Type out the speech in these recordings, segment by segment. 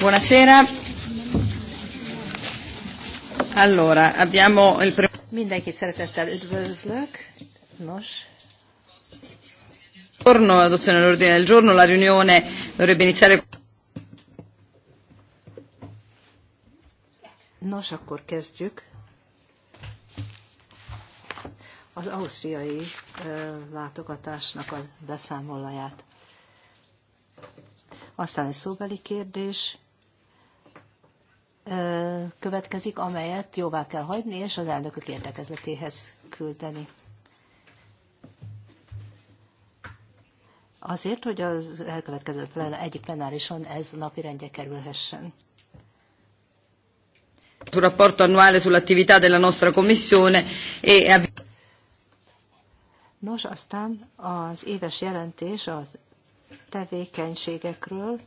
Buonasera. Allora, abbiamo il primo... Mindenkit szeretettel üdvözlök. Nos. Giorno, adozione dell'ordine del giorno, la riunione dovrebbe iniziare... Nos, akkor kezdjük. Az ausztriai ö, látogatásnak a beszámolóját. Aztán egy szóbeli kérdés, következik, amelyet jóvá kell hagyni, és az elnökök érdekezletéhez küldeni. Azért, hogy az elkövetkező plen egyik plenárison ez napi rendje kerülhessen. E Nos, aztán az éves jelentés a tevékenységekről,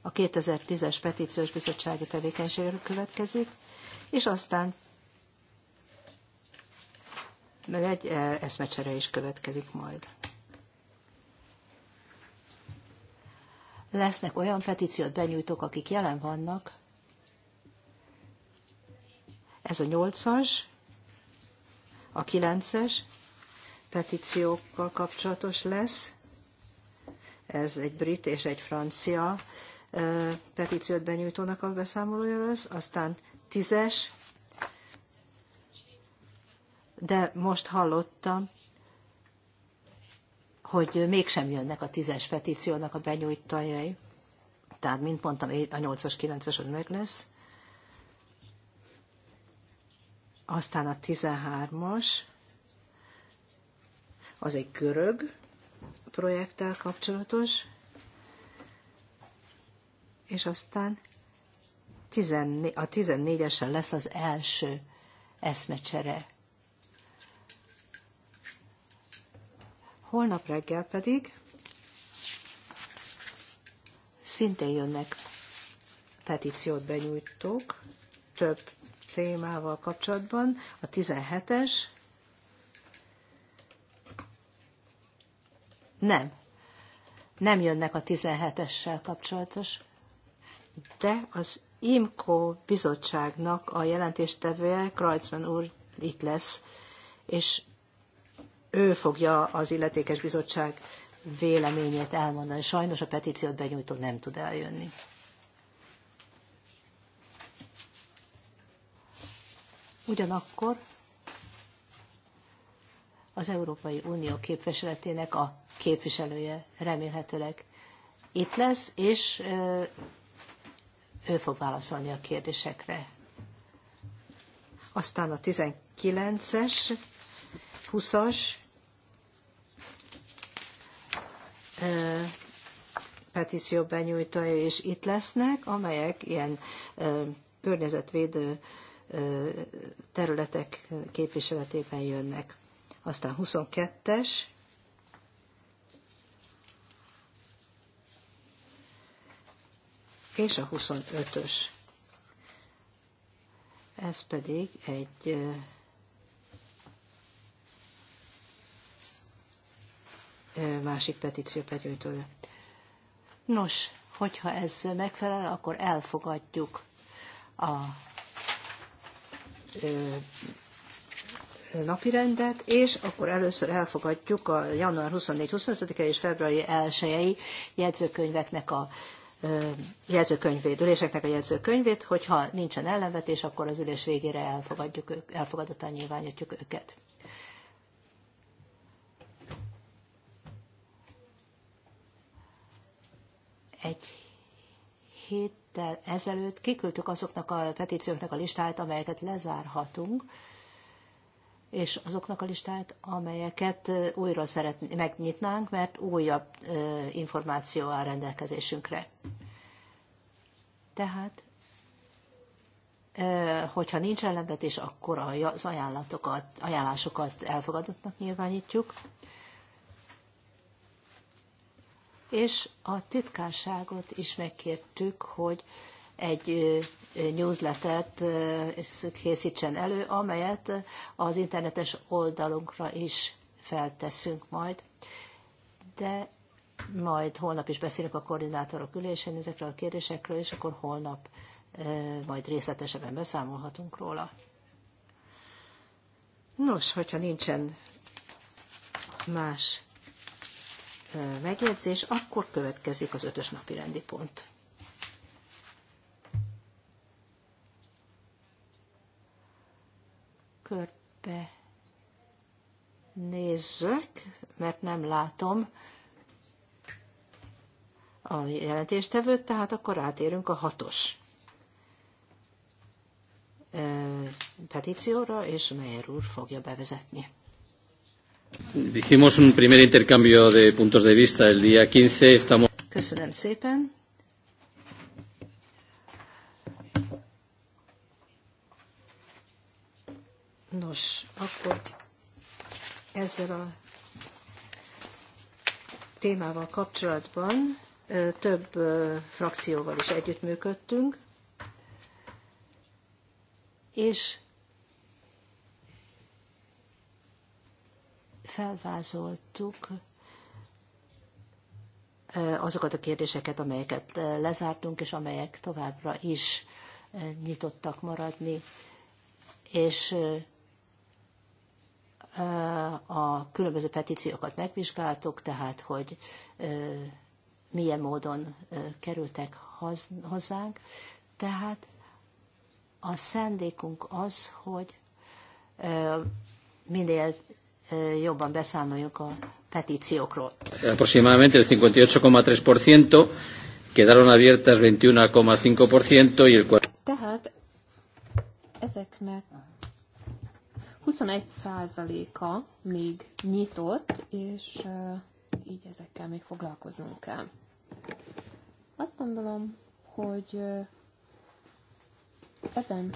a 2010-es petíciós bizottsági tevékenységről következik, és aztán meg egy e, eszmecsere is következik majd. Lesznek olyan petíciót benyújtók, akik jelen vannak. Ez a nyolcas, a kilences petíciókkal kapcsolatos lesz. Ez egy brit és egy francia petíciót benyújtónak a beszámolója lesz, aztán tízes, de most hallottam, hogy mégsem jönnek a tízes petíciónak a benyújtójai. Tehát, mint mondtam, a 8-as, 9-es az meg lesz. Aztán a 13-as, az egy görög projekttel kapcsolatos és aztán a 14-esen lesz az első eszmecsere. Holnap reggel pedig szintén jönnek petíciót benyújtók több témával kapcsolatban. A 17-es nem. Nem jönnek a 17-essel kapcsolatos de az IMCO bizottságnak a jelentéstevője, Kreuzmann úr itt lesz, és ő fogja az illetékes bizottság véleményét elmondani. Sajnos a petíciót benyújtó nem tud eljönni. Ugyanakkor az Európai Unió képviseletének a képviselője remélhetőleg itt lesz, és ő fog válaszolni a kérdésekre. Aztán a 19-es, 20-as, petíció benyújtója is itt lesznek, amelyek ilyen környezetvédő területek képviseletében jönnek. Aztán 22-es, és a 25-ös. Ez pedig egy másik petíció begyűjtője. Nos, hogyha ez megfelel, akkor elfogadjuk a rendet, és akkor először elfogadjuk a január 24-25-e és februári 1-i jegyzőkönyveknek a jegyzőkönyvét, üléseknek a jegyzőkönyvét, hogyha nincsen ellenvetés, akkor az ülés végére elfogadjuk, elfogadottan nyilvánítjuk őket. Egy héttel ezelőtt kiküldtük azoknak a petícióknak a listáját, amelyeket lezárhatunk, és azoknak a listát, amelyeket újra szeret, megnyitnánk, mert újabb információ áll rendelkezésünkre. Tehát, hogyha nincs ellenvetés, akkor az ajánlatokat, ajánlásokat elfogadottnak nyilvánítjuk, és a titkárságot is megkértük, hogy egy newslettert készítsen elő, amelyet az internetes oldalunkra is felteszünk majd. De majd holnap is beszélünk a koordinátorok ülésén ezekről a kérdésekről, és akkor holnap majd részletesebben beszámolhatunk róla. Nos, hogyha nincsen más megjegyzés, akkor következik az ötös napi rendi pont. körbe nézzök, mert nem látom a jelentéstevőt, tehát akkor átérünk a hatos petícióra, és Meyer úr fogja bevezetni. Hicimos un primer intercambio de puntos de vista el día 15. Estamos... Köszönöm szépen. Nos, akkor ezzel a témával kapcsolatban több frakcióval is együttműködtünk, és felvázoltuk azokat a kérdéseket, amelyeket lezártunk, és amelyek továbbra is nyitottak maradni, és a különböző petíciókat megvizsgáltuk, tehát hogy milyen módon kerültek hozzánk. Tehát a szándékunk az, hogy minél jobban beszámoljunk a petíciókról. Aproximadamente el 58,3% quedaron abiertas 21,5% y el Tehát ezeknek 21%-a még nyitott, és így ezekkel még foglalkoznunk kell. Azt gondolom, hogy ebben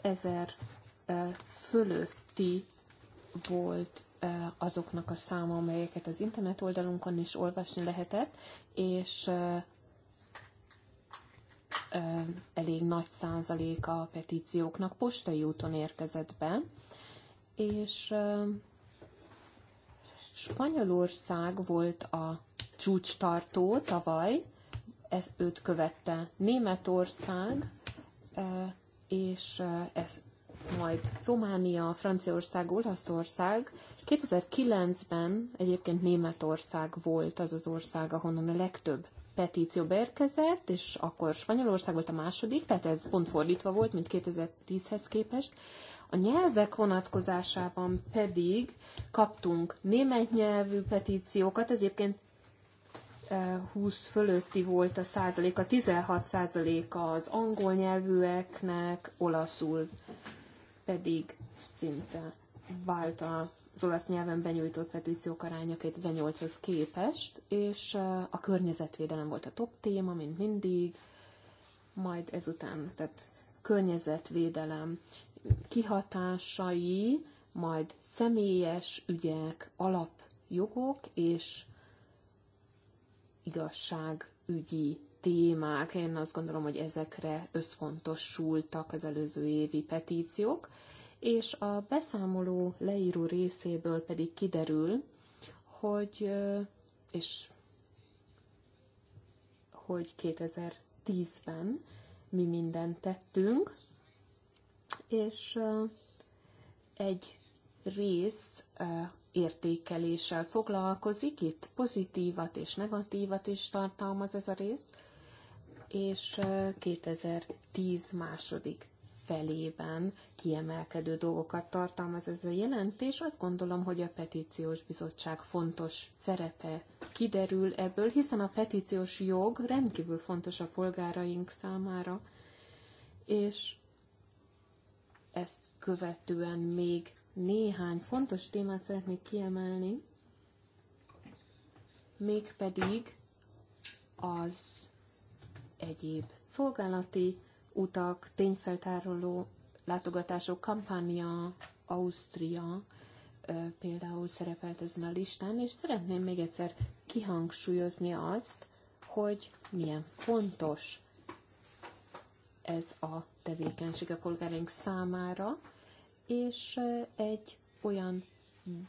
ezer fölötti volt azoknak a száma, amelyeket az internet oldalunkon is olvasni lehetett, és elég nagy százaléka a petícióknak postai úton érkezett be, és Spanyolország volt a csúcstartó tavaly, ezt őt követte Németország, és ez majd Románia, Franciaország, Olaszország. 2009-ben egyébként Németország volt az az ország, ahonnan a legtöbb petíció beérkezett, és akkor Spanyolország volt a második, tehát ez pont fordítva volt, mint 2010-hez képest. A nyelvek vonatkozásában pedig kaptunk német nyelvű petíciókat, ez egyébként 20 eh, fölötti volt a százaléka, 16 százaléka az angol nyelvűeknek, olaszul pedig szinte vált az olasz nyelven benyújtott petíciók aránya 2008-hoz képest, és a környezetvédelem volt a top téma, mint mindig, majd ezután, tehát környezetvédelem kihatásai, majd személyes ügyek, alapjogok és igazságügyi témák. Én azt gondolom, hogy ezekre összpontosultak az előző évi petíciók, és a beszámoló leíró részéből pedig kiderül, hogy, és, hogy 2010-ben mi mindent tettünk, és egy rész értékeléssel foglalkozik, itt pozitívat és negatívat is tartalmaz ez a rész, és 2010 második felében kiemelkedő dolgokat tartalmaz ez a jelentés. Azt gondolom, hogy a petíciós bizottság fontos szerepe kiderül ebből, hiszen a petíciós jog rendkívül fontos a polgáraink számára, és ezt követően még néhány fontos témát szeretnék kiemelni, mégpedig az egyéb szolgálati utak, tényfeltároló látogatások, Kampánia, Ausztria például szerepelt ezen a listán, és szeretném még egyszer kihangsúlyozni azt, hogy milyen fontos ez a tevékenység a polgáraink számára, és egy olyan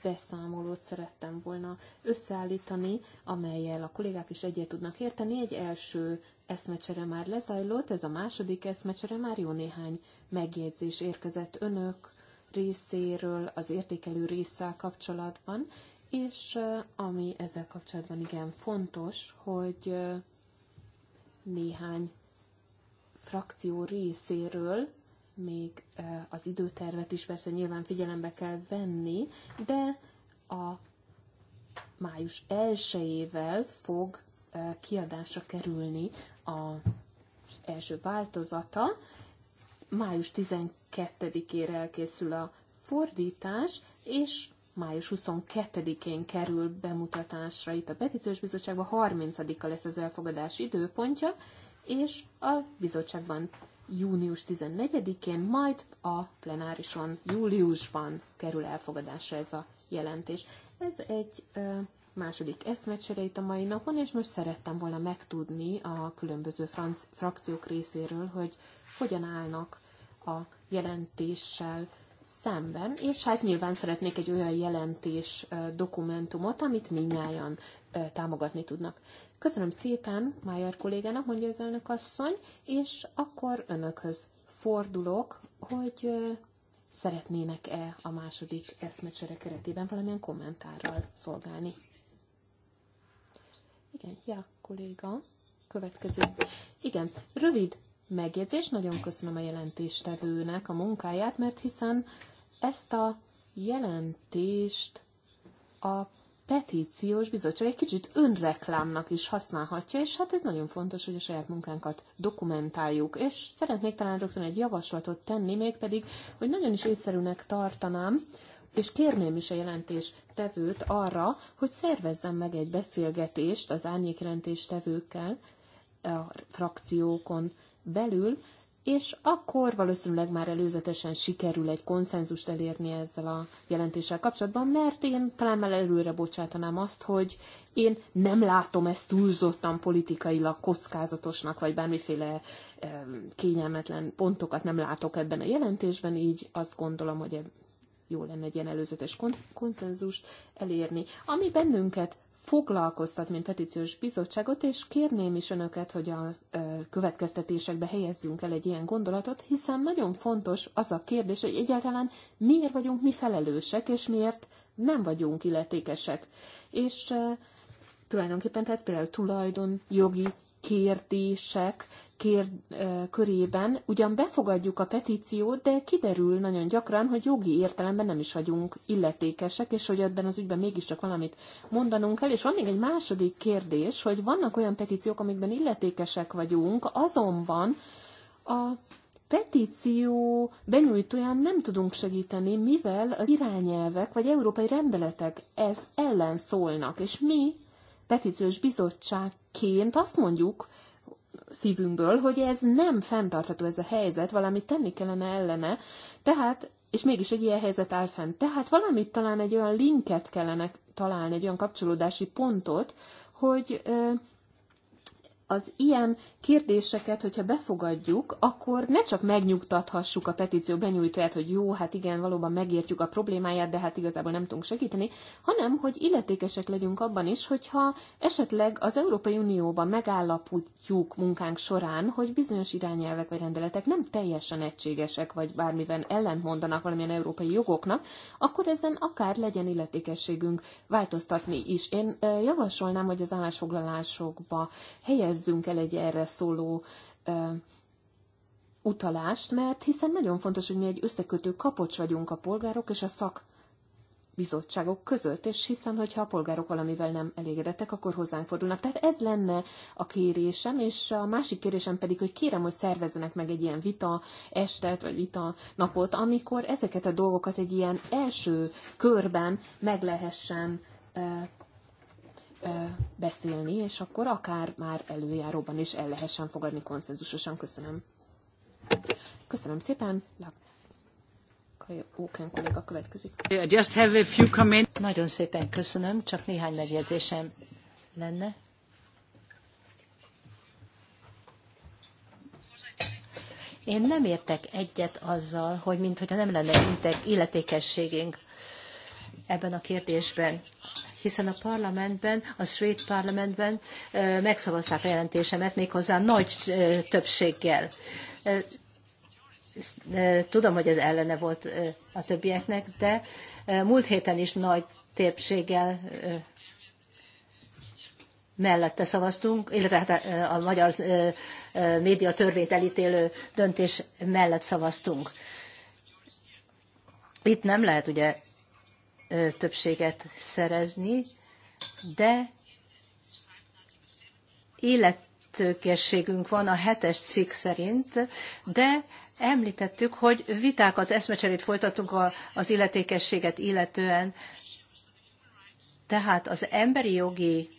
beszámolót szerettem volna összeállítani, amelyel a kollégák is egyet tudnak érteni. Egy első eszmecsere már lezajlott, ez a második eszmecsere már jó néhány megjegyzés érkezett önök részéről, az értékelő résszel kapcsolatban, és ami ezzel kapcsolatban igen fontos, hogy néhány frakció részéről még az időtervet is persze nyilván figyelembe kell venni, de a május 1-ével fog kiadásra kerülni az első változata. Május 12-ére elkészül a fordítás, és május 22-én kerül bemutatásra itt a Petíciós Bizottságban, 30-a lesz az elfogadás időpontja, és a bizottságban június 14-én, majd a plenárison júliusban kerül elfogadásra ez a jelentés. Ez egy második eszmecsere itt a mai napon, és most szerettem volna megtudni a különböző franc- frakciók részéről, hogy hogyan állnak a jelentéssel szemben, és hát nyilván szeretnék egy olyan jelentés dokumentumot, amit minnyáján támogatni tudnak. Köszönöm szépen Májer kollégának, mondja az elnök asszony, és akkor önökhöz fordulok, hogy szeretnének-e a második eszmecsere keretében valamilyen kommentárral szolgálni. Igen, ja, kolléga, következő. Igen, rövid megjegyzés. Nagyon köszönöm a jelentéstevőnek a munkáját, mert hiszen ezt a jelentést a petíciós bizottság egy kicsit önreklámnak is használhatja, és hát ez nagyon fontos, hogy a saját munkánkat dokumentáljuk. És szeretnék talán rögtön egy javaslatot tenni, mégpedig, hogy nagyon is észszerűnek tartanám, és kérném is a jelentés tevőt arra, hogy szervezzen meg egy beszélgetést az árnyék jelentés tevőkkel, a frakciókon belül, és akkor valószínűleg már előzetesen sikerül egy konszenzust elérni ezzel a jelentéssel kapcsolatban, mert én talán már előre bocsátanám azt, hogy én nem látom ezt túlzottan politikailag kockázatosnak, vagy bármiféle kényelmetlen pontokat nem látok ebben a jelentésben, így azt gondolom, hogy jó lenne egy ilyen előzetes konszenzust elérni, ami bennünket foglalkoztat, mint petíciós bizottságot, és kérném is önöket, hogy a következtetésekbe helyezzünk el egy ilyen gondolatot, hiszen nagyon fontos az a kérdés, hogy egyáltalán miért vagyunk mi felelősek, és miért nem vagyunk illetékesek. És tulajdonképpen tehát például tulajdon, jogi kérdések kér, körében ugyan befogadjuk a petíciót, de kiderül nagyon gyakran, hogy jogi értelemben nem is vagyunk illetékesek, és hogy ebben az ügyben mégiscsak valamit mondanunk kell. És van még egy második kérdés, hogy vannak olyan petíciók, amikben illetékesek vagyunk, azonban a petíció benyújtóján nem tudunk segíteni, mivel irányelvek vagy európai rendeletek ez ellen szólnak, és mi petíciós bizottságként azt mondjuk szívünkből, hogy ez nem fenntartható ez a helyzet, valamit tenni kellene ellene, tehát, és mégis egy ilyen helyzet áll fenn. Tehát valamit talán egy olyan linket kellene találni, egy olyan kapcsolódási pontot, hogy az ilyen kérdéseket, hogyha befogadjuk, akkor ne csak megnyugtathassuk a petíció benyújtóját, hogy jó, hát igen, valóban megértjük a problémáját, de hát igazából nem tudunk segíteni, hanem hogy illetékesek legyünk abban is, hogyha esetleg az Európai Unióban megállapítjuk munkánk során, hogy bizonyos irányelvek vagy rendeletek nem teljesen egységesek, vagy bármiben ellentmondanak valamilyen európai jogoknak, akkor ezen akár legyen illetékességünk változtatni is. Én javasolnám, hogy az állásfoglalásokba helyez helyezzünk el egy erre szóló utalást, mert hiszen nagyon fontos, hogy mi egy összekötő kapocs vagyunk a polgárok és a szak bizottságok között, és hiszen, hogyha a polgárok valamivel nem elégedettek, akkor hozzánk fordulnak. Tehát ez lenne a kérésem, és a másik kérésem pedig, hogy kérem, hogy szervezzenek meg egy ilyen vita estet, vagy vita napot, amikor ezeket a dolgokat egy ilyen első körben meg lehessen beszélni, és akkor akár már előjáróban is el lehessen fogadni konszenzusosan. Köszönöm. Köszönöm szépen. Óken kolléga következik. Just have a few Nagyon szépen köszönöm, csak néhány megjegyzésem lenne. Én nem értek egyet azzal, hogy mintha nem lenne életékességünk ebben a kérdésben hiszen a parlamentben, a Svéd parlamentben megszavazták a jelentésemet méghozzá nagy többséggel. Tudom, hogy ez ellene volt a többieknek, de múlt héten is nagy többséggel mellette szavaztunk, illetve hát, a magyar média törvényt elítélő döntés mellett szavaztunk. Itt nem lehet ugye többséget szerezni, de illetőkességünk van a hetes cikk szerint, de említettük, hogy vitákat, eszmecserét folytatunk az illetékességet illetően, tehát az emberi jogi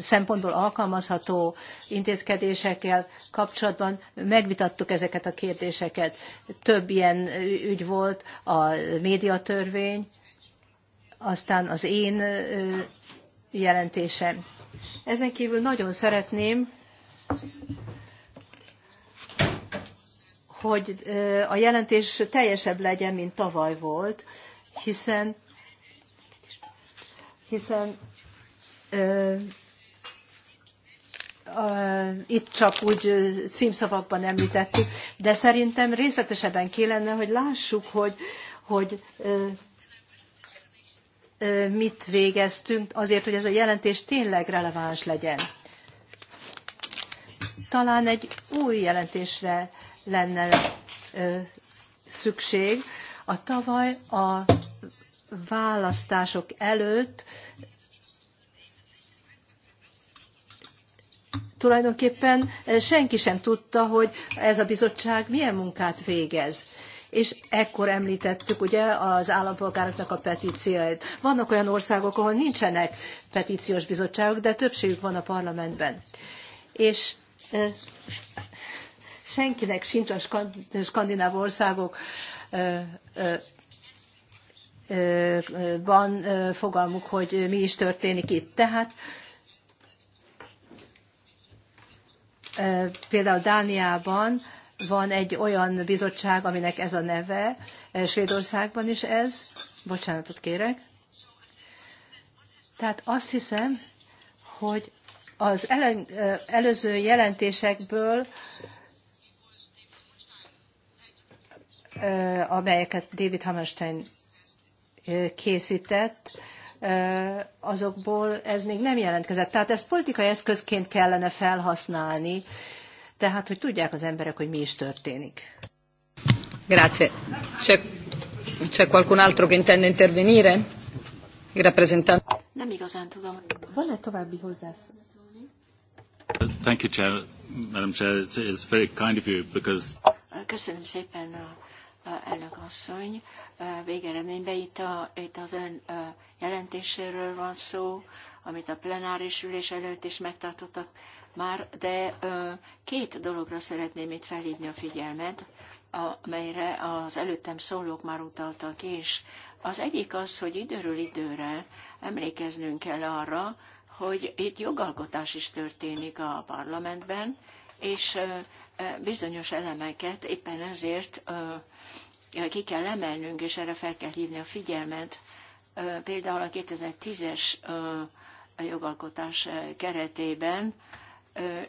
szempontból alkalmazható intézkedésekkel kapcsolatban megvitattuk ezeket a kérdéseket. Több ilyen ügy volt, a médiatörvény, aztán az én jelentésem. Ezen kívül nagyon szeretném, hogy a jelentés teljesebb legyen, mint tavaly volt, hiszen, hiszen itt csak úgy címszavakban említettük, de szerintem részletesebben kellene, hogy lássuk, hogy, hogy mit végeztünk azért, hogy ez a jelentés tényleg releváns legyen. Talán egy új jelentésre lenne szükség. A tavaly a választások előtt tulajdonképpen eh, senki sem tudta, hogy ez a bizottság milyen munkát végez és ekkor említettük ugye az állampolgároknak a petícióit. Vannak olyan országok, ahol nincsenek petíciós bizottságok, de többségük van a parlamentben. És eh, senkinek sincs a skandináv országok eh, van fogalmuk, hogy mi is történik itt. Tehát Például Dániában van egy olyan bizottság, aminek ez a neve, Svédországban is ez. Bocsánatot kérek. Tehát azt hiszem, hogy az előző jelentésekből, amelyeket David Hammerstein készített, azokból ez még nem jelentkezett. Tehát ezt politikai eszközként kellene felhasználni, tehát hogy tudják az emberek, hogy mi is történik. Grazie. C'è, c'è qualcun altro che intende intervenire? Il rappresentante? Nem igazán tudom. Van-e további hozzászólni? Thank you, Chair. Madam Chair, it's, it's very kind of you because... Köszönöm szépen, elnök asszony végeredménybe. Itt, a, itt az ön jelentéséről van szó, amit a plenáris ülés előtt is megtartottak már, de két dologra szeretném itt felhívni a figyelmet, amelyre az előttem szólók már utaltak is. Az egyik az, hogy időről időre emlékeznünk kell arra, hogy itt jogalkotás is történik a parlamentben, és bizonyos elemeket éppen ezért ki kell emelnünk, és erre fel kell hívni a figyelmet. Például a 2010-es jogalkotás keretében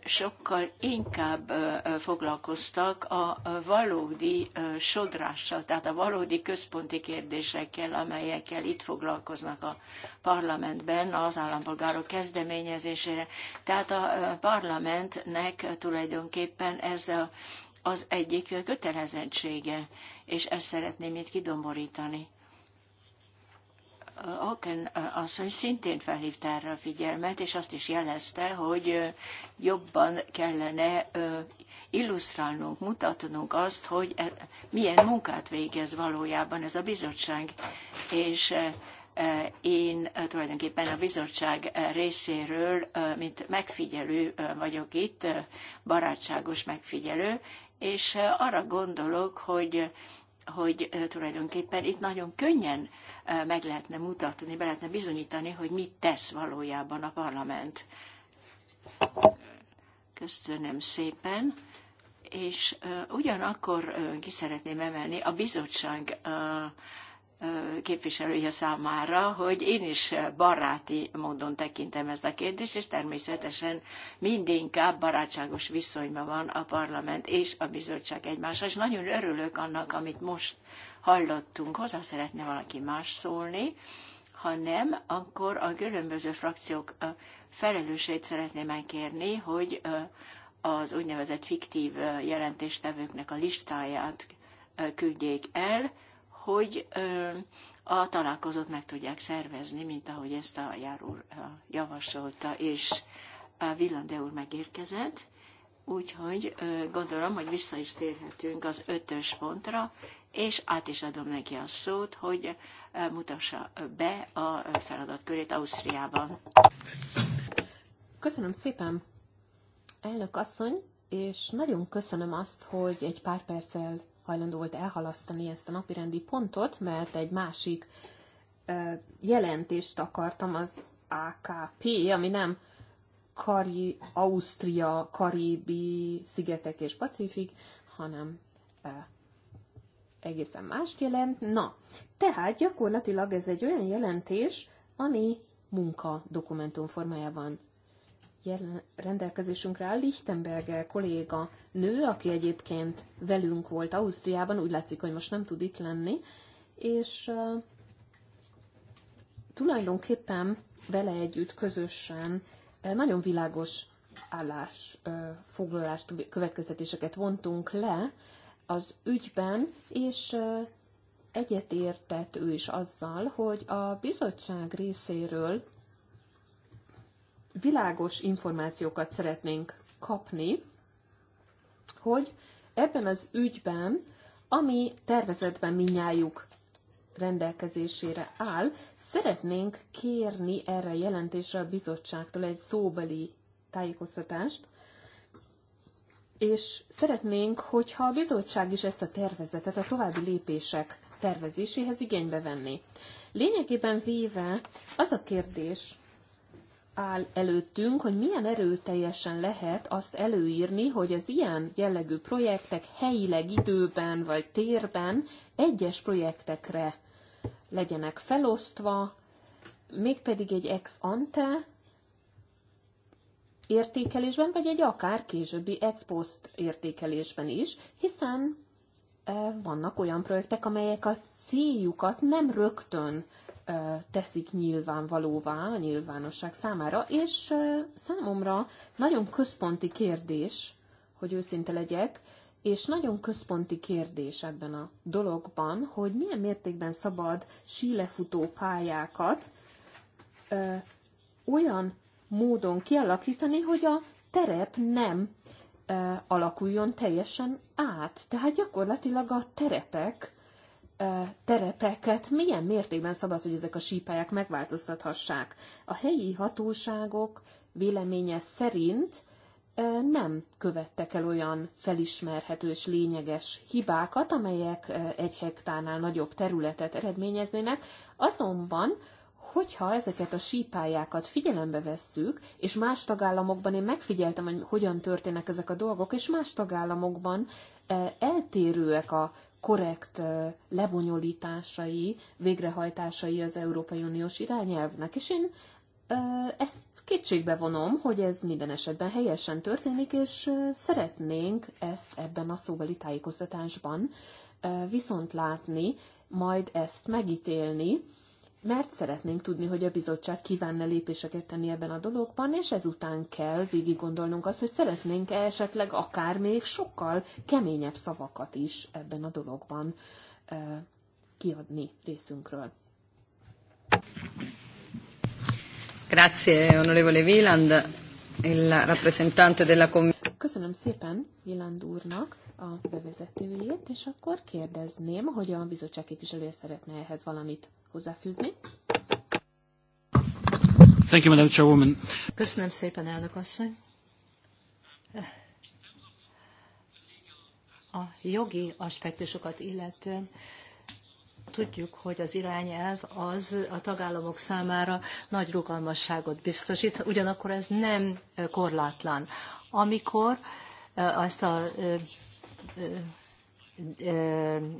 sokkal inkább foglalkoztak a valódi sodrással, tehát a valódi központi kérdésekkel, amelyekkel itt foglalkoznak a parlamentben az állampolgárok kezdeményezésére. Tehát a parlamentnek tulajdonképpen ez a, az egyik kötelezettsége és ezt szeretném itt kidomborítani. az asszony szintén felhívta erre a figyelmet, és azt is jelezte, hogy jobban kellene illusztrálnunk, mutatnunk azt, hogy e, milyen munkát végez valójában ez a bizottság. És én tulajdonképpen a bizottság részéről, mint megfigyelő vagyok itt, barátságos megfigyelő, és arra gondolok, hogy hogy tulajdonképpen itt nagyon könnyen meg lehetne mutatni, be lehetne bizonyítani, hogy mit tesz valójában a parlament. Köszönöm szépen. És ugyanakkor ki szeretném emelni a bizottság képviselője számára, hogy én is baráti módon tekintem ezt a kérdést, és természetesen mindinkább barátságos viszonyban van a parlament és a bizottság egymással, és nagyon örülök annak, amit most hallottunk. Hozzá szeretne valaki más szólni, ha nem, akkor a különböző frakciók felelőseit szeretném megkérni, hogy az úgynevezett fiktív jelentéstevőknek a listáját küldjék el, hogy a találkozót meg tudják szervezni, mint ahogy ezt a jár javasolta, és a Villande úr megérkezett. Úgyhogy gondolom, hogy vissza is térhetünk az ötös pontra, és át is adom neki a szót, hogy mutassa be a feladatkörét Ausztriában. Köszönöm szépen, elnök asszony, és nagyon köszönöm azt, hogy egy pár perccel hajlandó volt elhalasztani ezt a napirendi pontot, mert egy másik jelentést akartam az AKP, ami nem Kari, Ausztria, Karibi, Szigetek és Pacifik, hanem egészen mást jelent. Na, tehát gyakorlatilag ez egy olyan jelentés, ami munka dokumentum formájában jelen rendelkezésünkre áll Lichtenberger kolléga nő, aki egyébként velünk volt Ausztriában, úgy látszik, hogy most nem tud itt lenni, és tulajdonképpen vele együtt közösen nagyon világos állásfoglalást, foglalást, következtetéseket vontunk le az ügyben, és egyetértett ő is azzal, hogy a bizottság részéről világos információkat szeretnénk kapni, hogy ebben az ügyben, ami tervezetben minnyájuk rendelkezésére áll, szeretnénk kérni erre a jelentésre a bizottságtól egy szóbeli tájékoztatást, és szeretnénk, hogyha a bizottság is ezt a tervezetet a további lépések tervezéséhez igénybe venni. Lényegében véve az a kérdés áll előttünk, hogy milyen erőteljesen lehet azt előírni, hogy az ilyen jellegű projektek helyileg időben vagy térben egyes projektekre legyenek felosztva, mégpedig egy ex ante értékelésben, vagy egy akár későbbi ex post értékelésben is, hiszen vannak olyan projektek, amelyek a céljukat nem rögtön teszik nyilvánvalóvá a nyilvánosság számára, és számomra nagyon központi kérdés, hogy őszinte legyek, és nagyon központi kérdés ebben a dologban, hogy milyen mértékben szabad sílefutó pályákat ö, olyan módon kialakítani, hogy a terep nem alakuljon teljesen át. Tehát gyakorlatilag a terepek terepeket milyen mértékben szabad, hogy ezek a sípályák megváltoztathassák. A helyi hatóságok véleménye szerint nem követtek el olyan felismerhető és lényeges hibákat, amelyek egy hektárnál nagyobb területet eredményeznének, azonban hogyha ezeket a sípályákat figyelembe vesszük, és más tagállamokban én megfigyeltem, hogy hogyan történnek ezek a dolgok, és más tagállamokban eh, eltérőek a korrekt eh, lebonyolításai, végrehajtásai az Európai Uniós irányelvnek, és én eh, ezt kétségbe vonom, hogy ez minden esetben helyesen történik, és szeretnénk ezt ebben a szóbeli tájékoztatásban viszont látni, majd ezt megítélni, mert szeretnénk tudni, hogy a bizottság kívánna lépéseket tenni ebben a dologban, és ezután kell végig gondolnunk azt, hogy szeretnénk -e esetleg akár még sokkal keményebb szavakat is ebben a dologban kiadni részünkről. Grazie, onorevole Wieland. Köszönöm szépen Viland úrnak a bevezetőjét, és akkor kérdezném, hogy a bizottság képviselője szeretne ehhez valamit hozzáfűzni. Thank you, Madam Chairwoman. Köszönöm szépen, elnök asszony. A jogi aspektusokat illetően tudjuk, hogy az irányelv az a tagállamok számára nagy rugalmasságot biztosít, ugyanakkor ez nem korlátlan. Amikor ezt a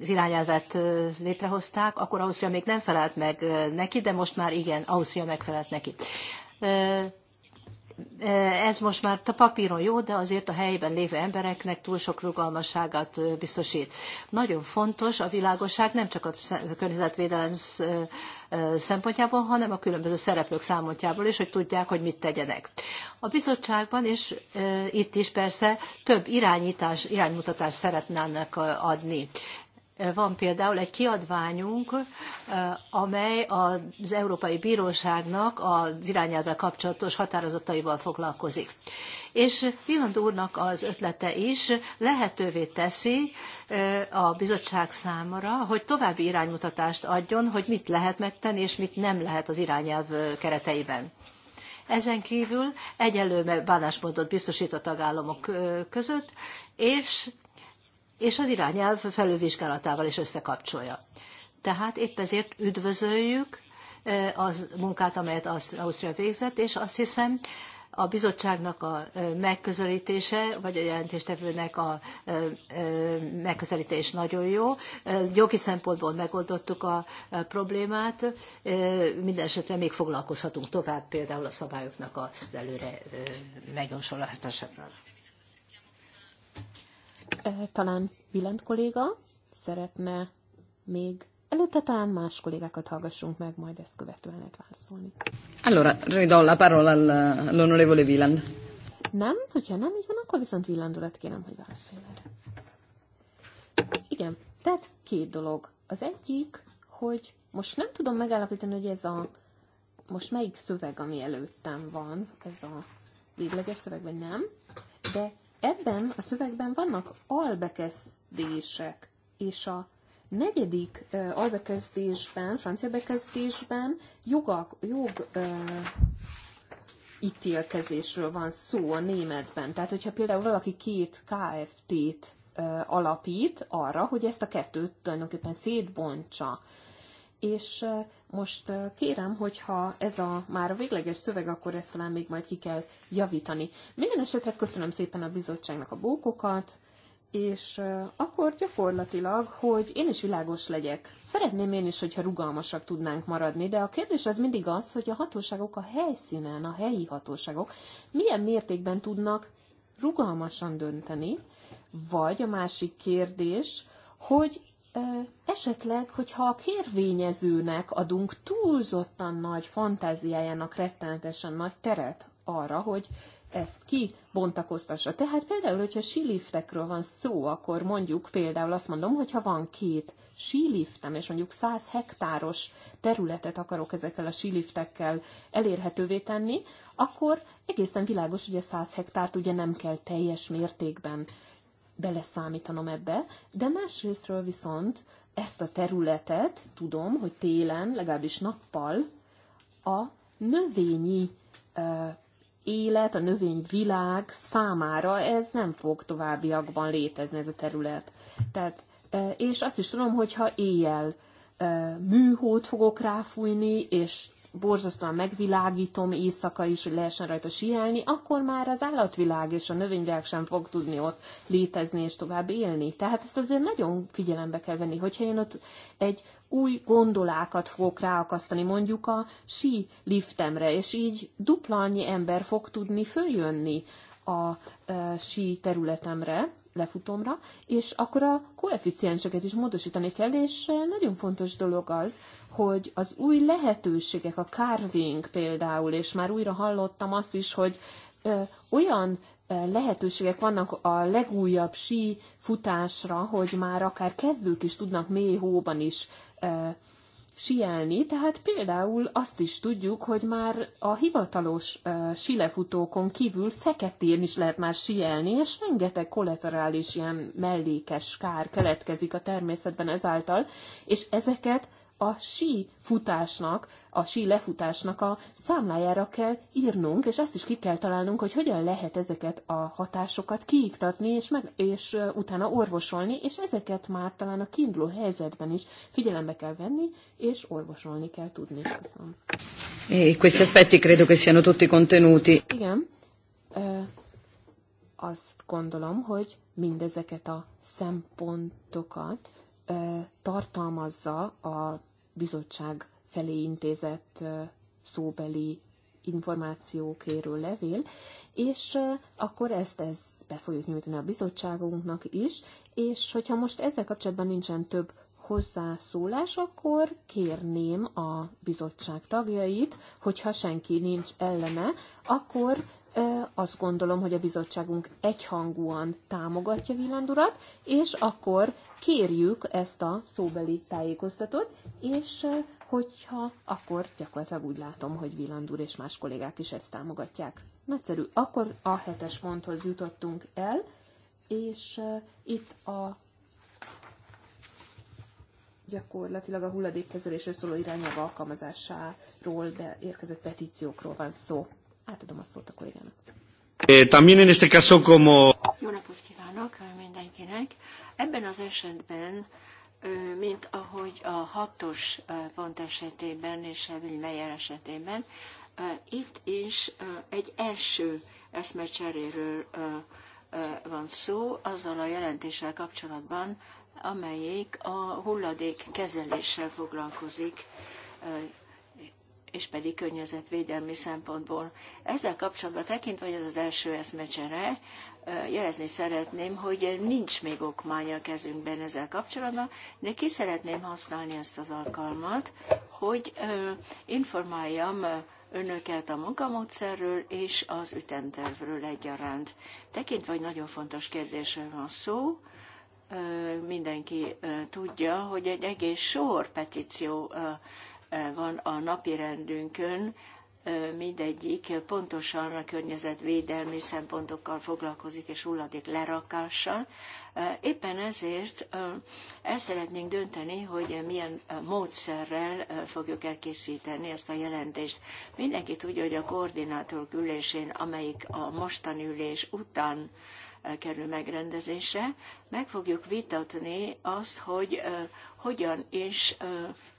az irányelvet létrehozták, akkor Ausztria még nem felelt meg neki, de most már igen, Ausztria megfelelt neki Eh, ez most már a papíron jó, de azért a helyben lévő embereknek túl sok rugalmasságát biztosít. Nagyon fontos a világosság nem csak a környezetvédelem szempontjából, hanem a különböző szereplők számpontjából is, hogy tudják, hogy mit tegyenek. A bizottságban és itt is persze több irányítás, iránymutatást szeretnének adni. Van például egy kiadványunk, eh, amely az Európai Bíróságnak az irányelvvel kapcsolatos határozataival foglalkozik. És Villand úrnak az ötlete is lehetővé teszi eh, a bizottság számára, hogy további iránymutatást adjon, hogy mit lehet megtenni, és mit nem lehet az irányelv kereteiben. Ezen kívül egyelő bánásmódot biztosít a tagállamok eh, között, és és az irányelv felülvizsgálatával is összekapcsolja. Tehát épp ezért üdvözöljük eh, a munkát, amelyet Ausztria végzett, és azt hiszem, a bizottságnak a eh, megközelítése, vagy a jelentéstevőnek a eh, megközelítés nagyon jó. Jogi szempontból megoldottuk a problémát, minden esetre még foglalkozhatunk tovább, például a szabályoknak az előre megjósolásával. Eh, talán Vilent kolléga szeretne még Előtte talán más kollégákat hallgassunk meg, majd ezt követően lehet válaszolni. Allora, ridò la parola all'onorevole Wieland. Nem? Hogyha nem így van, akkor viszont Wieland kérem, hogy válaszolj erre. Igen, tehát két dolog. Az egyik, hogy most nem tudom megállapítani, hogy ez a most melyik szöveg, ami előttem van, ez a végleges szöveg, vagy nem, de ebben a szövegben vannak albekezdések, és a negyedik uh, albekezdésben, francia bekezdésben jogak, jog uh, ítélkezésről van szó a németben. Tehát, hogyha például valaki két KFT-t alapít arra, hogy ezt a kettőt tulajdonképpen szétbontsa és most kérem, hogyha ez a már a végleges szöveg, akkor ezt talán még majd ki kell javítani. Minden esetre köszönöm szépen a bizottságnak a bókokat, és akkor gyakorlatilag, hogy én is világos legyek. Szeretném én is, hogyha rugalmasak tudnánk maradni, de a kérdés az mindig az, hogy a hatóságok a helyszínen, a helyi hatóságok milyen mértékben tudnak rugalmasan dönteni, vagy a másik kérdés, hogy esetleg, hogyha a kérvényezőnek adunk túlzottan nagy fantáziájának rettenetesen nagy teret arra, hogy ezt ki bontakoztassa. Tehát például, hogyha síliftekről van szó, akkor mondjuk például azt mondom, hogyha van két síliftem, és mondjuk 100 hektáros területet akarok ezekkel a síliftekkel elérhetővé tenni, akkor egészen világos, hogy a 100 hektárt ugye nem kell teljes mértékben beleszámítanom ebbe, de másrésztről viszont ezt a területet tudom, hogy télen, legalábbis nappal a növényi élet, a növényvilág számára ez nem fog továbbiakban létezni ez a terület. Tehát, és azt is tudom, hogyha éjjel műhót fogok ráfújni, és borzasztóan megvilágítom éjszaka is, hogy lehessen rajta sihelni, akkor már az állatvilág és a növényvilág sem fog tudni ott létezni és tovább élni. Tehát ezt azért nagyon figyelembe kell venni, hogyha én ott egy új gondolákat fogok ráakasztani mondjuk a sí liftemre, és így dupla annyi ember fog tudni följönni a sí területemre, lefutomra, és akkor a koeficienseket is módosítani kell, és eh, nagyon fontos dolog az, hogy az új lehetőségek, a carving például, és már újra hallottam azt is, hogy ö, eh, olyan eh, lehetőségek vannak a legújabb sí futásra, hogy már akár kezdők is tudnak mély hóban is ö, sielni, tehát például azt is tudjuk, hogy már a hivatalos uh, silefutókon kívül feketén is lehet már sielni, és rengeteg kollaterális ilyen mellékes kár keletkezik a természetben ezáltal, és ezeket a sí futásnak, a sí lefutásnak a számlájára kell írnunk, és azt is ki kell találnunk, hogy hogyan lehet ezeket a hatásokat kiiktatni, és, meg, és utána orvosolni, és ezeket már talán a kiinduló helyzetben is figyelembe kell venni, és orvosolni kell tudni. Köszönöm. E questi aspetti credo che siano tutti contenuti. Igen. Azt gondolom, hogy mindezeket a szempontokat tartalmazza a bizottság felé intézett szóbeli információkérő levél, és akkor ezt ez be fogjuk nyújtani a bizottságunknak is, és hogyha most ezzel kapcsolatban nincsen több hozzászólás, akkor kérném a bizottság tagjait, hogyha senki nincs ellene, akkor azt gondolom, hogy a bizottságunk egyhangúan támogatja Villandurat, és akkor kérjük ezt a szóbeli tájékoztatót, és hogyha akkor gyakorlatilag úgy látom, hogy Villandur és más kollégák is ezt támogatják. Nagyszerű. Akkor a hetes ponthoz jutottunk el, és itt a gyakorlatilag a hulladékkezelésről szóló irányelv alkalmazásáról, de érkezett petíciókról van szó. Átadom a szót a kollégának. Eh, también en este caso como... Jó napot kívánok mindenkinek. Ebben az esetben, mint ahogy a hatos pont esetében és a Vilmeyer esetében, itt is egy első eszmecseréről van szó azzal a jelentéssel kapcsolatban, amelyik a hulladék kezeléssel foglalkozik, és pedig környezetvédelmi szempontból. Ezzel kapcsolatban tekintve, hogy ez az első eszmecsere, jelezni szeretném, hogy nincs még okmány a kezünkben ezzel kapcsolatban, de ki szeretném használni ezt az alkalmat, hogy informáljam önöket a munkamódszerről és az ütemtervről egyaránt. Tekintve, hogy nagyon fontos kérdésről van szó, mindenki tudja, hogy egy egész sor petíció van a napi rendünkön, mindegyik pontosan a környezetvédelmi szempontokkal foglalkozik, és hulladék lerakással. Éppen ezért el szeretnénk dönteni, hogy milyen módszerrel fogjuk elkészíteni ezt a jelentést. Mindenki tudja, hogy a koordinátor ülésén, amelyik a mostani ülés után kerül megrendezésre, meg fogjuk vitatni azt, hogy hogyan is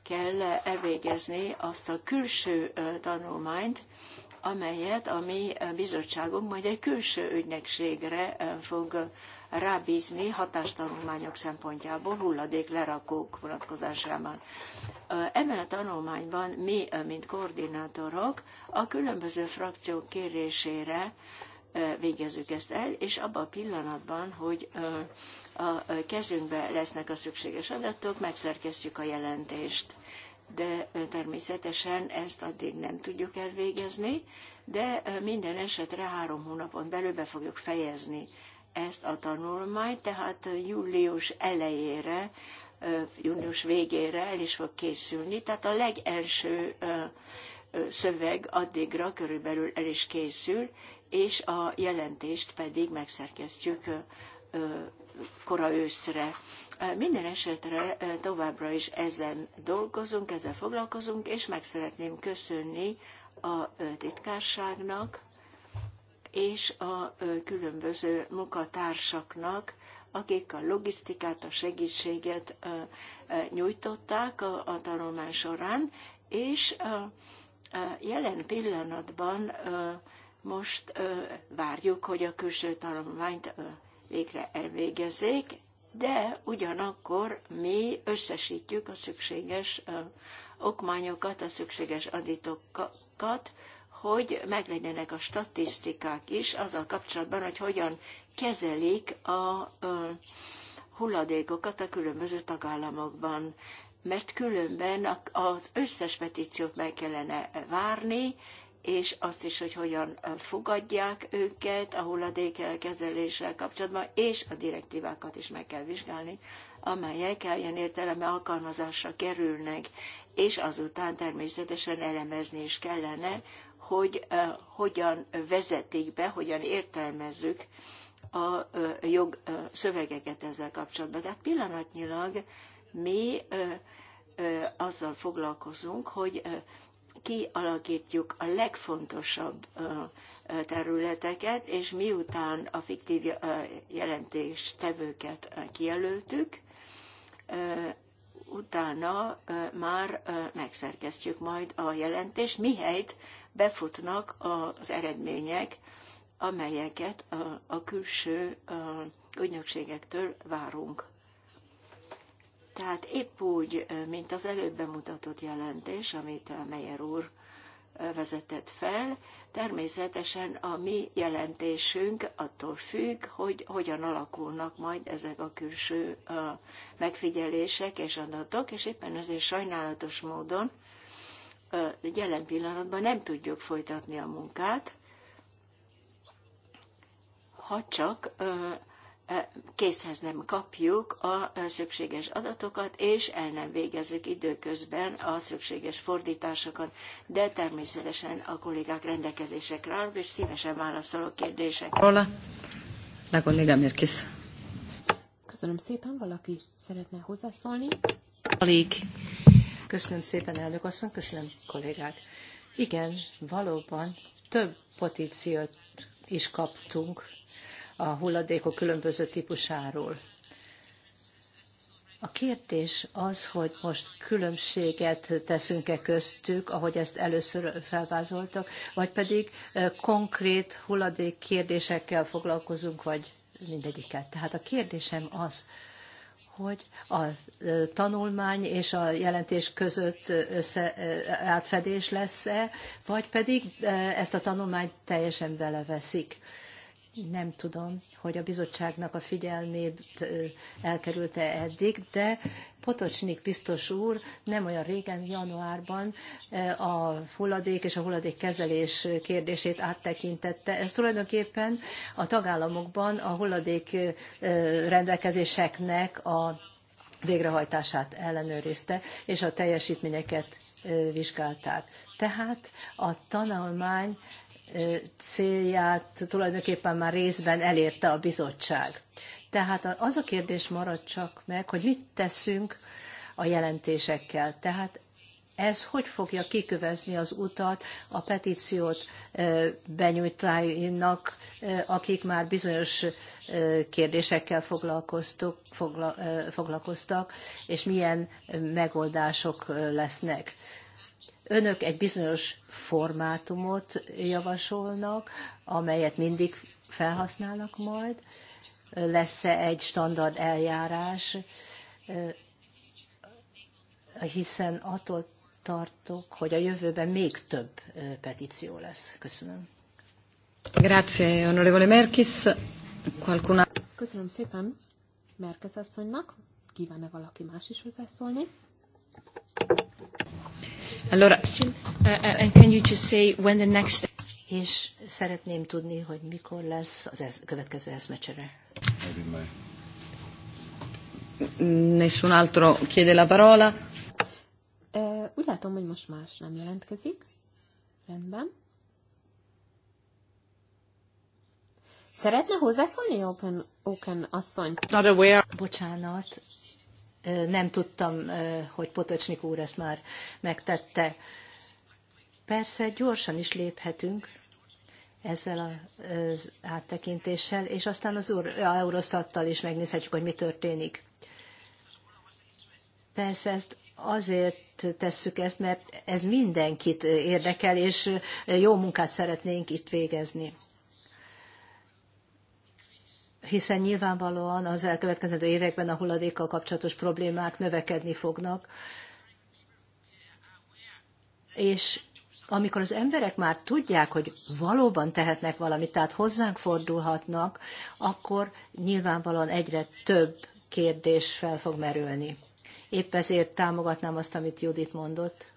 kell elvégezni azt a külső tanulmányt, amelyet a mi bizottságunk majd egy külső ügynökségre fog rábízni hatástanulmányok szempontjából hulladék lerakók vonatkozásában. Ebben a tanulmányban mi, mint koordinátorok, a különböző frakciók kérésére végezzük ezt el, és abban a pillanatban, hogy a kezünkbe lesznek a szükséges adatok, megszerkesztjük a jelentést. De természetesen ezt addig nem tudjuk elvégezni, de minden esetre három hónapon belül be fogjuk fejezni ezt a tanulmányt, tehát július elejére, június végére el is fog készülni, tehát a legelső szöveg addigra körülbelül el is készül, és a jelentést pedig megszerkesztjük kora őszre. Minden esetre továbbra is ezen dolgozunk, ezzel foglalkozunk, és meg szeretném köszönni a titkárságnak és a különböző munkatársaknak, akik a logisztikát, a segítséget nyújtották a, a tanulmány során, és jelen pillanatban most várjuk, hogy a külső tanulmányt végre elvégezzék, de ugyanakkor mi összesítjük a szükséges okmányokat, a szükséges adatokat, hogy meglegyenek a statisztikák is azzal kapcsolatban, hogy hogyan kezelik a hulladékokat a különböző tagállamokban. Mert különben az összes petíciót meg kellene várni, és azt is, hogy hogyan fogadják őket a hulladékkezeléssel kapcsolatban, és a direktívákat is meg kell vizsgálni, amelyek ilyen értelemben alkalmazásra kerülnek, és azután természetesen elemezni is kellene, hogy uh, hogyan vezetik be, hogyan értelmezzük a uh, jog uh, szövegeket ezzel kapcsolatban. Tehát pillanatnyilag mi uh, uh, azzal foglalkozunk, hogy uh, kialakítjuk a legfontosabb területeket, és miután a fiktív jelentéstevőket kijelöltük, utána már megszerkesztjük majd a jelentést, mihelyt befutnak az eredmények, amelyeket a külső ügynökségektől várunk. Tehát épp úgy, mint az előbb bemutatott jelentés, amit a Meyer úr vezetett fel, természetesen a mi jelentésünk attól függ, hogy hogyan alakulnak majd ezek a külső megfigyelések és adatok, és éppen ezért sajnálatos módon jelen pillanatban nem tudjuk folytatni a munkát, ha csak készhez nem kapjuk a szükséges adatokat, és el nem végezzük időközben a szükséges fordításokat, de természetesen a kollégák rendelkezésekre állnak, és szívesen válaszolok kérdésekre. Róla, la kolléga Mirkis. Köszönöm szépen, valaki szeretne hozzászólni? Alig. Köszönöm szépen, elnök asszony, köszönöm kollégák. Igen, valóban több petíciót is kaptunk a hulladékok különböző típusáról. A kérdés az, hogy most különbséget teszünk-e köztük, ahogy ezt először felvázoltak, vagy pedig konkrét hulladék kérdésekkel foglalkozunk, vagy mindegyiket. Tehát a kérdésem az, hogy a tanulmány és a jelentés között össze, átfedés lesz-e, vagy pedig ezt a tanulmányt teljesen beleveszik nem tudom, hogy a bizottságnak a figyelmét elkerülte eddig, de Potocsnik biztos úr nem olyan régen, januárban a hulladék és a hulladék kezelés kérdését áttekintette. Ez tulajdonképpen a tagállamokban a hulladék rendelkezéseknek a végrehajtását ellenőrizte, és a teljesítményeket vizsgálták. Tehát a tanulmány célját tulajdonképpen már részben elérte a bizottság. Tehát az a kérdés marad csak meg, hogy mit teszünk a jelentésekkel. Tehát ez hogy fogja kikövezni az utat a petíciót benyújtáinak, akik már bizonyos kérdésekkel foglalkoztak, és milyen megoldások lesznek. Önök egy bizonyos formátumot javasolnak, amelyet mindig felhasználnak majd. Lesz-e egy standard eljárás, hiszen attól tartok, hogy a jövőben még több petíció lesz. Köszönöm. Grazie, onorevole Merkis. Qualcuna... Köszönöm szépen Merkes asszonynak. Kívánna -e valaki más is hozzászólni? Allora. Uh, and can you just say when the next... És szeretném tudni, hogy mikor lesz az ez, következő eszmecsere. Nessun altro chiede la parola. Uh, Úgy látom, hogy most más nem jelentkezik. Rendben. Szeretne hozzászólni, Open, Open asszony? Not aware. Bocsánat, nem tudtam, hogy Potocsnik úr ezt már megtette. Persze gyorsan is léphetünk ezzel az áttekintéssel, és aztán az Eurostattal is megnézhetjük, hogy mi történik. Persze ezt azért tesszük ezt, mert ez mindenkit érdekel, és jó munkát szeretnénk itt végezni hiszen nyilvánvalóan az elkövetkezendő években a hulladékkal kapcsolatos problémák növekedni fognak. És amikor az emberek már tudják, hogy valóban tehetnek valamit, tehát hozzánk fordulhatnak, akkor nyilvánvalóan egyre több kérdés fel fog merülni. Épp ezért támogatnám azt, amit Judit mondott,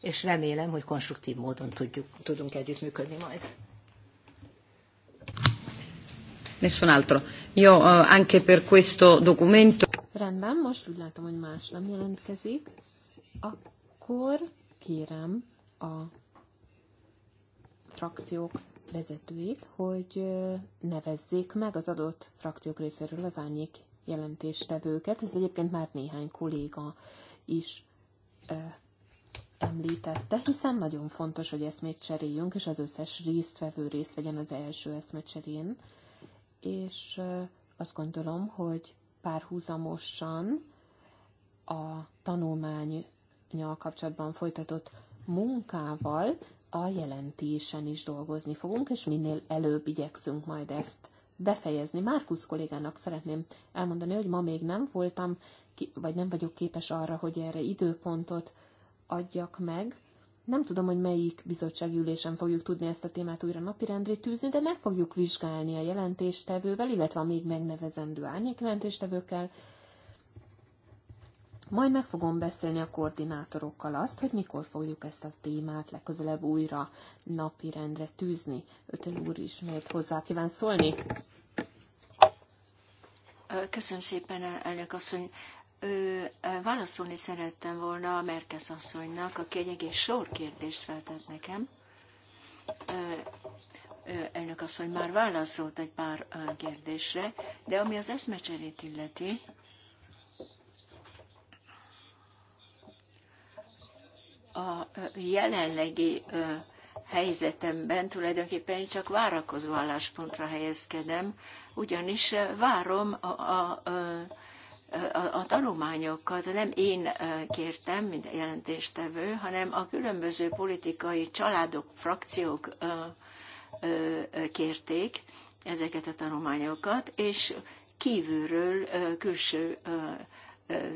és remélem, hogy konstruktív módon tudjuk, tudunk együttműködni majd nessun altro. Io eh, anche per questo documento. Rendben, most úgy látom, hogy más nem jelentkezik. Akkor kérem a frakciók vezetőit, hogy nevezzék meg az adott frakciók részéről az árnyék jelentéstevőket. Ez egyébként már néhány kolléga is említette, hiszen nagyon fontos, hogy eszmét cseréljünk, és az összes résztvevő részt vegyen az első cserén és azt gondolom, hogy párhuzamosan a tanulmányjal kapcsolatban folytatott munkával a jelentésen is dolgozni fogunk, és minél előbb igyekszünk majd ezt befejezni. Márkusz kollégának szeretném elmondani, hogy ma még nem voltam, vagy nem vagyok képes arra, hogy erre időpontot adjak meg, nem tudom, hogy melyik bizottsági ülésen fogjuk tudni ezt a témát újra napirendre tűzni, de meg fogjuk vizsgálni a jelentéstevővel, illetve a még megnevezendő árnyék jelentéstevőkkel. Majd meg fogom beszélni a koordinátorokkal azt, hogy mikor fogjuk ezt a témát legközelebb újra napirendre tűzni. Ötel úr ismét hozzá kíván szólni. Köszönöm szépen, elnök asszony válaszolni szerettem volna a Merkez asszonynak, aki egy egész sor kérdést feltett nekem. Elnök asszony már válaszolt egy pár kérdésre, de ami az eszmecserét illeti, a jelenlegi helyzetemben tulajdonképpen csak várakozó álláspontra helyezkedem, ugyanis várom a, a, a a, a tanulmányokat nem én kértem, mint jelentéstevő, hanem a különböző politikai családok, frakciók kérték ezeket a tanulmányokat, és kívülről, külső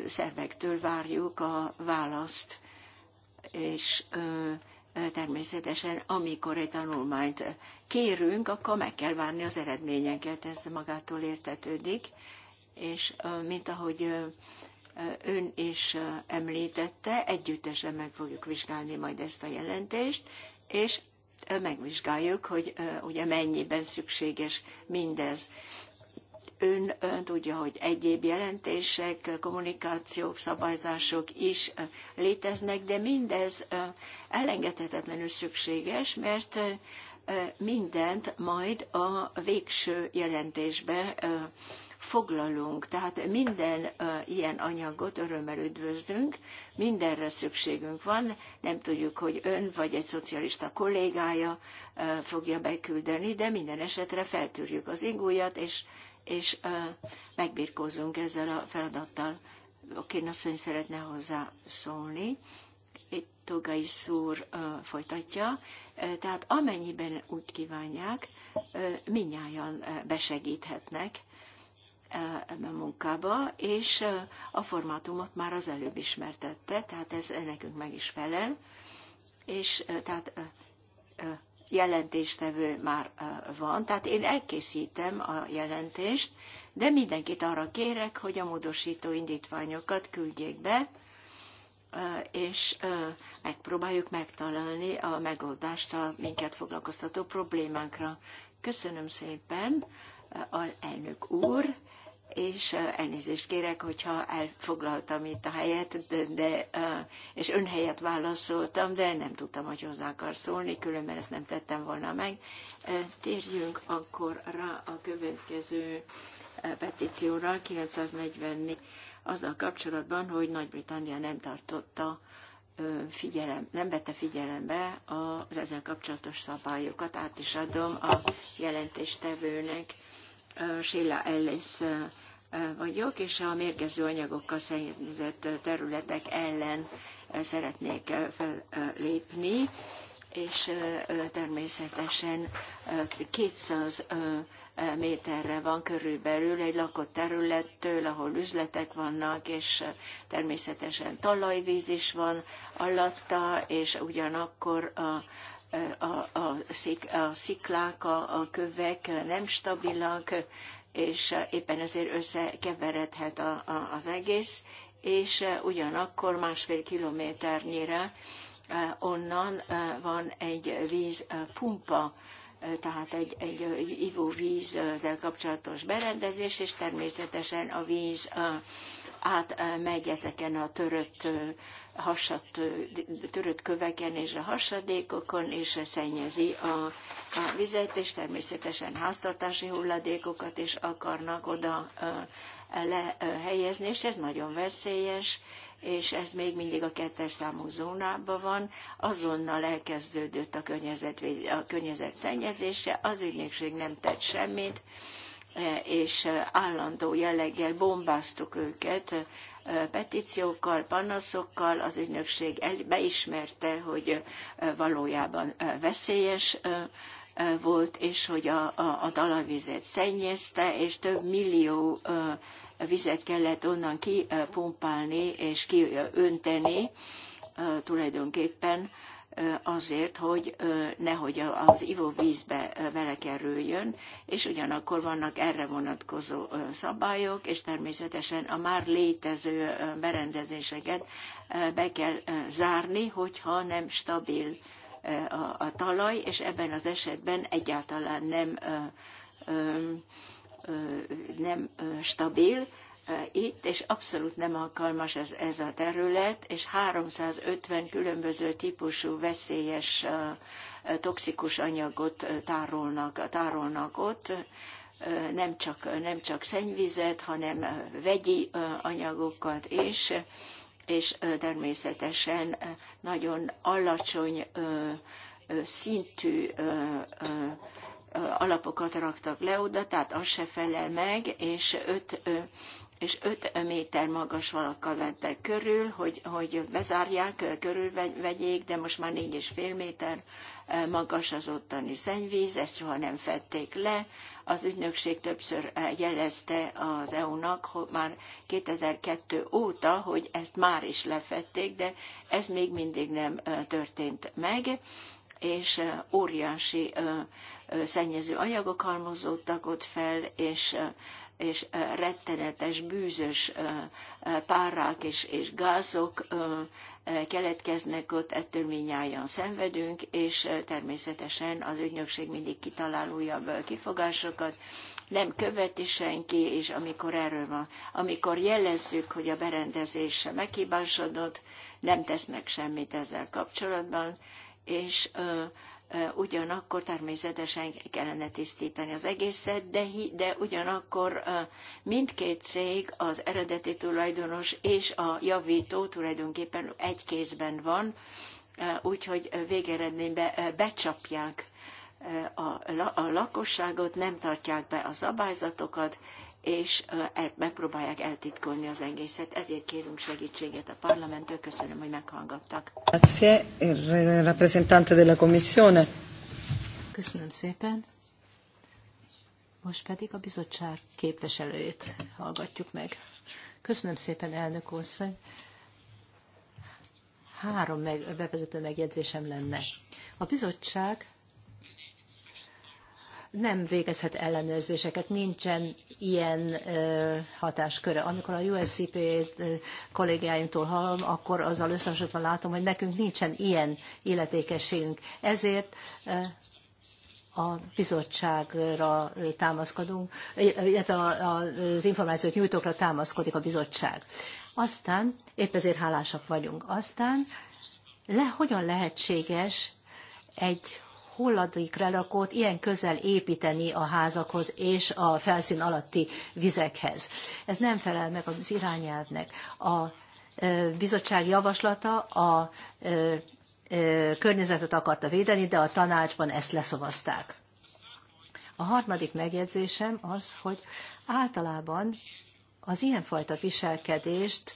szervektől várjuk a választ, és természetesen, amikor egy tanulmányt kérünk, akkor meg kell várni az eredményeket, ez magától értetődik, és mint ahogy ön is említette, együttesen meg fogjuk vizsgálni majd ezt a jelentést, és megvizsgáljuk, hogy ugye mennyiben szükséges mindez. Ön, ön tudja, hogy egyéb jelentések, kommunikációk, szabályzások is léteznek, de mindez elengedhetetlenül szükséges, mert mindent majd a végső jelentésbe foglalunk. Tehát minden ilyen anyagot örömmel üdvözlünk, mindenre szükségünk van, nem tudjuk, hogy ön vagy egy szocialista kollégája fogja beküldeni, de minden esetre feltűrjük az ingújat, és, és megbirkózunk ezzel a feladattal. Kénasszony szeretne hozzá szólni. Itt Togai szúr folytatja. Tehát amennyiben úgy kívánják, minnyáján besegíthetnek E, ebben a munkába, és e, a formátumot már az előbb ismertette, tehát ez nekünk meg is felel, és e, tehát jelentéstevő már van, tehát én elkészítem a jelentést, de mindenkit arra kérek, hogy a módosító indítványokat küldjék be, és megpróbáljuk megtalálni a megoldást a minket foglalkoztató problémánkra. Köszönöm szépen, elnök úr, és elnézést kérek, hogyha elfoglaltam itt a helyet, de, de, és ön helyett válaszoltam, de nem tudtam, hogy hozzá akar szólni, különben ezt nem tettem volna meg. Térjünk akkor rá a következő petícióra, 944, azzal kapcsolatban, hogy Nagy-Britannia nem tartotta figyelem, nem vette figyelembe az ezzel kapcsolatos szabályokat. Át is adom a jelentéstevőnek, Sheila Ellis vagyok, és a mérgező anyagokkal szennyezett területek ellen szeretnék fellépni, és természetesen 200 méterre van körülbelül egy lakott területtől, ahol üzletek vannak, és természetesen talajvíz is van alatta, és ugyanakkor a a, a, a sziklák, a, a kövek nem stabilak, és eh, éppen ezért összekeveredhet a, a, az egész, és eh, ugyanakkor másfél kilométernyire eh, onnan van egy vízpumpa, tehát egy, egy ivóvízzel kapcsolatos berendezés, és természetesen a víz átmegy ezeken a törött hasat, törött köveken és a hasadékokon, és szennyezi a, a vizet, és természetesen háztartási hulladékokat is akarnak oda lehelyezni, és ez nagyon veszélyes, és ez még mindig a kettes számú zónában van, azonnal elkezdődött a környezet, a környezet szennyezése, az ügynökség nem tett semmit, és állandó jelleggel bombáztuk őket petíciókkal, panaszokkal az ügynökség el, beismerte, hogy valójában veszélyes volt, és hogy a, a, a talajvizet szennyezte, és több millió vizet kellett onnan kipumpálni és kiönteni tulajdonképpen azért, hogy nehogy az ivóvízbe belekerüljön, és ugyanakkor vannak erre vonatkozó szabályok, és természetesen a már létező berendezéseket be kell zárni, hogyha nem stabil a, a talaj, és ebben az esetben egyáltalán nem, nem stabil, itt, és abszolút nem alkalmas ez, ez a terület, és 350 különböző típusú veszélyes toxikus anyagot tárolnak, tárolnak ott, nem csak, nem csak szennyvizet, hanem vegyi anyagokat is, és természetesen nagyon alacsony szintű alapokat raktak le oda, tehát az se felel meg, és öt és 5 méter magas valakkal vettek körül, hogy, hogy bezárják, körülvegyék, de most már 4,5 méter magas az ottani szennyvíz, ezt soha nem fették le. Az ügynökség többször jelezte az EU-nak már 2002 óta, hogy ezt már is lefették, de ez még mindig nem történt meg és óriási szennyező anyagok halmozódtak ott fel, és és rettenetes, bűzös párák és, és gázok keletkeznek ott, ettől minnyáján szenvedünk, és természetesen az ügynökség mindig kitalál újabb kifogásokat, nem követi senki, és amikor erről van, amikor jelezzük, hogy a berendezés meghibásodott, nem tesznek semmit ezzel kapcsolatban, és ugyanakkor természetesen kellene tisztítani az egészet, de, de ugyanakkor mindkét cég, az eredeti tulajdonos és a javító tulajdonképpen egy kézben van, úgyhogy végeredményben becsapják a, a lakosságot, nem tartják be a szabályzatokat, és megpróbálják eltitkolni az egészet. Ezért kérünk segítséget a parlamenttől. Köszönöm, hogy meghallgattak. Grazie, rappresentante della Commissione. Köszönöm szépen. Most pedig a bizottság képviselőjét hallgatjuk meg. Köszönöm szépen, elnök asszony. Három meg, bevezető megjegyzésem lenne. A bizottság nem végezhet ellenőrzéseket, nincsen ilyen hatásköre. Amikor a USCP kollégáimtól hallom, akkor azzal összehasonlítva látom, hogy nekünk nincsen ilyen illetékességünk. Ezért a bizottságra támaszkodunk, illetve az információt nyújtókra támaszkodik a bizottság. Aztán, épp ezért hálásak vagyunk, aztán le, hogyan lehetséges egy hulladék relakót ilyen közel építeni a házakhoz és a felszín alatti vizekhez. Ez nem felel meg az irányelvnek. A bizottság javaslata a környezetet akarta védeni, de a tanácsban ezt leszavazták. A harmadik megjegyzésem az, hogy általában az ilyenfajta viselkedést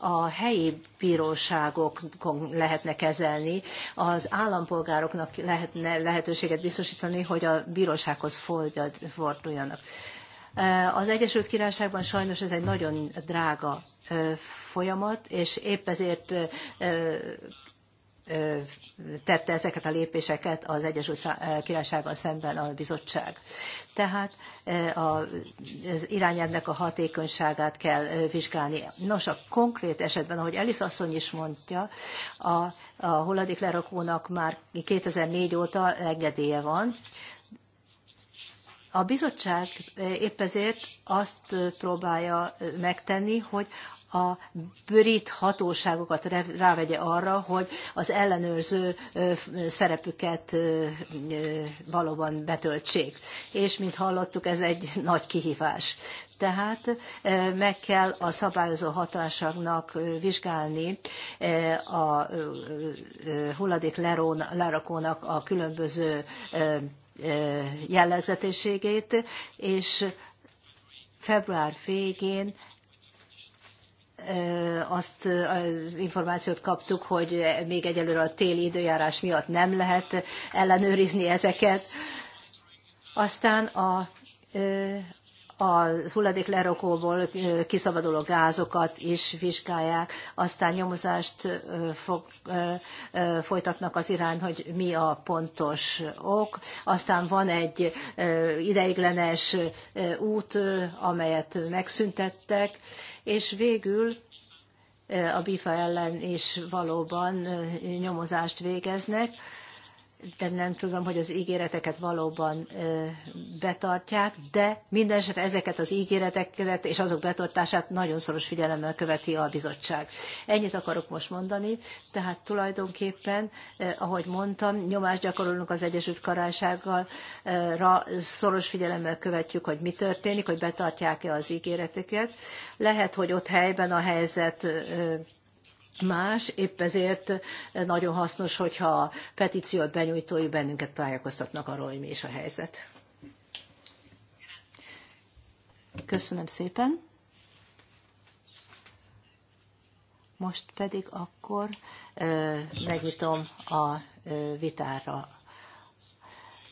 a helyi bíróságokon lehetne kezelni, az állampolgároknak lehetne lehetőséget biztosítani, hogy a bírósághoz forduljanak. Az Egyesült Királyságban sajnos ez egy nagyon drága folyamat, és épp ezért tette ezeket a lépéseket az Egyesült Királysággal szemben a bizottság. Tehát az irányelvnek a hatékonyságát kell vizsgálni. Nos, a konkrét esetben, ahogy Elis asszony is mondja, a, a lerakónak már 2004 óta engedélye van, a bizottság épp ezért azt próbálja megtenni, hogy a brit hatóságokat rávegye arra, hogy az ellenőrző szerepüket valóban betöltsék. És, mint hallottuk, ez egy nagy kihívás. Tehát meg kell a szabályozó hatóságnak vizsgálni a hulladék lerakónak a különböző jellegzetességét, és február végén azt az információt kaptuk, hogy még egyelőre a téli időjárás miatt nem lehet ellenőrizni ezeket. Aztán a, a hulladéklerakóból kiszabaduló gázokat is vizsgálják, aztán nyomozást fog, folytatnak az irány, hogy mi a pontos ok. Aztán van egy ideiglenes út, amelyet megszüntettek, és végül eh, a BIFA ellen is valóban eh, nyomozást végeznek, de nem tudom, hogy az ígéreteket valóban betartják, de mindenesetre ezeket az ígéreteket és azok betartását nagyon szoros figyelemmel követi a bizottság. Ennyit akarok most mondani, tehát tulajdonképpen, ahogy mondtam, nyomást gyakorolunk az Egyesült ra, szoros figyelemmel követjük, hogy mi történik, hogy betartják-e az ígéreteket. Lehet, hogy ott helyben a helyzet más, épp ezért nagyon hasznos, hogyha a petíciót benyújtói bennünket tájékoztatnak arról, hogy mi is a helyzet. Köszönöm szépen. Most pedig akkor megnyitom a vitára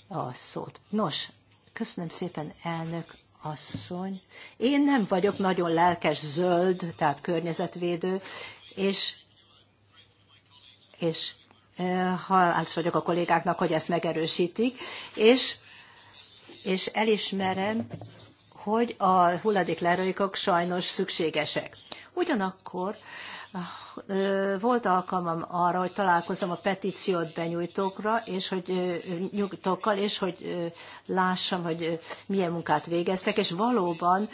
a szót. Nos, köszönöm szépen, elnök asszony. Én nem vagyok nagyon lelkes zöld, tehát környezetvédő, és, és hálás vagyok a kollégáknak, hogy ezt megerősítik, és, és elismerem, hogy a hulladéklerőikok sajnos szükségesek. Ugyanakkor volt alkalmam arra, hogy találkozom a petíciót benyújtókra, és hogy nyugtokkal, és hogy lássam, hogy milyen munkát végeztek, és valóban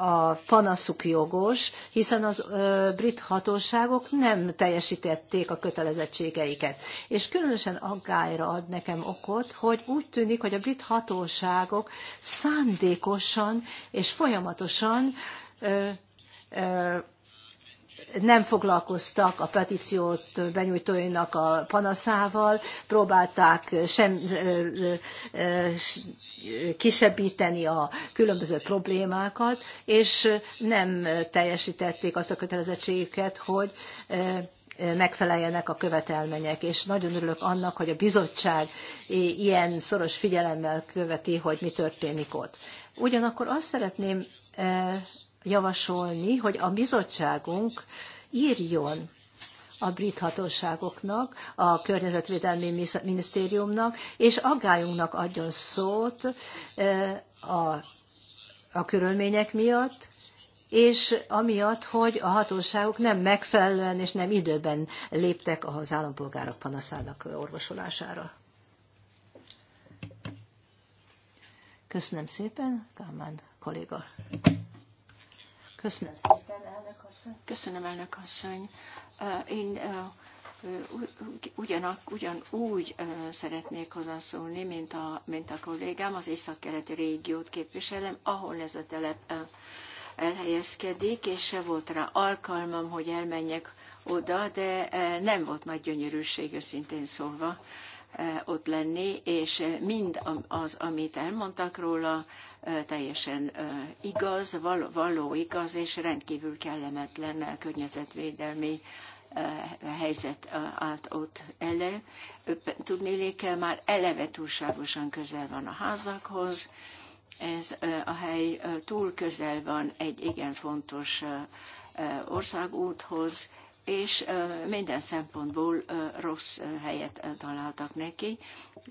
a panaszuk jogos, hiszen az brit hatóságok nem teljesítették a kötelezettségeiket. És különösen aggályra ad nekem okot, hogy úgy tűnik, hogy a brit hatóságok szándékosan és folyamatosan nem foglalkoztak a petíciót benyújtóinak a panaszával, próbálták sem, kisebbíteni a különböző problémákat, és nem teljesítették azt a kötelezettségüket, hogy megfeleljenek a követelmények, és nagyon örülök annak, hogy a bizottság ilyen szoros figyelemmel követi, hogy mi történik ott. Ugyanakkor azt szeretném javasolni, hogy a bizottságunk írjon a brit hatóságoknak, a környezetvédelmi minisztériumnak, és aggályunknak adjon szót eh, a, a körülmények miatt, és amiatt, hogy a hatóságok nem megfelelően és nem időben léptek az állampolgárok panaszának orvosolására. Köszönöm szépen, Kámán kolléga. Köszönöm szépen, elnök asszony. Köszönöm, elnök asszony. Én ugyanak, ugyanúgy szeretnék hozzászólni, mint a, mint a kollégám, az északkeleti régiót képviselem, ahol ez a telep elhelyezkedik, és se volt rá alkalmam, hogy elmenjek oda, de nem volt nagy gyönyörűség, őszintén szólva ott lenni, és mind az, amit elmondtak róla, teljesen igaz, való igaz, és rendkívül kellemetlen környezetvédelmi helyzet állt ott ele. Tudnéléke már eleve túlságosan közel van a házakhoz, ez a hely túl közel van egy igen fontos országúthoz, és minden szempontból rossz helyet találtak neki,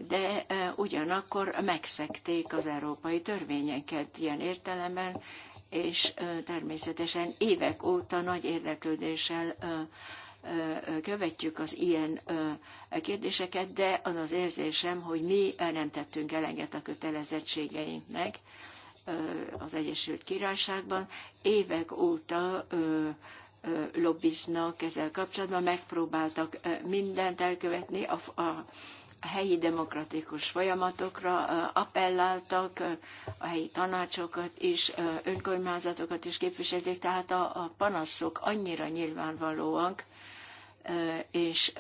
de ugyanakkor megszekték az európai törvényeket ilyen értelemben, és természetesen évek óta nagy érdeklődéssel követjük az ilyen kérdéseket, de az az érzésem, hogy mi nem tettünk eleget a kötelezettségeinknek az Egyesült Királyságban. Évek óta lobbiznak ezzel kapcsolatban, megpróbáltak mindent elkövetni, a, a helyi demokratikus folyamatokra appelláltak, a helyi tanácsokat is, önkormányzatokat is képviselték, tehát a, a panaszok annyira nyilvánvalóak, és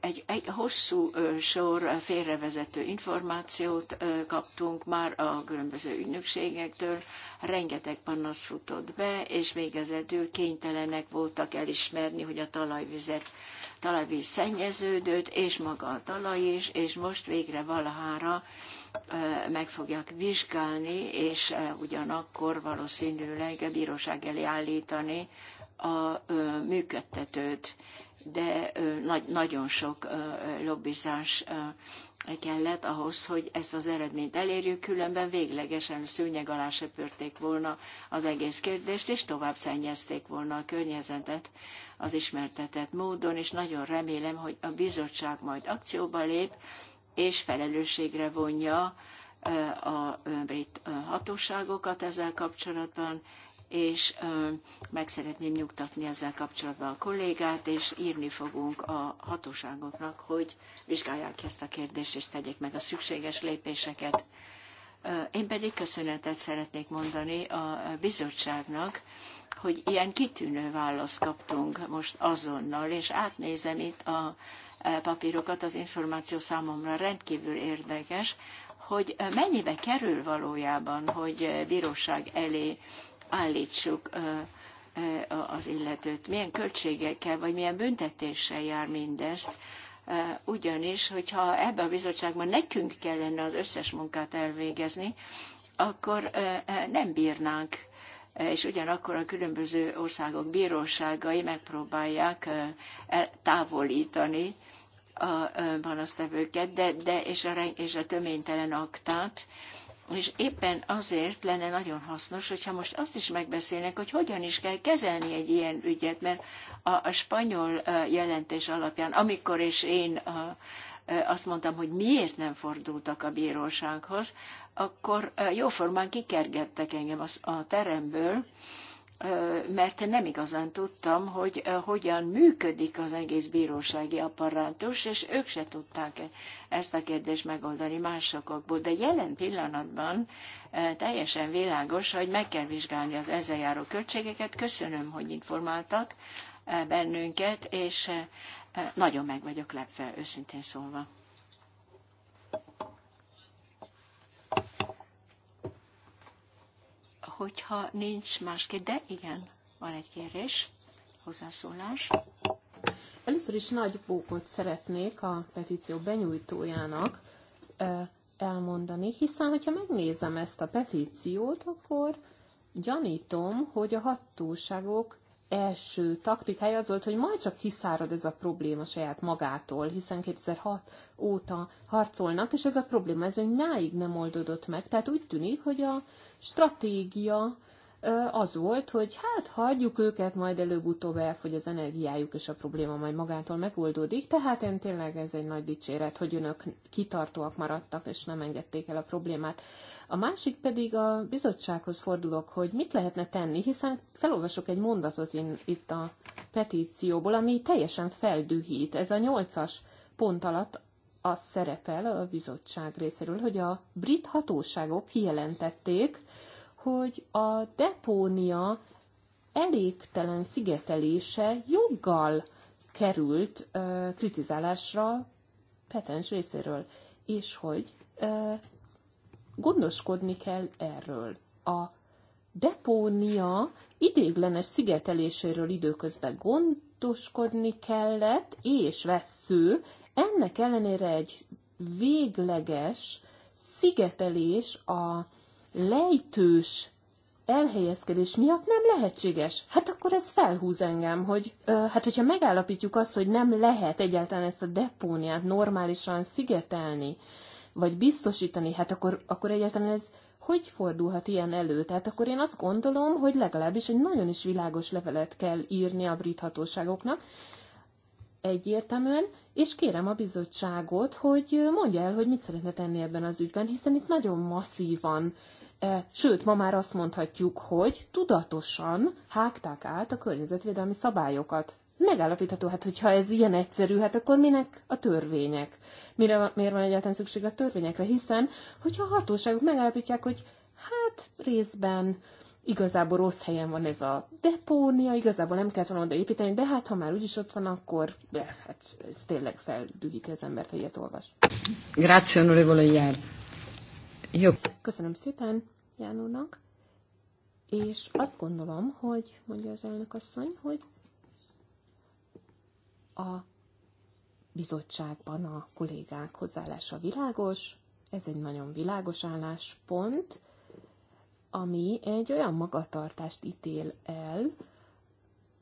egy, egy hosszú sor félrevezető információt kaptunk már a különböző ügynökségektől, rengeteg panasz futott be, és végezetül kénytelenek voltak elismerni, hogy a talajvizet, talajvíz szennyeződött, és maga a talaj is, és most végre valahára meg fogják vizsgálni, és ugyanakkor valószínűleg a bíróság elé állítani a működtetőt de nagy, nagyon sok lobbizás kellett ahhoz, hogy ezt az eredményt elérjük, különben véglegesen szőnyeg alá söpörték volna az egész kérdést, és tovább szennyezték volna a környezetet az ismertetett módon, és nagyon remélem, hogy a bizottság majd akcióba lép, és felelősségre vonja a brit hatóságokat ezzel kapcsolatban, és meg szeretném nyugtatni ezzel kapcsolatban a kollégát, és írni fogunk a hatóságoknak, hogy vizsgálják ezt a kérdést, és tegyék meg a szükséges lépéseket. Én pedig köszönetet szeretnék mondani a bizottságnak, hogy ilyen kitűnő választ kaptunk most azonnal, és átnézem itt a e, papírokat, az információ számomra rendkívül érdekes, hogy e, mennyibe kerül valójában, hogy e, bíróság elé állítsuk az illetőt. Milyen költségekkel, vagy milyen büntetéssel jár mindezt, ugyanis, hogyha ebbe a bizottságban nekünk kellene az összes munkát elvégezni, akkor nem bírnánk és ugyanakkor a különböző országok bíróságai megpróbálják távolítani a panasztevőket, de, de és, a, és a töménytelen aktát, és éppen azért lenne nagyon hasznos, hogyha most azt is megbeszélnek, hogy hogyan is kell kezelni egy ilyen ügyet, mert a, a spanyol jelentés alapján, amikor és én a, azt mondtam, hogy miért nem fordultak a bírósághoz, akkor jóformán kikergettek engem a teremből, mert nem igazán tudtam, hogy hogyan működik az egész bírósági apparátus, és ők se tudták e- ezt a kérdést megoldani másokból. De jelen pillanatban teljesen világos, hogy meg kell vizsgálni az ezzel járó költségeket. Köszönöm, hogy informáltak bennünket, és nagyon meg vagyok lepve, őszintén szólva. hogyha nincs másképp. De igen, van egy kérdés, hozzászólás. Először is nagy bókot szeretnék a petíció benyújtójának elmondani, hiszen hogyha megnézem ezt a petíciót, akkor gyanítom, hogy a hatóságok első taktikája az volt, hogy majd csak kiszárad ez a probléma saját magától, hiszen 2006 óta harcolnak, és ez a probléma ez még máig nem oldódott meg. Tehát úgy tűnik, hogy a stratégia az volt, hogy hát hagyjuk őket, majd előbb-utóbb elfogy az energiájuk, és a probléma majd magától megoldódik. Tehát én tényleg ez egy nagy dicséret, hogy önök kitartóak maradtak, és nem engedték el a problémát. A másik pedig a bizottsághoz fordulok, hogy mit lehetne tenni, hiszen felolvasok egy mondatot én itt a petícióból, ami teljesen feldühít. Ez a nyolcas pont alatt az szerepel a bizottság részéről, hogy a brit hatóságok kijelentették, hogy a depónia elégtelen szigetelése joggal került ö, kritizálásra petens részéről, és hogy ö, gondoskodni kell erről. A depónia idéglenes szigeteléséről időközben gondoskodni kellett, és vesző, ennek ellenére egy végleges szigetelés a lejtős elhelyezkedés miatt nem lehetséges. Hát akkor ez felhúz engem, hogy ö, hát hogyha megállapítjuk azt, hogy nem lehet egyáltalán ezt a depóniát normálisan szigetelni, vagy biztosítani, hát akkor, akkor egyáltalán ez hogy fordulhat ilyen elő? Tehát akkor én azt gondolom, hogy legalábbis egy nagyon is világos levelet kell írni a brit hatóságoknak, egyértelműen, és kérem a bizottságot, hogy mondja el, hogy mit szeretne tenni ebben az ügyben, hiszen itt nagyon masszívan sőt, ma már azt mondhatjuk, hogy tudatosan hágták át a környezetvédelmi szabályokat. Megállapítható, hát hogyha ez ilyen egyszerű, hát akkor minek a törvények? Mire, miért van egyáltalán szükség a törvényekre? Hiszen, hogyha a hatóságok megállapítják, hogy hát részben igazából rossz helyen van ez a depónia, igazából nem kellett volna oda építeni, de hát ha már úgyis ott van, akkor de, hát ez tényleg feldühít az embert, ha ilyet olvas. Grazie, onorevole Jó. Köszönöm szépen. Sebastian úrnak, és azt gondolom, hogy, mondja az asszony, hogy a bizottságban a kollégák hozzáállása világos, ez egy nagyon világos álláspont, ami egy olyan magatartást ítél el,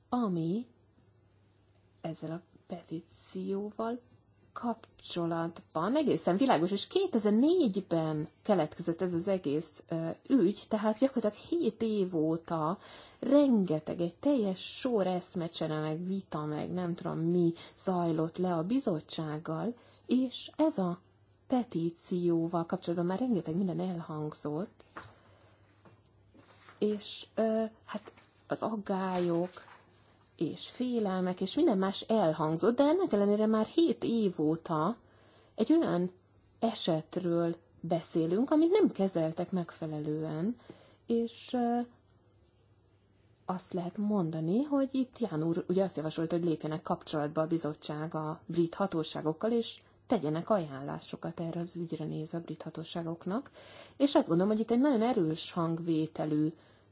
ami ezzel a petícióval kapcsolatban egészen világos, és 2004-ben keletkezett ez az egész ügy, tehát gyakorlatilag 7 év óta rengeteg, egy teljes sor eszmecsere, meg vita, meg nem tudom mi zajlott le a bizottsággal, és ez a petícióval kapcsolatban már rengeteg minden elhangzott, és hát az aggályok, és félelmek, és minden más elhangzott, de ennek ellenére már hét év óta egy olyan esetről beszélünk, amit nem kezeltek megfelelően, és azt lehet mondani, hogy itt Ján úr ugye azt javasolta, hogy lépjenek kapcsolatba a bizottság a brit hatóságokkal, és tegyenek ajánlásokat erre az ügyre néz a brit hatóságoknak. És azt gondolom, hogy itt egy nagyon erős hangvételű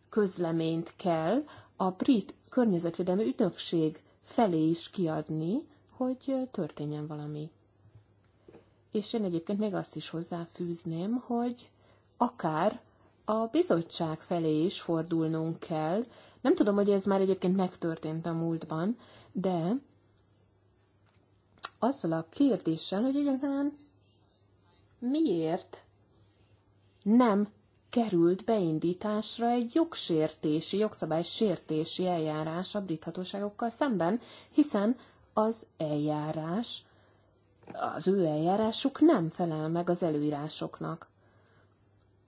közleményt kell a brit környezetvédelmi ütökség felé is kiadni, hogy történjen valami. És én egyébként még azt is hozzáfűzném, hogy akár a bizottság felé is fordulnunk kell. Nem tudom, hogy ez már egyébként megtörtént a múltban, de azzal a kérdéssel, hogy egyáltalán miért nem került beindításra egy jogsértési, jogszabálysértési eljárás a brit hatóságokkal szemben, hiszen az eljárás, az ő eljárásuk nem felel meg az előírásoknak.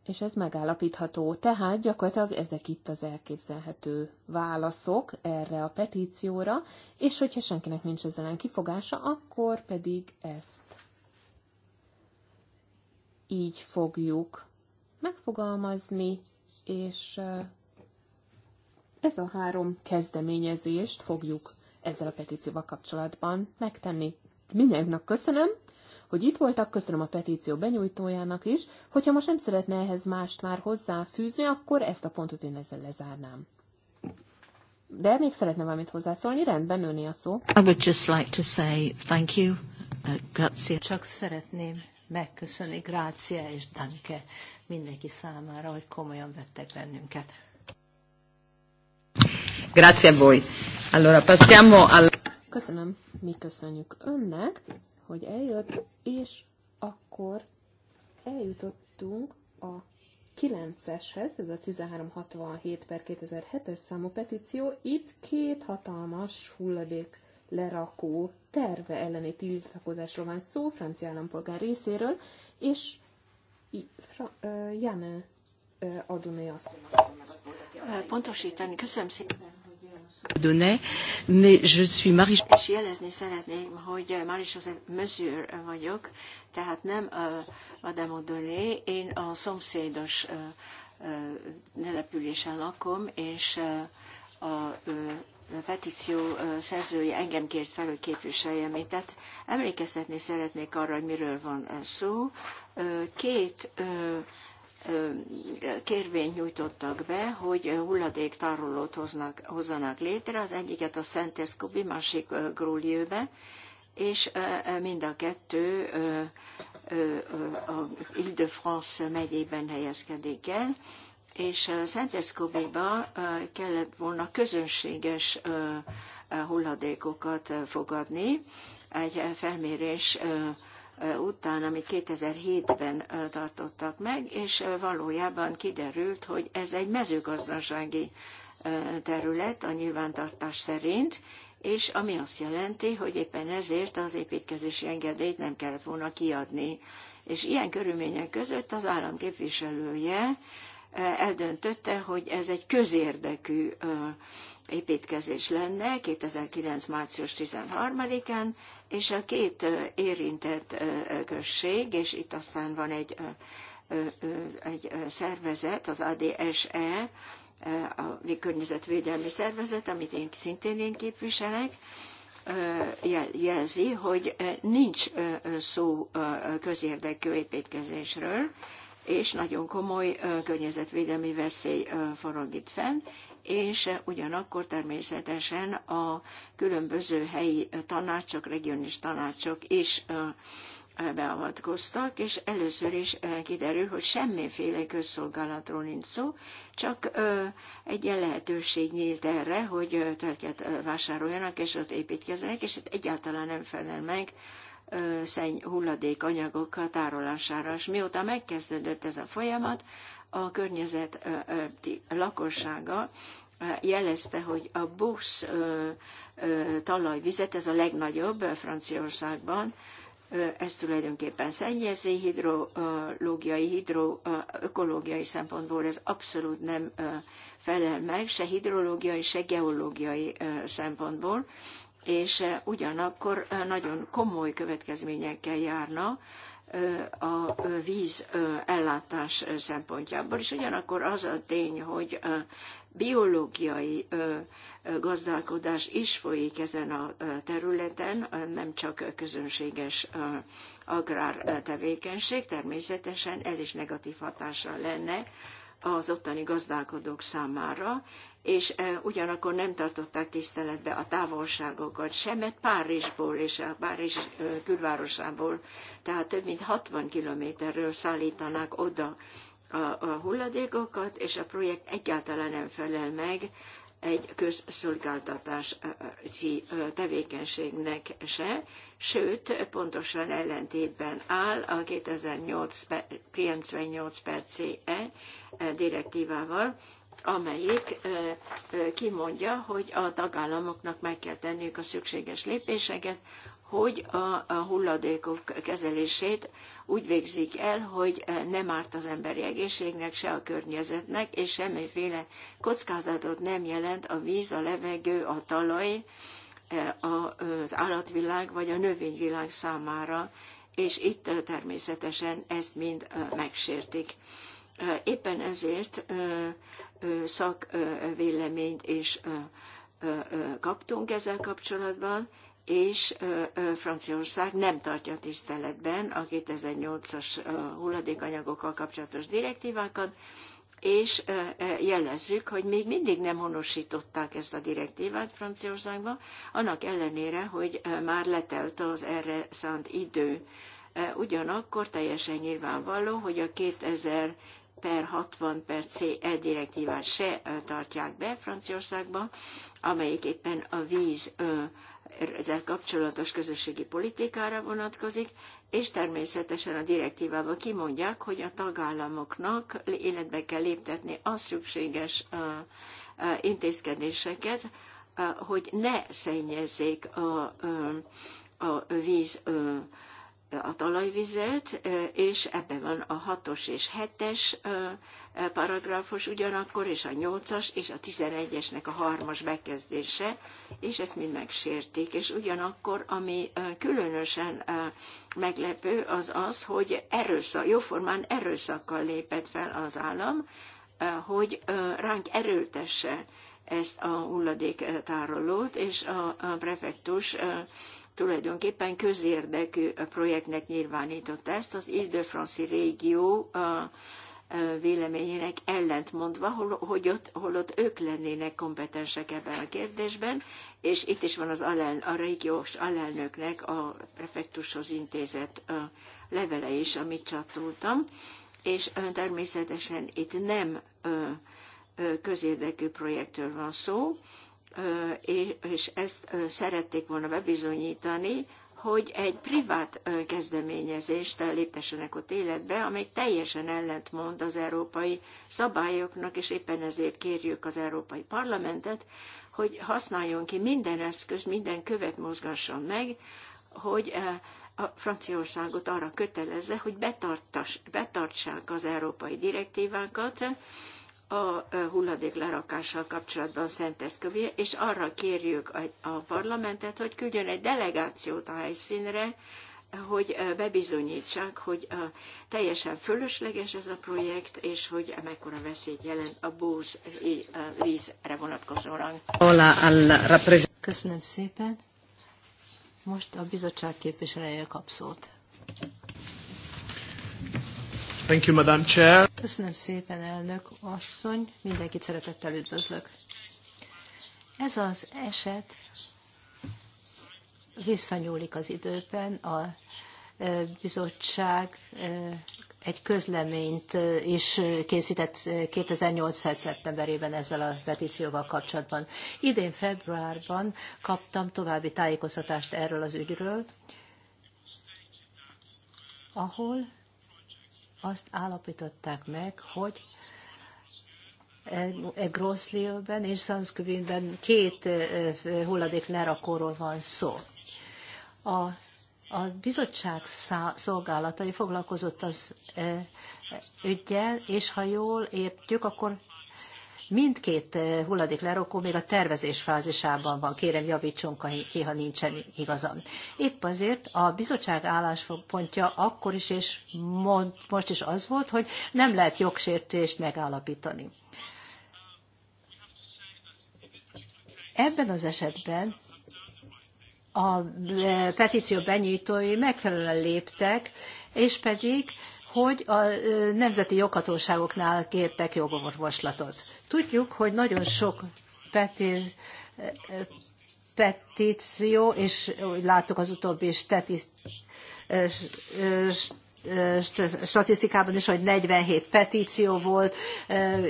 És ez megállapítható. Tehát gyakorlatilag ezek itt az elképzelhető válaszok erre a petícióra, és hogyha senkinek nincs ezzel ellen kifogása, akkor pedig ezt így fogjuk megfogalmazni, és ez a három kezdeményezést fogjuk ezzel a petícióval kapcsolatban megtenni. Mindenkinek köszönöm, hogy itt voltak, köszönöm a petíció benyújtójának is. Hogyha most nem szeretne ehhez mást már hozzáfűzni, akkor ezt a pontot én ezzel lezárnám. De még szeretne valamit hozzászólni, rendben öné a szó. I would just like to say thank you, uh, grazie. Csak szeretném megköszönni Grácia és Danke mindenki számára, hogy komolyan vettek bennünket. Grazie a voi. Allora passiamo al... Köszönöm, mi köszönjük önnek, hogy eljött, és akkor eljutottunk a 9-eshez, ez a 1367 per 2007-es számú petíció, itt két hatalmas hulladék lerakó terve elleni tiltakozásról van szó francia állampolgár részéről, és Fra, uh, Jana uh, Adonai azt Pontosítani, köszönöm szépen. Donné, mais je suis Marie... És jelezni szeretném, hogy Marie-José Mesur vagyok, tehát nem uh, Adamo Donné, én a szomszédos uh, településen lakom, és a petíció szerzője engem kért fel, hogy képviseljem én. Tehát emlékeztetni szeretnék arra, hogy miről van szó. Két kérvényt nyújtottak be, hogy hulladéktárolót hoznak, hozzanak létre, az egyiket a Szent Eszkubi, másik Grolierben, és mind a kettő a Ile-de-France megyében helyezkedik el és az Szenteszkobiba kellett volna közönséges hulladékokat fogadni. Egy felmérés után, amit 2007-ben tartottak meg, és valójában kiderült, hogy ez egy mezőgazdasági terület a nyilvántartás szerint, és ami azt jelenti, hogy éppen ezért az építkezési engedélyt nem kellett volna kiadni. És ilyen körülmények között az állam képviselője eldöntötte, hogy ez egy közérdekű építkezés lenne 2009. március 13-án, és a két érintett község, és itt aztán van egy, egy szervezet, az ADSE, a e, környezetvédelmi szervezet, amit én szintén én képviselek, jelzi, hogy nincs szó közérdekű építkezésről, és nagyon komoly környezetvédelmi veszély forog itt fenn, és ugyanakkor természetesen a különböző helyi tanácsok, regionális tanácsok is beavatkoztak, és először is kiderül, hogy semmiféle közszolgálatról nincs szó, csak egy ilyen lehetőség nyílt erre, hogy telket vásároljanak, és ott építkezzenek, és ez egyáltalán nem felel meg szenny hulladék anyagok tárolására. És mióta megkezdődött ez a folyamat, a környezet lakossága jelezte, hogy a busz talajvizet, ez a legnagyobb Franciaországban, ez tulajdonképpen szennyezi, hidrológiai, hidro, ökológiai szempontból ez abszolút nem felel meg, se hidrológiai, se geológiai szempontból és eh, ugyanakkor eh, nagyon komoly következményekkel járna eh, a víz ellátás szempontjából, és ugyanakkor az a tény, hogy biológiai gazdálkodás is folyik ezen a területen, nem csak közönséges agrártevékenység, természetesen ez is negatív hatással lenne az ottani gazdálkodók számára, és e, ugyanakkor nem tartották tiszteletbe a távolságokat, semet Párizsból és a Párizs külvárosából, tehát több mint 60 kilométerről szállítanák oda a, a hulladékokat, és a projekt egyáltalán nem felel meg egy közszolgáltatási tevékenységnek se, sőt, pontosan ellentétben áll a 2008 per CE direktívával, amelyik kimondja, hogy a tagállamoknak meg kell tenniük a szükséges lépéseket hogy a, hulladékok kezelését úgy végzik el, hogy nem árt az emberi egészségnek, se a környezetnek, és semmiféle kockázatot nem jelent a víz, a levegő, a talaj, eh, az állatvilág vagy a növényvilág számára, és itt eh, természetesen ezt mind eh, megsértik. Éppen ezért szakvéleményt is kaptunk ezzel kapcsolatban, és Franciaország nem tartja tiszteletben a 2008-as hulladékanyagokkal kapcsolatos direktívákat, és jellezzük, hogy még mindig nem honosították ezt a direktívát Franciaországban, annak ellenére, hogy már letelt az erre szánt idő. Ugyanakkor teljesen nyilvánvaló, hogy a 2000 per 60 per CE direktívát se tartják be Franciaországban, amelyik éppen a víz ezzel kapcsolatos közösségi politikára vonatkozik, és természetesen a direktívában kimondják, hogy a tagállamoknak életbe kell léptetni a szükséges intézkedéseket, hogy ne szennyezzék a, a víz a talajvizet, és ebben van a hatos és hetes paragrafus ugyanakkor, és a nyolcas és a tizenegyesnek a harmas bekezdése, és ezt mind megsértik. És ugyanakkor, ami különösen meglepő, az az, hogy erőszak, jóformán erőszakkal lépett fel az állam, hogy ránk erőltesse ezt a hulladéktárolót, és a prefektus tulajdonképpen közérdekű projektnek nyilvánította ezt az île de france régió véleményének ellentmondva, hol, hogy ott, holott ők lennének kompetensek ebben a kérdésben, és itt is van az alel, a régiós alelnöknek a prefektushoz intézett levele is, amit csatoltam, és természetesen itt nem közérdekű projektről van szó, és ezt szerették volna bebizonyítani, hogy egy privát kezdeményezést léptessenek ott életbe, amely teljesen ellentmond az európai szabályoknak, és éppen ezért kérjük az Európai Parlamentet, hogy használjon ki minden eszköz, minden követ mozgasson meg, hogy a Franciaországot arra kötelezze, hogy betartsák az európai direktívákat, a hulladék lerakással kapcsolatban szenteszkövje, és arra kérjük a, a parlamentet, hogy küldjön egy delegációt a helyszínre, hogy bebizonyítsák, hogy teljesen fölösleges ez a projekt, és hogy mekkora veszélyt jelent a búz vízre vonatkozóan. Köszönöm szépen. Most a bizottság képviselője kap szót. Thank you, Madam Chair. Köszönöm szépen, elnök asszony. Mindenkit szeretettel üdvözlök. Ez az eset visszanyúlik az időben. A e, bizottság e, egy közleményt e, is készített 2008. szeptemberében ezzel a petícióval kapcsolatban. Idén februárban kaptam további tájékoztatást erről az ügyről, ahol azt állapították meg, hogy e Grosslőben és Szanszkövinben két hulladék lerakóról van szó. A, a bizottság szá, szolgálatai foglalkozott az ügyel, és ha jól értjük, akkor Mindkét eh, hulladék lerakó még a tervezés fázisában van, kérem javítsunk ki, ha nincsen igazam. Épp azért a bizottság álláspontja akkor is és most is az volt, hogy nem lehet jogsértést megállapítani. Ebben az esetben a eh, petíció benyújtói megfelelően léptek, és pedig hogy a nemzeti joghatóságoknál kértek jogorvoslatot. Tudjuk, hogy nagyon sok peti, petíció, és úgy láttuk az utóbbi statisztikában is, hogy 47 petíció volt,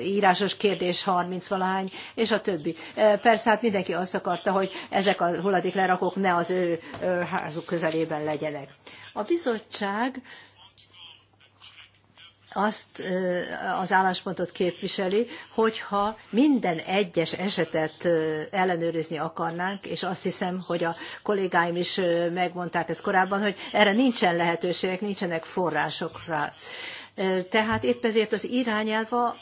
írásos kérdés 30 valahány, és a többi. Persze hát mindenki azt akarta, hogy ezek a lerakók ne az ő házuk közelében legyenek. A bizottság azt az álláspontot képviseli, hogyha minden egyes esetet ellenőrizni akarnánk, és azt hiszem, hogy a kollégáim is megmondták ezt korábban, hogy erre nincsen lehetőségek, nincsenek forrásokra. Tehát épp ezért az irányelva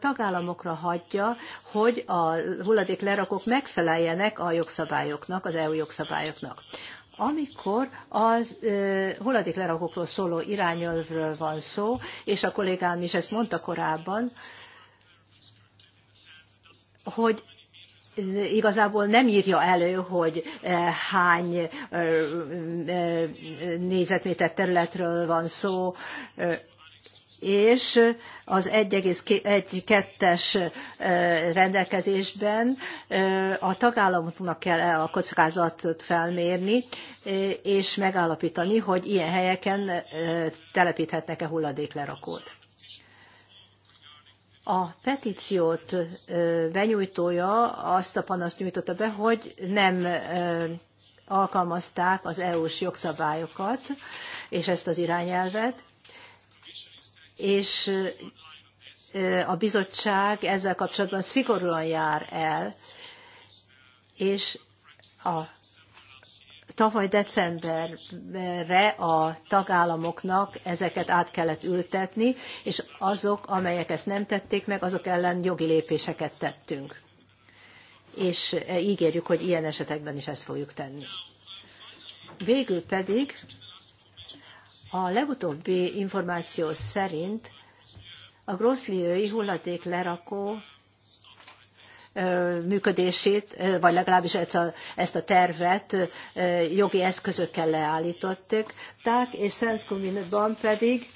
tagállamokra hagyja, hogy a hulladék lerakók megfeleljenek a jogszabályoknak, az EU jogszabályoknak. Amikor az hulladéklerakókról szóló irányelvről van szó, és a kollégám is ezt mondta korábban, hogy igazából nem írja elő, hogy hány négyzetméter területről van szó, és az 1,2-es rendelkezésben a tagállamoknak kell a kockázatot felmérni, és megállapítani, hogy ilyen helyeken telepíthetnek-e hulladéklerakót. A petíciót benyújtója azt a panaszt nyújtotta be, hogy nem alkalmazták az EU-s jogszabályokat és ezt az irányelvet, és a bizottság ezzel kapcsolatban szigorúan jár el, és a tavaly decemberre a tagállamoknak ezeket át kellett ültetni, és azok, amelyek ezt nem tették meg, azok ellen jogi lépéseket tettünk. És ígérjük, hogy ilyen esetekben is ezt fogjuk tenni. Végül pedig a legutóbbi információ szerint a grosszliői hulladék lerakó működését, vagy legalábbis ezt a, ezt a tervet jogi eszközökkel leállították, és Szenszkuminban pedig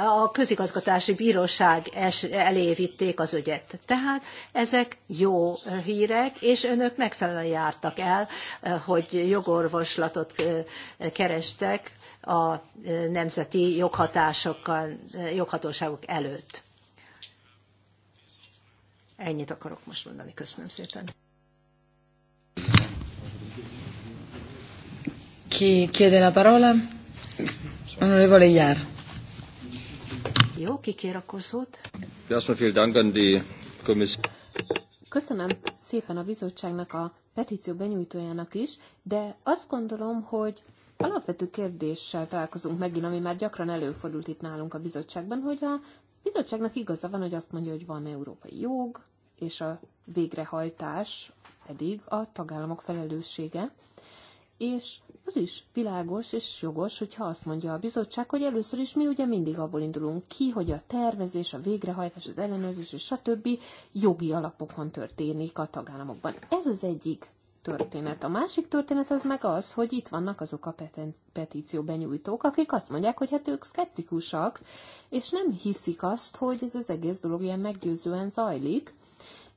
a közigazgatási bíróság elé vitték az ügyet. Tehát ezek jó hírek, és önök megfelelően jártak el, eh, hogy jogorvoslatot eh, kerestek a eh, nemzeti joghatásokkal, joghatóságok előtt. Ennyit akarok most mondani. Köszönöm szépen. Ki chiede a parola? Onorevole Jár. Jó, kikér akkor szót? Köszönöm szépen a bizottságnak a petíció benyújtójának is, de azt gondolom, hogy alapvető kérdéssel találkozunk megint, ami már gyakran előfordult itt nálunk a bizottságban, hogy a bizottságnak igaza van, hogy azt mondja, hogy van európai jog, és a végrehajtás pedig a tagállamok felelőssége és az is világos és jogos, hogyha azt mondja a bizottság, hogy először is mi ugye mindig abból indulunk ki, hogy a tervezés, a végrehajtás, az ellenőrzés és többi jogi alapokon történik a tagállamokban. Ez az egyik történet. A másik történet az meg az, hogy itt vannak azok a petíció benyújtók, akik azt mondják, hogy hát ők szkeptikusak, és nem hiszik azt, hogy ez az egész dolog ilyen meggyőzően zajlik,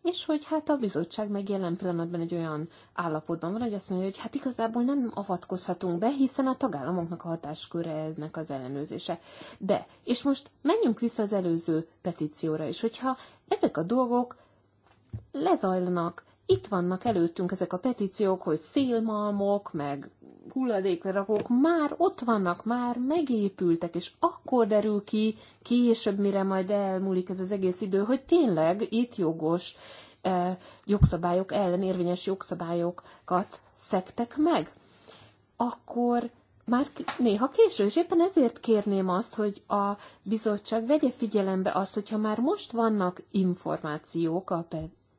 és hogy hát a bizottság meg jelen pillanatban egy olyan állapotban van, hogy azt mondja, hogy hát igazából nem avatkozhatunk be, hiszen a tagállamoknak a hatásköre ennek az ellenőrzése. De, és most menjünk vissza az előző petícióra is, hogyha ezek a dolgok lezajlanak, itt vannak előttünk ezek a petíciók, hogy szélmalmok, meg hulladéklerakók már ott vannak, már megépültek, és akkor derül ki később, mire majd elmúlik ez az egész idő, hogy tényleg itt jogos eh, jogszabályok ellen érvényes jogszabályokat szektek meg. Akkor már néha késő, és éppen ezért kérném azt, hogy a bizottság vegye figyelembe azt, hogyha már most vannak információk a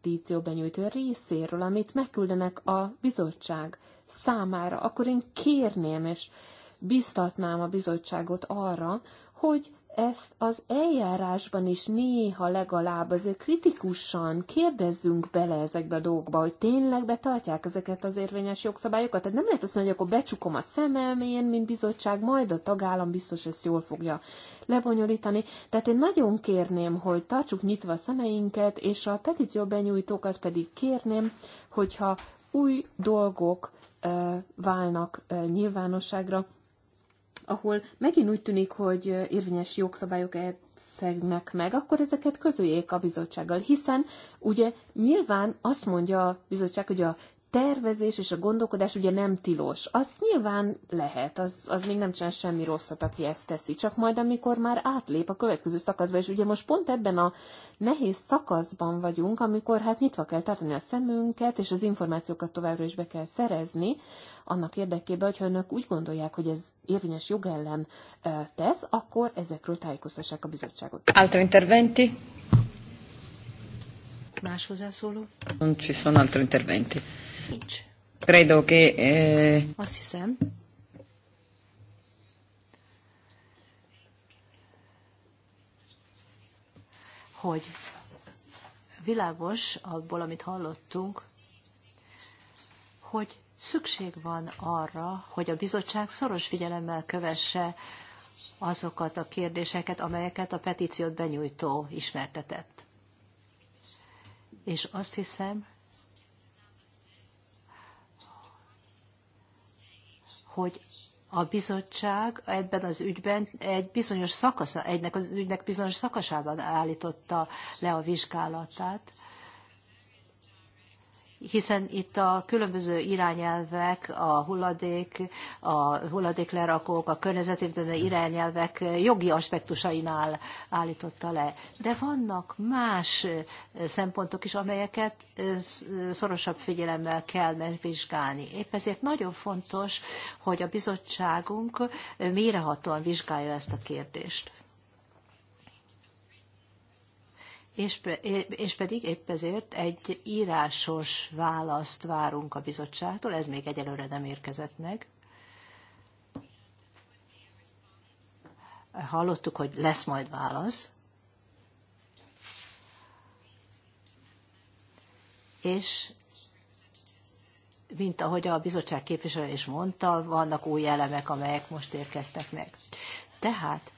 petíció benyújtó részéről, amit megküldenek a bizottság számára, akkor én kérném és biztatnám a bizottságot arra, hogy ezt az eljárásban is néha legalább azért kritikusan kérdezzünk bele ezekbe a dolgokba, hogy tényleg betartják ezeket az érvényes jogszabályokat. Tehát nem lehet azt mondani, hogy akkor becsukom a szemem én, mint bizottság, majd a tagállam biztos ezt jól fogja lebonyolítani. Tehát én nagyon kérném, hogy tartsuk nyitva a szemeinket, és a petíció benyújtókat pedig kérném, hogyha új dolgok válnak nyilvánosságra, ahol megint úgy tűnik, hogy érvényes jogszabályok e- szegnek meg, akkor ezeket közöljék a bizottsággal, hiszen ugye nyilván azt mondja a bizottság, hogy a tervezés és a gondolkodás ugye nem tilos. Az nyilván lehet, az, az még nem csinál semmi rosszat, aki ezt teszi. Csak majd, amikor már átlép a következő szakaszba, és ugye most pont ebben a nehéz szakaszban vagyunk, amikor hát nyitva kell tartani a szemünket, és az információkat továbbra is be kell szerezni, annak érdekében, hogyha önök úgy gondolják, hogy ez érvényes jog ellen tesz, akkor ezekről tájékoztassák a bizottságot. Altro interventi? Más hozzászóló? Non ci sono altri interventi. Nincs. Credo che... Eh... Azt hiszem. Hogy világos abból, amit hallottunk, hogy szükség van arra, hogy a bizottság szoros figyelemmel kövesse azokat a kérdéseket, amelyeket a petíciót benyújtó ismertetett. És azt hiszem, hogy a bizottság ebben az ügyben egy bizonyos szakasza, egynek az ügynek bizonyos szakaszában állította le a vizsgálatát, hiszen itt a különböző irányelvek, a hulladék, a hulladéklerakók, a környezetvédelmi hmm. irányelvek jogi aspektusainál állította le. De vannak más szempontok is, amelyeket szorosabb figyelemmel kell megvizsgálni. Épp ezért nagyon fontos, hogy a bizottságunk mérehatóan vizsgálja ezt a kérdést. és, és pedig épp ezért egy írásos választ várunk a bizottságtól, ez még egyelőre nem érkezett meg. Hallottuk, hogy lesz majd válasz. És mint ahogy a bizottság képviselő is mondta, vannak új elemek, amelyek most érkeztek meg. Tehát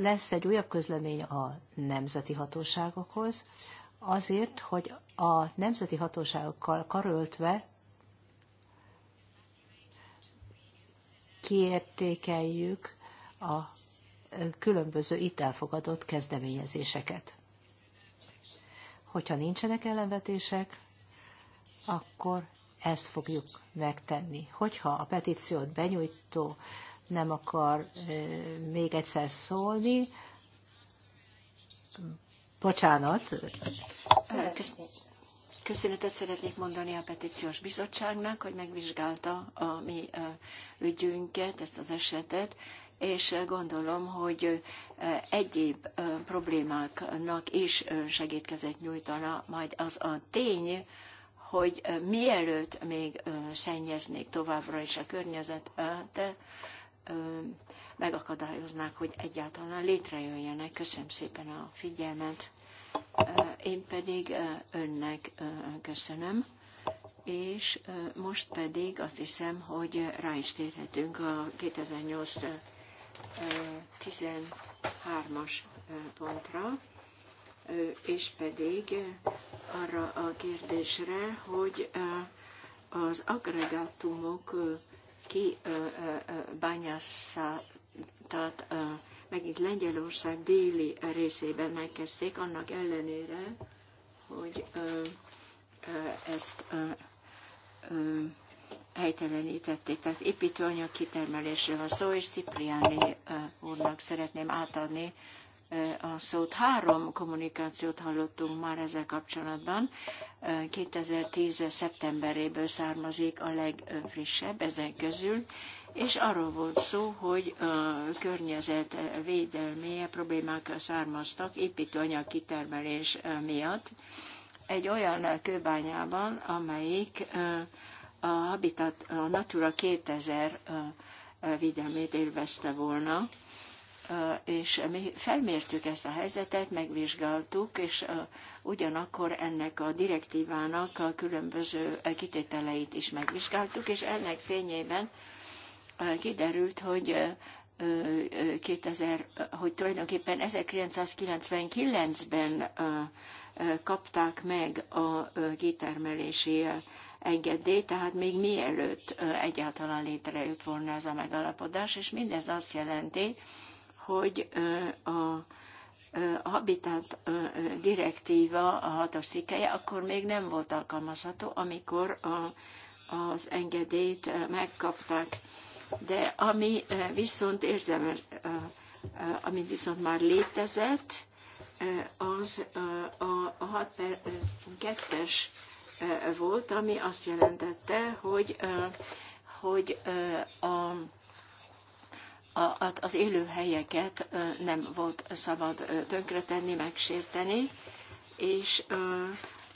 lesz egy újabb közlemény a nemzeti hatóságokhoz, azért, hogy a nemzeti hatóságokkal karöltve kiértékeljük a különböző itt elfogadott kezdeményezéseket. Hogyha nincsenek ellenvetések, akkor ezt fogjuk megtenni. Hogyha a petíciót benyújtó nem akar még egyszer szólni. Bocsánat. Köszönetet szeretnék mondani a petíciós bizottságnak, hogy megvizsgálta a mi ügyünket, ezt az esetet, és gondolom, hogy egyéb problémáknak is segítkezet nyújtana, majd az a tény, hogy mielőtt még szennyeznék továbbra is a környezetet, megakadályoznák, hogy egyáltalán létrejöjjenek. Köszönöm szépen a figyelmet. Én pedig önnek köszönöm, és most pedig azt hiszem, hogy rá is térhetünk a 2008 13-as pontra, és pedig arra a kérdésre, hogy az agregátumok ki bányászatát megint Lengyelország déli részében megkezdték, annak ellenére, hogy ezt helytelenítették. Tehát építőanyag kitermelésre van szó, és Cipriáni úrnak szeretném átadni a szót. Három kommunikációt hallottunk már ezzel kapcsolatban. 2010. szeptemberéből származik a legfrissebb ezen közül, és arról volt szó, hogy a környezet védelméje problémák származtak építőanyag kitermelés miatt egy olyan kőbányában, amelyik a Habitat, a Natura 2000 védelmét élvezte volna és mi felmértük ezt a helyzetet, megvizsgáltuk, és ugyanakkor ennek a direktívának a különböző kitételeit is megvizsgáltuk, és ennek fényében kiderült, hogy 2000, hogy tulajdonképpen 1999-ben kapták meg a kitermelési engedélyt, tehát még mielőtt egyáltalán létrejött volna ez a megalapodás, és mindez azt jelenti, hogy a Habitat direktíva, a hatos cikkelje, akkor még nem volt alkalmazható, amikor a, az engedélyt megkapták. De ami viszont érzem, ami viszont már létezett, az a 6 per 2-es volt, ami azt jelentette, hogy, hogy a az élőhelyeket nem volt szabad tönkretenni, megsérteni, és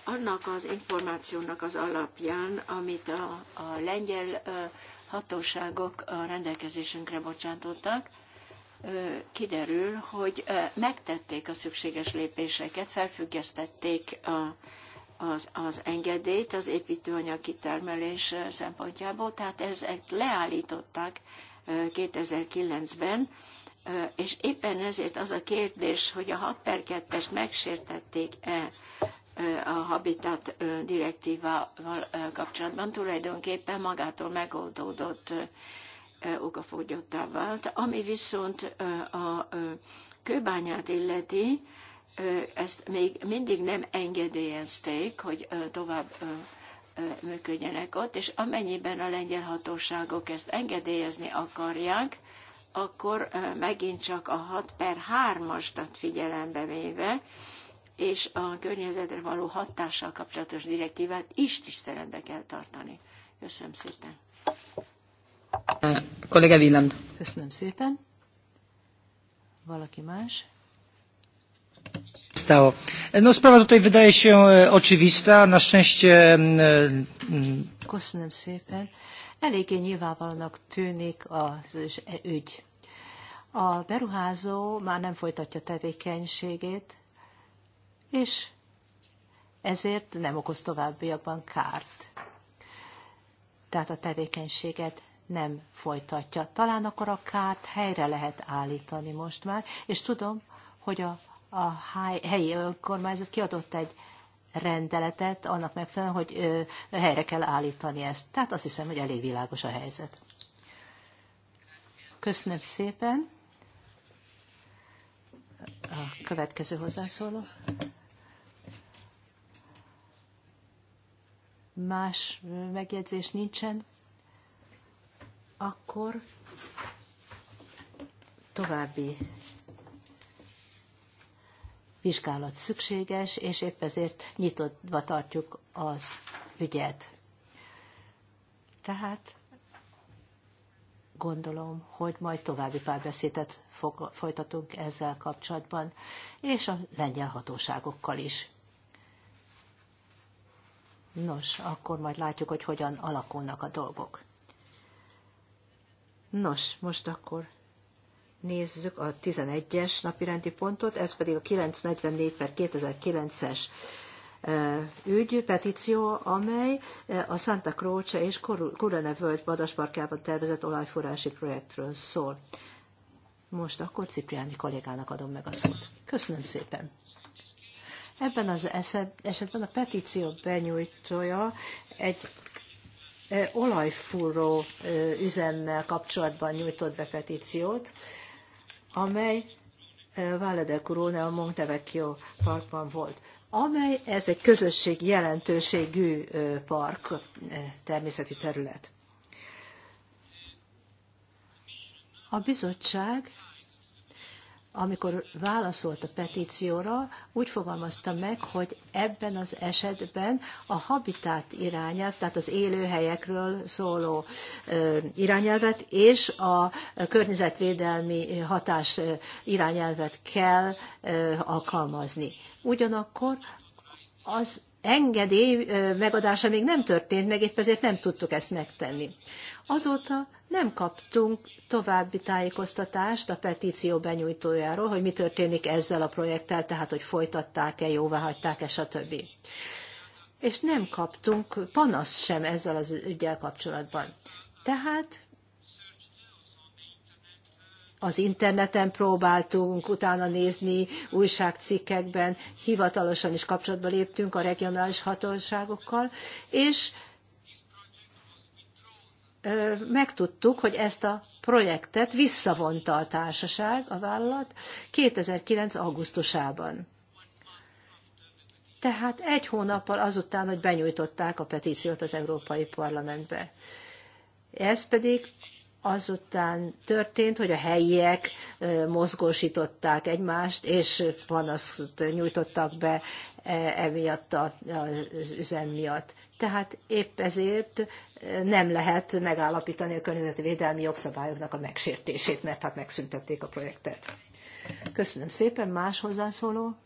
annak az információnak az alapján, amit a, a lengyel hatóságok a rendelkezésünkre bocsátottak, kiderül, hogy megtették a szükséges lépéseket, felfüggesztették a, az, az engedélyt az építőanyag kitermelés szempontjából, tehát ezek leállították 2009-ben, és éppen ezért az a kérdés, hogy a 6 per 2 megsértették-e a Habitat direktívával kapcsolatban, tulajdonképpen magától megoldódott okafogyottá vált. Ami viszont a kőbányát illeti, ezt még mindig nem engedélyezték, hogy tovább működjenek ott, és amennyiben a lengyel hatóságok ezt engedélyezni akarják, akkor megint csak a 6 per 3-astat figyelembe véve, és a környezetre való hatással kapcsolatos direktívát is tiszteletbe kell tartani. Köszönöm szépen. Kollega Villand. Köszönöm szépen. Valaki más? stało. No, sprawa tutaj wydaje się e, oczywista. Na szczęście... E, Köszönöm szépen. Eléggé nyilvánvalónak tűnik az e, ügy. A beruházó már nem folytatja tevékenységét, és ezért nem okoz továbbiakban kárt. Tehát a tevékenységet nem folytatja. Talán akkor a kárt helyre lehet állítani most már, és tudom, hogy a a helyi önkormányzat kiadott egy rendeletet annak megfelelően, hogy helyre kell állítani ezt. Tehát azt hiszem, hogy elég világos a helyzet. Köszönöm szépen. A következő hozzászóló. Más megjegyzés nincsen. Akkor további vizsgálat szükséges, és épp ezért nyitottva tartjuk az ügyet. Tehát gondolom, hogy majd további párbeszédet folytatunk ezzel kapcsolatban, és a lengyel hatóságokkal is. Nos, akkor majd látjuk, hogy hogyan alakulnak a dolgok. Nos, most akkor nézzük a 11-es napirendi pontot, ez pedig a 944 per 2009-es ügy, petíció, amely a Santa Croce és Kurene völgy vadasparkában tervezett olajforrási projektről szól. Most akkor Cipriáni kollégának adom meg a szót. Köszönöm szépen. Ebben az esetben a petíció benyújtója egy olajfúró üzemmel kapcsolatban nyújtott be petíciót, amely Valle Corona a Montevecchio parkban volt, amely ez egy közösség jelentőségű park, természeti terület. A bizottság amikor válaszolt a petícióra, úgy fogalmazta meg, hogy ebben az esetben a habitát irányelv, tehát az élőhelyekről szóló irányelvet és a környezetvédelmi hatás irányelvet kell alkalmazni. Ugyanakkor az engedély megadása még nem történt meg, épp ezért nem tudtuk ezt megtenni. Azóta nem kaptunk további tájékoztatást a petíció benyújtójáról, hogy mi történik ezzel a projekttel, tehát hogy folytatták-e, jóvá hagyták-e, stb. És nem kaptunk panasz sem ezzel az ügyel kapcsolatban. Tehát az interneten próbáltunk utána nézni, újságcikkekben, hivatalosan is kapcsolatba léptünk a regionális hatóságokkal, és megtudtuk, hogy ezt a projektet visszavonta a társaság, a vállalat 2009. augusztusában. Tehát egy hónappal azután, hogy benyújtották a petíciót az Európai Parlamentbe. Ez pedig azután történt, hogy a helyiek mozgósították egymást, és panaszt nyújtottak be e, emiatt az üzem miatt tehát épp ezért eh, nem lehet megállapítani a környezetvédelmi jogszabályoknak a megsértését, mert hát megszüntették a projektet. Köszönöm szépen. Más hozzászóló?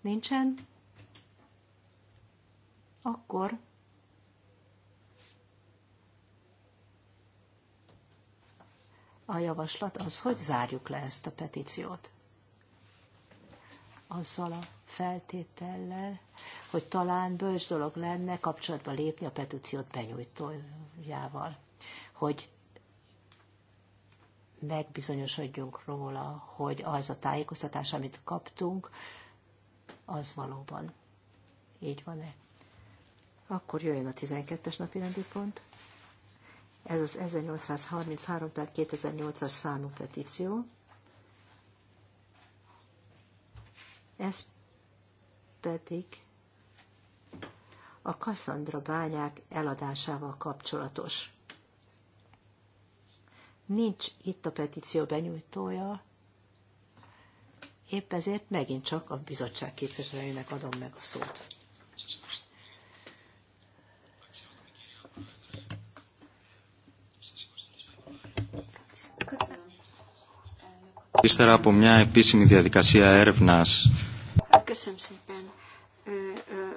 Nincsen? Akkor a javaslat az, hogy zárjuk le ezt a petíciót. Azzal a feltétellel, hogy talán bölcs dolog lenne kapcsolatba lépni a petíciót benyújtójával, hogy megbizonyosodjunk róla, hogy az a tájékoztatás, amit kaptunk, az valóban így van-e. Akkor jöjjön a 12-es napi rendi pont. Ez az 1833 per 2008-as számú petíció. Ez pedig a Kassandra bányák eladásával kapcsolatos. Nincs itt a petíció benyújtója, épp ezért megint csak a bizottság képviselőjének adom meg a szót. Ύστερα από μια επίσημη διαδικασία έρευνας Köszönöm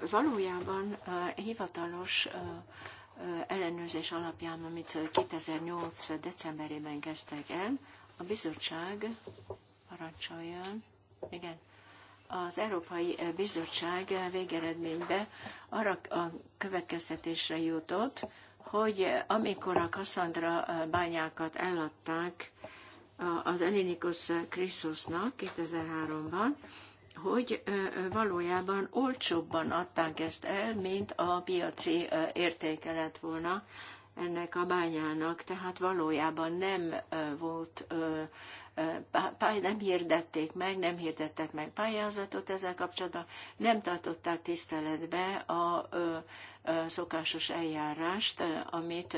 valójában hivatalos ellenőrzés alapján, amit 2008. decemberében kezdtek el, a bizottság parancsoljon, igen, az Európai Bizottság végeredménybe arra a következtetésre jutott, hogy amikor a Kassandra bányákat eladták az Elinikus Krisztusnak 2003-ban, hogy valójában olcsóbban adták ezt el, mint a piaci értéke lett volna ennek a bányának, tehát valójában nem volt nem hirdették meg, nem hirdettek meg pályázatot ezzel kapcsolatban, nem tartották tiszteletbe a szokásos eljárást, amit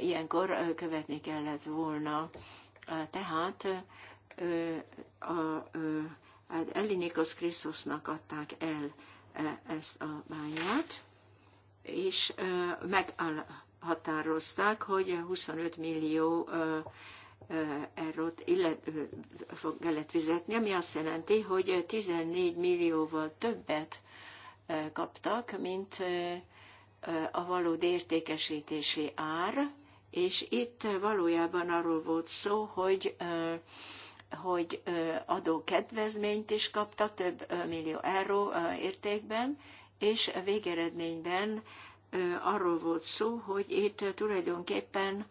ilyenkor követni kellett volna. Tehát a, a, hát Elinikos Krisztusnak adták el e, ezt a bányát, és e, meghatározták, hogy 25 millió e, eurót fog kellett fizetni, ami azt jelenti, hogy 14 millióval többet kaptak, mint a valódi értékesítési ár, és itt valójában arról volt szó, hogy hogy adó kedvezményt is kapta több millió euró értékben, és a végeredményben arról volt szó, hogy itt tulajdonképpen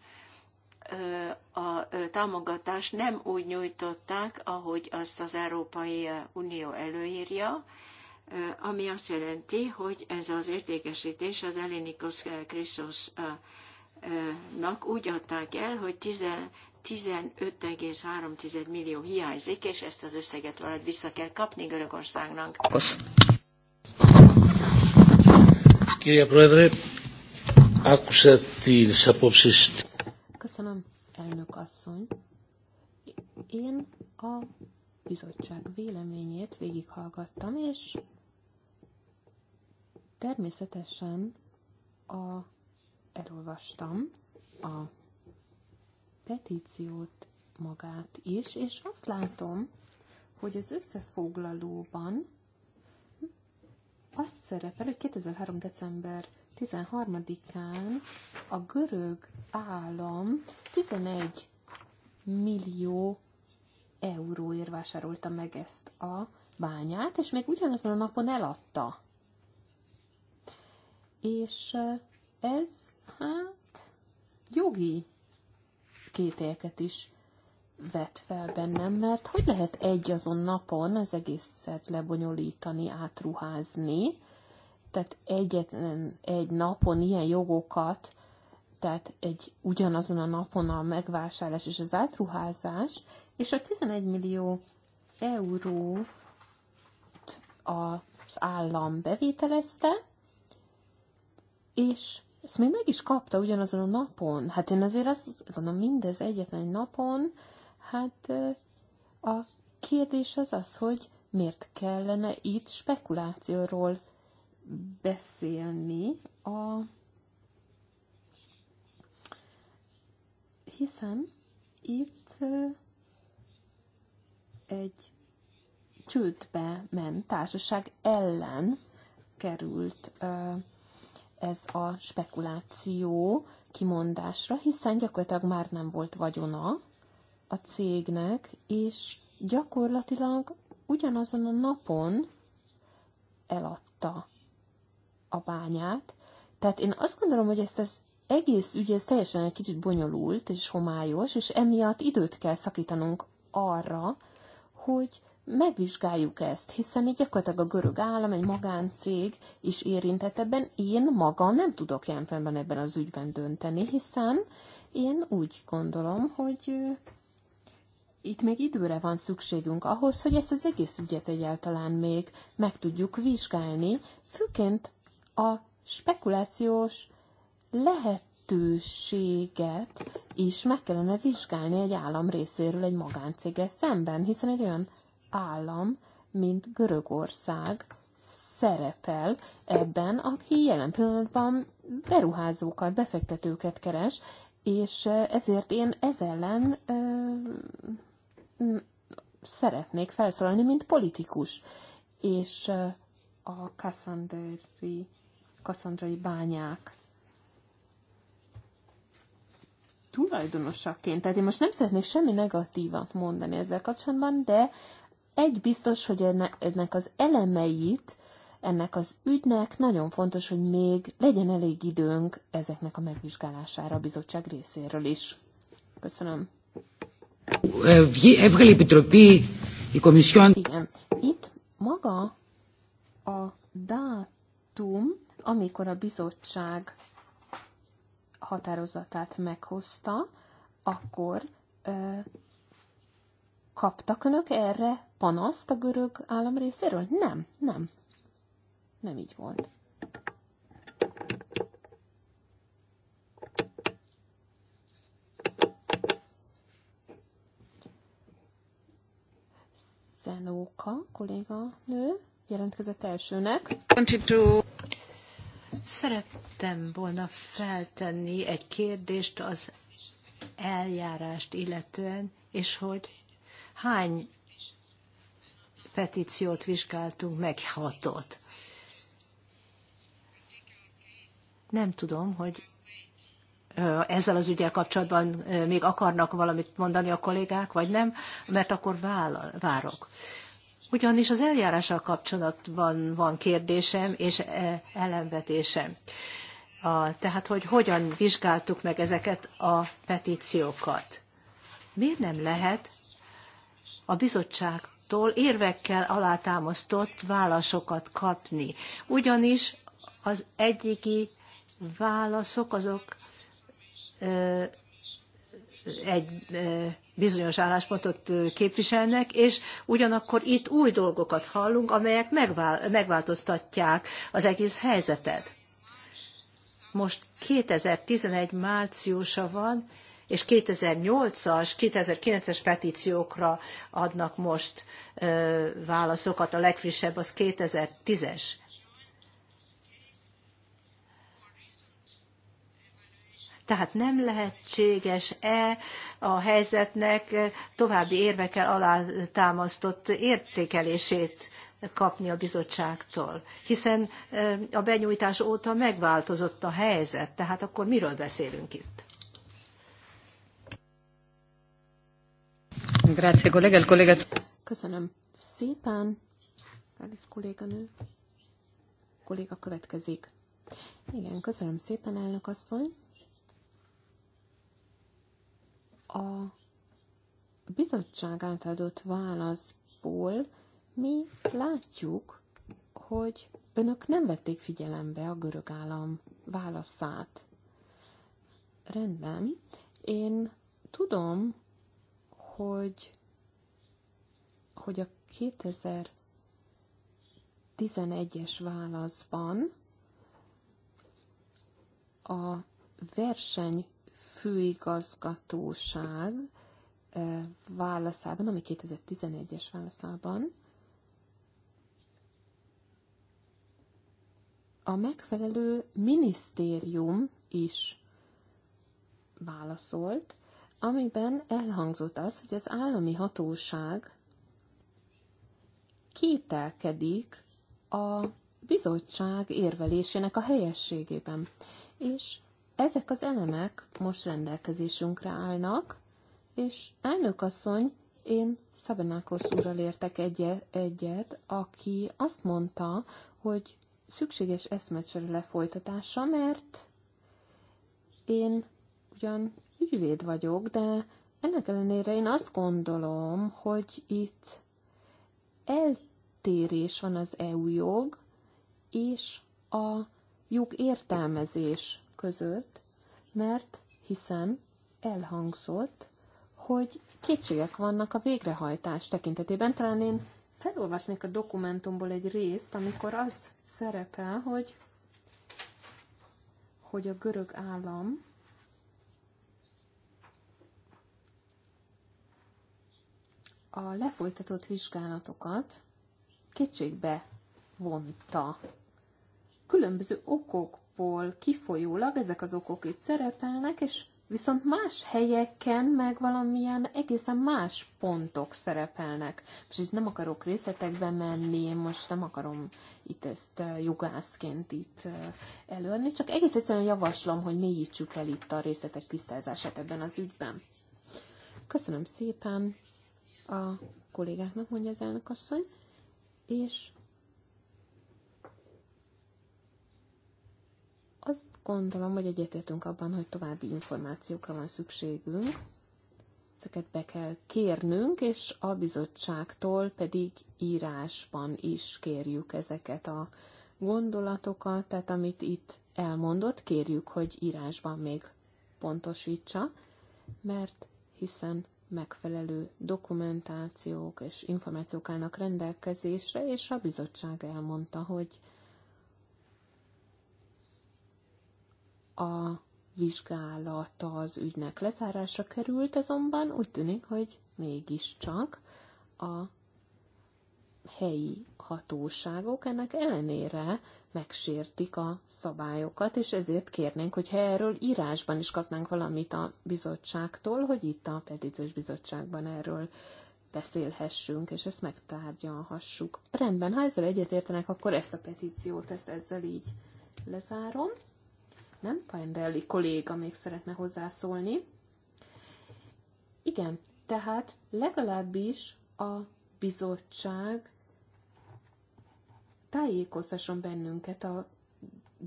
a támogatást nem úgy nyújtották, ahogy azt az Európai Unió előírja, ami azt jelenti, hogy ez az értékesítés az Elinikos Krisztusnak úgy adták el, hogy 15,3 millió hiányzik, és ezt az összeget valahogy vissza kell kapni Görögországnak. Kéria Köszönöm, elnök asszony. Én a bizottság véleményét végighallgattam, és természetesen a, elolvastam a petíciót magát is, és azt látom, hogy az összefoglalóban azt szerepel, hogy 2003. december 13-án a görög állam 11 millió euróért vásárolta meg ezt a bányát, és még ugyanazon a napon eladta. És ez, hát, jogi kételyeket is vet fel bennem, mert hogy lehet egy azon napon az egészet lebonyolítani, átruházni, tehát egyetlen egy napon ilyen jogokat, tehát egy ugyanazon a napon a megvásárlás és az átruházás, és a 11 millió eurót az állam bevételezte, és ezt még meg is kapta ugyanazon a napon. Hát én azért azt gondolom, mindez egyetlen napon, hát a kérdés az az, hogy miért kellene itt spekulációról beszélni a... Hiszen itt egy csődbe ment társaság ellen került ez a spekuláció kimondásra, hiszen gyakorlatilag már nem volt vagyona a cégnek, és gyakorlatilag ugyanazon a napon eladta a bányát. Tehát én azt gondolom, hogy ezt az egész ügy ez teljesen egy kicsit bonyolult és homályos, és emiatt időt kell szakítanunk arra, hogy megvizsgáljuk ezt, hiszen itt gyakorlatilag a görög állam, egy magáncég is érintett ebben. Én maga nem tudok jelenben ebben az ügyben dönteni, hiszen én úgy gondolom, hogy itt még időre van szükségünk ahhoz, hogy ezt az egész ügyet egyáltalán még meg tudjuk vizsgálni, főként a spekulációs lehetőséget is meg kellene vizsgálni egy állam részéről egy magáncéggel szemben, hiszen egy olyan állam, mint Görögország szerepel ebben, aki jelen pillanatban beruházókat, befektetőket keres, és ezért én ez ellen ö, szeretnék felszólalni, mint politikus. És a kasszandrai, kasszandrai bányák tulajdonosaként, tehát én most nem szeretnék semmi negatívat mondani ezzel kapcsolatban, de egy biztos, hogy ennek az elemeit, ennek az ügynek nagyon fontos, hogy még legyen elég időnk ezeknek a megvizsgálására a bizottság részéről is. Köszönöm. Euh, Igen. Itt maga a dátum, amikor a bizottság határozatát meghozta, akkor Kaptak önök erre panaszt a görög állam részéről? Nem, nem. Nem így volt. Szenóka, nő, jelentkezett elsőnek. Szerettem volna feltenni egy kérdést az eljárást illetően, és hogy hány petíciót vizsgáltunk meg, hatot. Nem tudom, hogy ezzel az ügyel kapcsolatban még akarnak valamit mondani a kollégák, vagy nem, mert akkor vállal, várok. Ugyanis az eljárással kapcsolatban van kérdésem és e, ellenvetésem. A, tehát, hogy hogyan vizsgáltuk meg ezeket a petíciókat. Miért nem lehet a bizottságtól érvekkel alátámasztott válaszokat kapni. Ugyanis az egyiki válaszok azok egy bizonyos álláspontot képviselnek, és ugyanakkor itt új dolgokat hallunk, amelyek megváltoztatják az egész helyzetet. Most 2011 márciusa van, és 2008-as, 2009-es petíciókra adnak most válaszokat, a legfrissebb az 2010-es. Tehát nem lehetséges-e a helyzetnek további érvekkel alátámasztott értékelését kapni a bizottságtól, hiszen a benyújtás óta megváltozott a helyzet, tehát akkor miről beszélünk itt? Grazie, kollega. kollega. Köszönöm szépen. Kális kolléganő. Kolléga következik. Igen, köszönöm szépen, elnök asszony. A bizottság által adott válaszból mi látjuk, hogy önök nem vették figyelembe a görög állam válaszát. Rendben. Én tudom, hogy, hogy a 2011-es válaszban a verseny főigazgatóság eh, válaszában, ami 2011-es válaszában, a megfelelő minisztérium is válaszolt, amiben elhangzott az, hogy az állami hatóság kételkedik a bizottság érvelésének a helyességében. És ezek az elemek most rendelkezésünkre állnak, és elnökasszony, én Szabenákos úrral értek egyet, egyet, aki azt mondta, hogy szükséges eszmecsere lefolytatása, mert én ugyan ügyvéd vagyok, de ennek ellenére én azt gondolom, hogy itt eltérés van az EU jog és a jog értelmezés között, mert hiszen elhangzott, hogy kétségek vannak a végrehajtás tekintetében. Talán én felolvasnék a dokumentumból egy részt, amikor az szerepel, hogy, hogy a görög állam a lefolytatott vizsgálatokat kétségbe vonta. Különböző okokból kifolyólag ezek az okok itt szerepelnek, és viszont más helyeken meg valamilyen egészen más pontok szerepelnek. Most itt nem akarok részletekbe menni, én most nem akarom itt ezt eh, jogászként itt eh, előadni, csak egész egyszerűen javaslom, hogy mélyítsük el itt a részletek tisztázását ebben az ügyben. Köszönöm szépen! a kollégáknak, mondja az elnökasszony, és azt gondolom, hogy egyetértünk abban, hogy további információkra van szükségünk, ezeket be kell kérnünk, és a bizottságtól pedig írásban is kérjük ezeket a gondolatokat, tehát amit itt elmondott, kérjük, hogy írásban még pontosítsa, mert hiszen megfelelő dokumentációk és információk állnak rendelkezésre, és a bizottság elmondta, hogy a vizsgálata az ügynek lezárásra került, azonban úgy tűnik, hogy mégiscsak a helyi hatóságok ennek ellenére megsértik a szabályokat, és ezért kérnénk, hogyha erről írásban is kapnánk valamit a bizottságtól, hogy itt a petíciós bizottságban erről beszélhessünk, és ezt megtárgyalhassuk. Rendben, ha ezzel egyetértenek, akkor ezt a petíciót, ezt ezzel így lezárom. Nem? Pajendelli kolléga még szeretne hozzászólni. Igen, tehát legalábbis a bizottság tájékoztasson bennünket a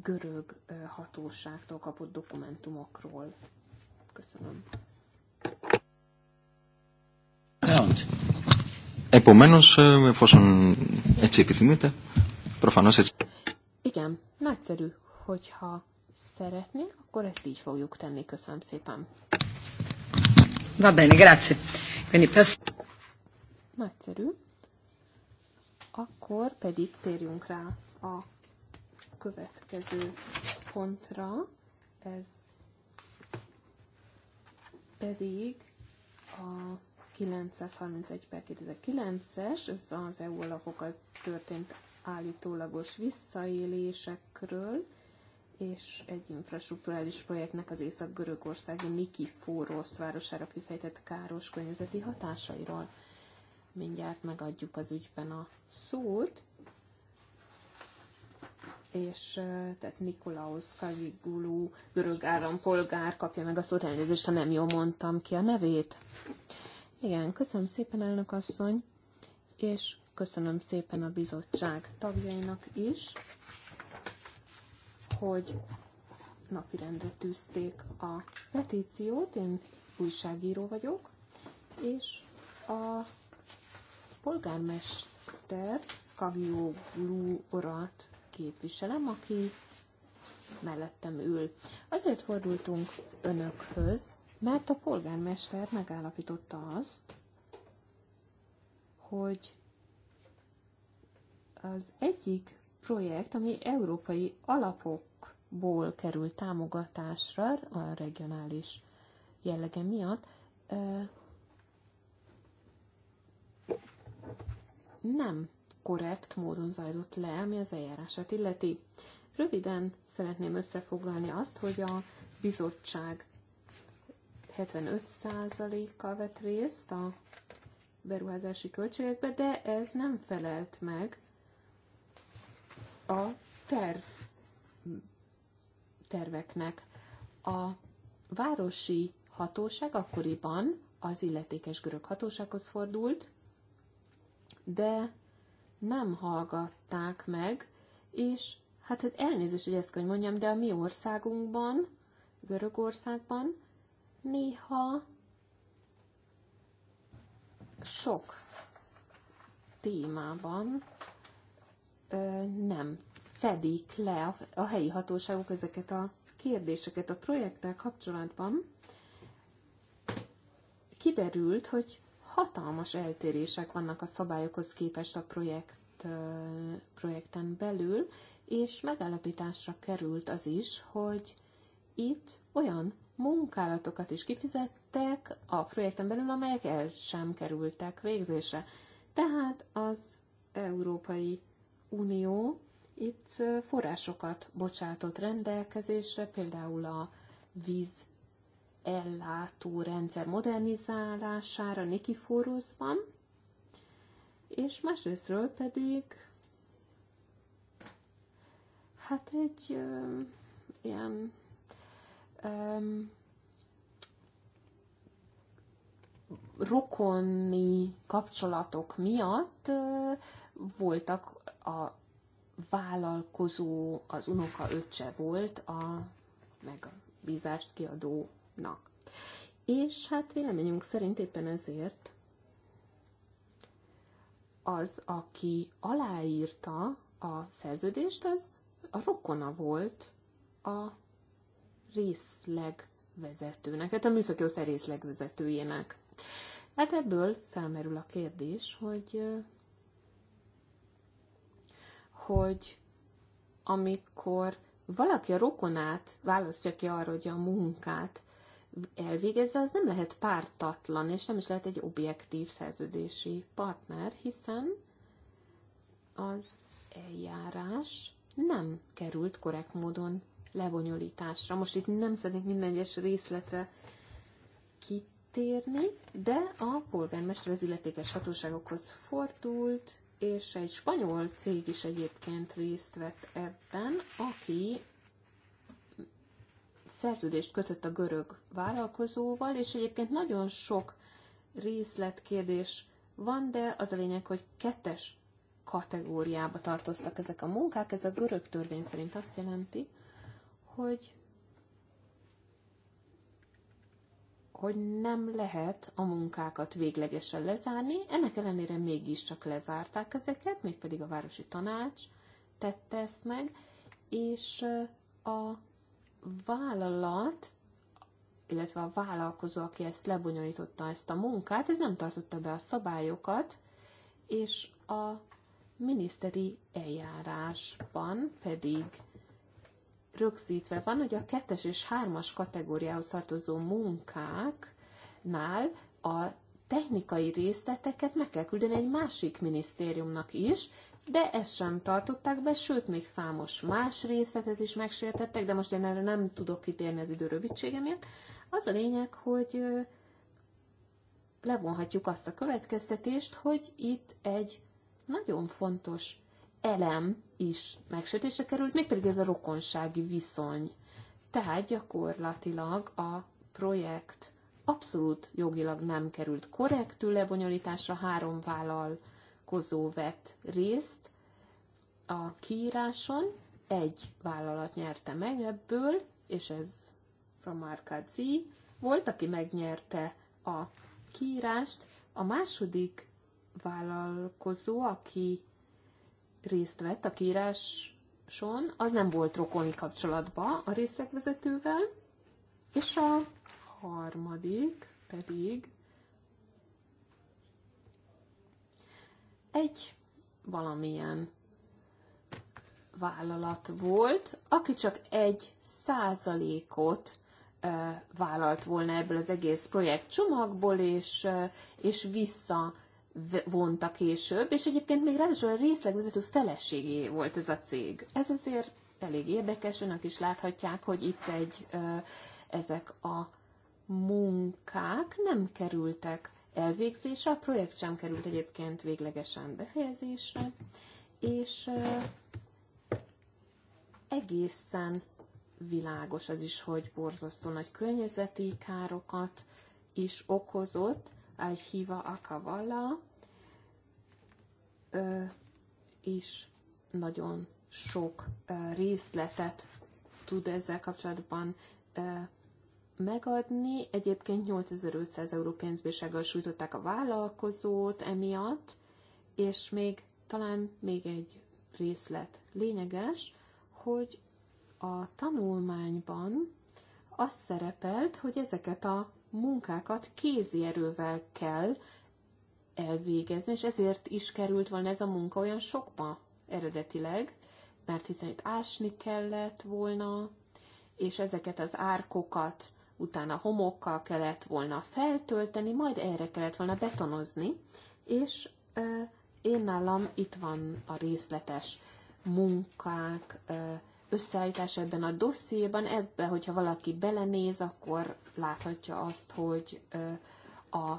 görög hatóságtól kapott dokumentumokról. Köszönöm. Επομένως, εφόσον έτσι επιθυμείτε, προφανώς έτσι... Igen, nagyszerű, hogyha szeretnék, akkor ezt így fogjuk tenni. Köszönöm szépen. Va bene, grazie. Quindi pass... Nagyszerű. Akkor pedig térjünk rá a következő pontra. Ez pedig a 931 per 2009-es, ez az EU alapokat történt állítólagos visszaélésekről, és egy infrastruktúrális projektnek az észak-görögországi Nikifórosz városára kifejtett káros környezeti hatásairól mindjárt megadjuk az ügyben a szót, és tehát Nikolaus Kavigulu görög állampolgár kapja meg a szót, elnézést, ha nem jól mondtam ki a nevét. Igen, köszönöm szépen, elnök asszony, és köszönöm szépen a bizottság tagjainak is, hogy napirendre tűzték a petíciót. Én újságíró vagyok, és a polgármester Kavioglú urat képviselem, aki mellettem ül. Azért fordultunk önökhöz, mert a polgármester megállapította azt, hogy az egyik projekt, ami európai alapokból került támogatásra a regionális jellege miatt, nem korrekt módon zajlott le, ami az eljárását illeti. Röviden szeretném összefoglalni azt, hogy a bizottság 75%-kal vett részt a beruházási költségekbe, de ez nem felelt meg a terv, terveknek. A városi hatóság akkoriban az illetékes görög hatósághoz fordult, de nem hallgatták meg, és hát hogy elnézést, hogy ezt könyv mondjam, de a mi országunkban, Görögországban néha sok témában ö, nem fedik le a, a helyi hatóságok ezeket a kérdéseket a projekttel kapcsolatban. Kiderült, hogy hatalmas eltérések vannak a szabályokhoz képest a projekt, projekten belül, és megállapításra került az is, hogy itt olyan munkálatokat is kifizettek a projekten belül, amelyek el sem kerültek végzése. Tehát az Európai Unió itt forrásokat bocsátott rendelkezésre, például a víz rendszer modernizálására Nikiforosban, és másrésztről pedig hát egy ö, ilyen ö, rokoni kapcsolatok miatt ö, voltak a vállalkozó, az unoka öccse volt a meg a bízást kiadó Na. És hát véleményünk szerint éppen ezért az, aki aláírta a szerződést, az a rokona volt a részlegvezetőnek, tehát a műszaki osztály részlegvezetőjének. Hát ebből felmerül a kérdés, hogy hogy amikor valaki a rokonát választja ki arra, hogy a munkát elvégezze, az nem lehet pártatlan, és nem is lehet egy objektív szerződési partner, hiszen az eljárás nem került korrekt módon lebonyolításra. Most itt nem szeretnék minden egyes részletre kitérni, de a polgármester az illetékes hatóságokhoz fordult, és egy spanyol cég is egyébként részt vett ebben, aki szerződést kötött a görög vállalkozóval, és egyébként nagyon sok részletkérdés van, de az a lényeg, hogy kettes kategóriába tartoztak ezek a munkák. Ez a görög törvény szerint azt jelenti, hogy hogy nem lehet a munkákat véglegesen lezárni, ennek ellenére mégiscsak lezárták ezeket, mégpedig a városi tanács tette ezt meg, és a vállalat, illetve a vállalkozó, aki ezt lebonyolította, ezt a munkát, ez nem tartotta be a szabályokat, és a miniszteri eljárásban pedig rögzítve van, hogy a kettes és hármas kategóriához tartozó munkáknál a technikai részleteket meg kell küldeni egy másik minisztériumnak is, de ezt sem tartották be, sőt, még számos más részletet is megsértettek, de most én erre nem tudok kitérni az idő rövidsége miatt. Az a lényeg, hogy levonhatjuk azt a következtetést, hogy itt egy nagyon fontos elem is megsértése került, mégpedig ez a rokonsági viszony. Tehát gyakorlatilag a projekt abszolút jogilag nem került korrektül lebonyolításra három vállal vállalkozó vett részt a kiíráson, egy vállalat nyerte meg ebből, és ez a Arcadzi, volt, aki megnyerte a kiírást, a második vállalkozó, aki részt vett a kiíráson, az nem volt rokoni kapcsolatban a részlegvezetővel, és a harmadik pedig egy valamilyen vállalat volt, aki csak egy százalékot vállalt volna ebből az egész projekt csomagból, és, és vissza vonta később, és egyébként még ráadásul a részlegvezető feleségé volt ez a cég. Ez azért elég érdekes, önök is láthatják, hogy itt egy, ezek a munkák nem kerültek elvégzése. A projekt sem került egyébként véglegesen befejezésre, és egészen világos az is, hogy borzasztó nagy környezeti károkat is okozott egy hiva akavala, is nagyon sok részletet tud ezzel kapcsolatban megadni. Egyébként 8500 euró pénzbírsággal sújtották a vállalkozót emiatt, és még talán még egy részlet lényeges, hogy a tanulmányban az szerepelt, hogy ezeket a munkákat kézi erővel kell elvégezni, és ezért is került volna ez a munka olyan sokba eredetileg, mert hiszen itt ásni kellett volna, és ezeket az árkokat utána homokkal kellett volna feltölteni, majd erre kellett volna betonozni, és én nálam itt van a részletes munkák összeállítás ebben a dossziéban, ebbe, hogyha valaki belenéz, akkor láthatja azt, hogy a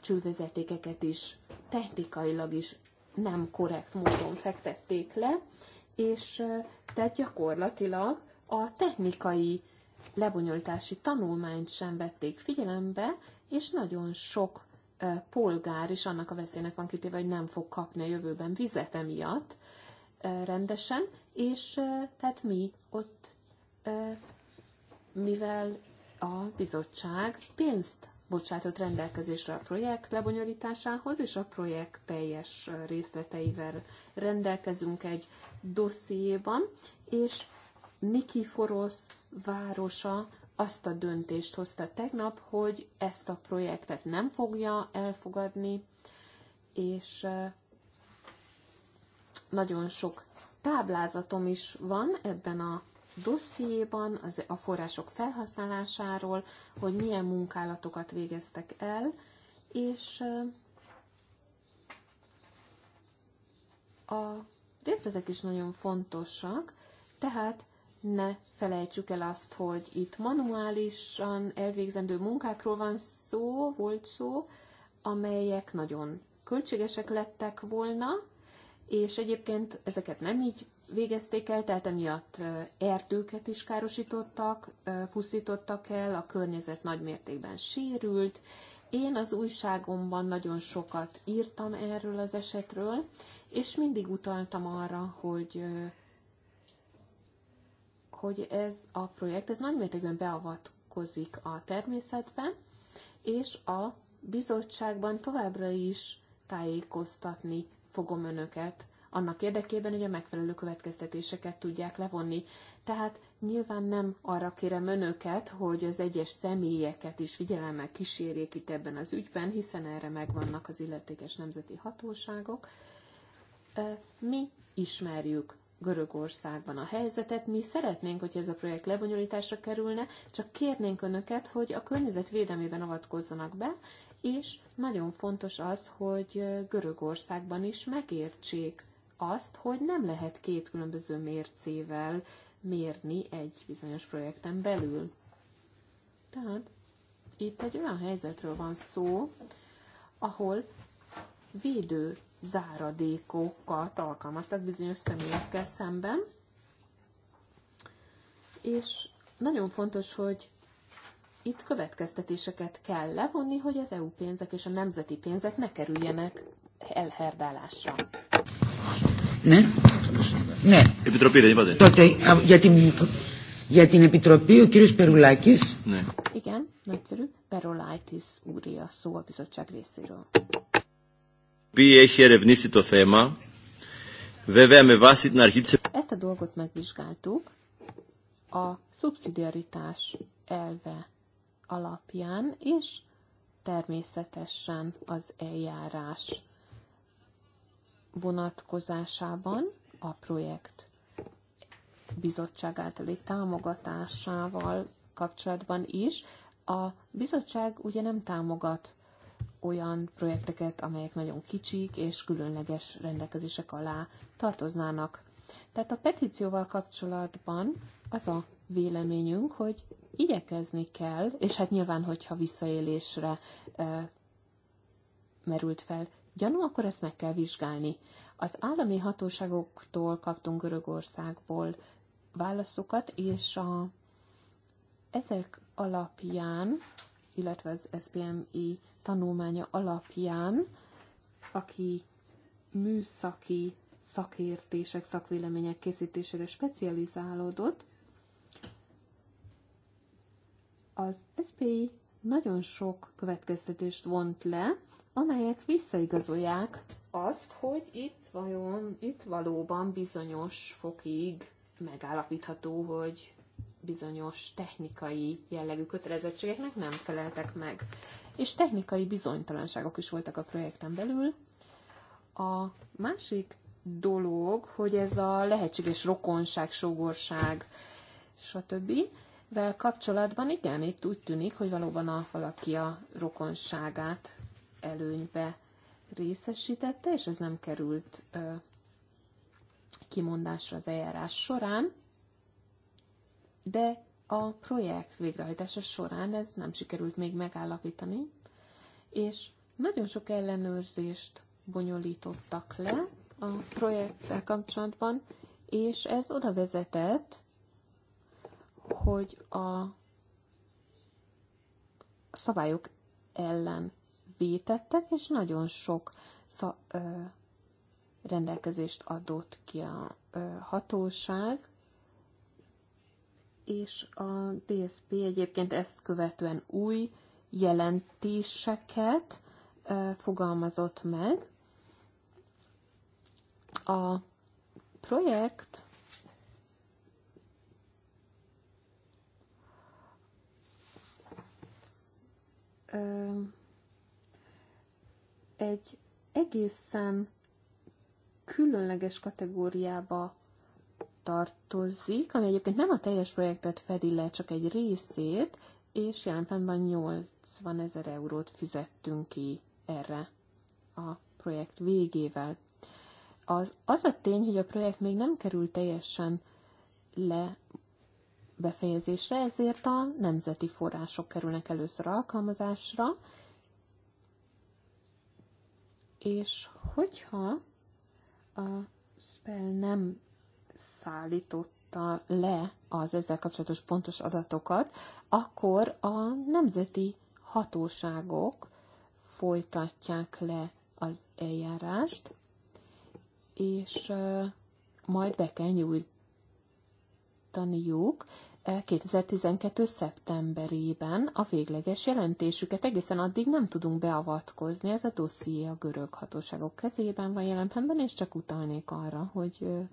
csővezetékeket is technikailag is nem korrekt módon fektették le, és tehát gyakorlatilag a technikai lebonyolítási tanulmányt sem vették figyelembe, és nagyon sok polgár is annak a veszélynek van kitéve, hogy nem fog kapni a jövőben vizet emiatt rendesen, és tehát mi ott, mivel a bizottság pénzt bocsátott rendelkezésre a projekt lebonyolításához, és a projekt teljes részleteivel rendelkezünk egy dossziéban, és Nikiforosz városa azt a döntést hozta tegnap, hogy ezt a projektet nem fogja elfogadni, és nagyon sok táblázatom is van ebben a dossziéban az, a források felhasználásáról, hogy milyen munkálatokat végeztek el, és a részletek is nagyon fontosak, tehát ne felejtsük el azt, hogy itt manuálisan elvégzendő munkákról van szó, volt szó, amelyek nagyon költségesek lettek volna, és egyébként ezeket nem így végezték el, tehát emiatt erdőket is károsítottak, pusztítottak el, a környezet nagymértékben sérült. Én az újságomban nagyon sokat írtam erről az esetről, és mindig utaltam arra, hogy hogy ez a projekt ez nagymértékben beavatkozik a természetben, és a bizottságban továbbra is tájékoztatni fogom önöket annak érdekében, hogy a megfelelő következtetéseket tudják levonni. Tehát nyilván nem arra kérem önöket, hogy az egyes személyeket is figyelemmel kísérjék itt ebben az ügyben, hiszen erre megvannak az illetékes nemzeti hatóságok. Mi ismerjük Görögországban a helyzetet. Mi szeretnénk, hogy ez a projekt lebonyolításra kerülne, csak kérnénk önöket, hogy a környezet védelmében avatkozzanak be, és nagyon fontos az, hogy Görögországban is megértsék azt, hogy nem lehet két különböző mércével mérni egy bizonyos projekten belül. Tehát itt egy olyan helyzetről van szó, ahol védő záradékokat alkalmaztak bizonyos személyekkel szemben. És nagyon fontos, hogy itt következtetéseket kell levonni, hogy az EU pénzek és a nemzeti pénzek ne kerüljenek elherdálásra. Ne? Ναι. Επιτροπή δεν είπατε. Τότε για την, για την Επιτροπή ο κύριος Περουλάκης. Ναι. Igen, nagyszerű. Perolaitis úr szó a bizottság részéről οποίοι έχει ερευνήσει το θέμα, βέβαια με βάση την αρχή της... Ezt a dolgot megvizsgáltuk a subsidiaritás elve alapján, és természetesen az eljárás vonatkozásában a projekt bizottság általi támogatásával kapcsolatban is. A bizottság ugye nem támogat olyan projekteket, amelyek nagyon kicsik és különleges rendelkezések alá tartoznának. Tehát a petícióval kapcsolatban az a véleményünk, hogy igyekezni kell, és hát nyilván, hogyha visszaélésre e, merült fel gyanú, akkor ezt meg kell vizsgálni. Az állami hatóságoktól kaptunk Görögországból válaszokat, és a, ezek alapján illetve az SPMI tanulmánya alapján, aki műszaki szakértések, szakvélemények készítésére specializálódott, az SPI nagyon sok következtetést vont le, amelyek visszaigazolják azt, hogy itt vajon, itt valóban bizonyos fokig megállapítható, hogy bizonyos technikai jellegű kötelezettségeknek nem feleltek meg. És technikai bizonytalanságok is voltak a projekten belül. A másik dolog, hogy ez a lehetséges rokonság, sógorság, stb. vel kapcsolatban igen, itt úgy tűnik, hogy valóban a, valaki a rokonságát előnybe részesítette, és ez nem került ö, kimondásra az eljárás során de a projekt végrehajtása során ez nem sikerült még megállapítani, és nagyon sok ellenőrzést bonyolítottak le a projekttel kapcsolatban, és ez oda vezetett, hogy a szabályok ellen vétettek, és nagyon sok rendelkezést adott ki a hatóság és a DSP egyébként ezt követően új jelentéseket fogalmazott meg. A projekt egy egészen különleges kategóriába tartozik, ami egyébként nem a teljes projektet fedi le, csak egy részét, és jelen pillanatban 80 ezer eurót fizettünk ki erre a projekt végével. Az, az a tény, hogy a projekt még nem került teljesen le befejezésre, ezért a nemzeti források kerülnek először alkalmazásra, és hogyha a spell nem szállította le az ezzel kapcsolatos pontos adatokat, akkor a nemzeti hatóságok folytatják le az eljárást, és majd be kell nyújtaniuk 2012. szeptemberében a végleges jelentésüket. Egészen addig nem tudunk beavatkozni, ez a dosszié a görög hatóságok kezében van jelen és csak utalnék arra, hogy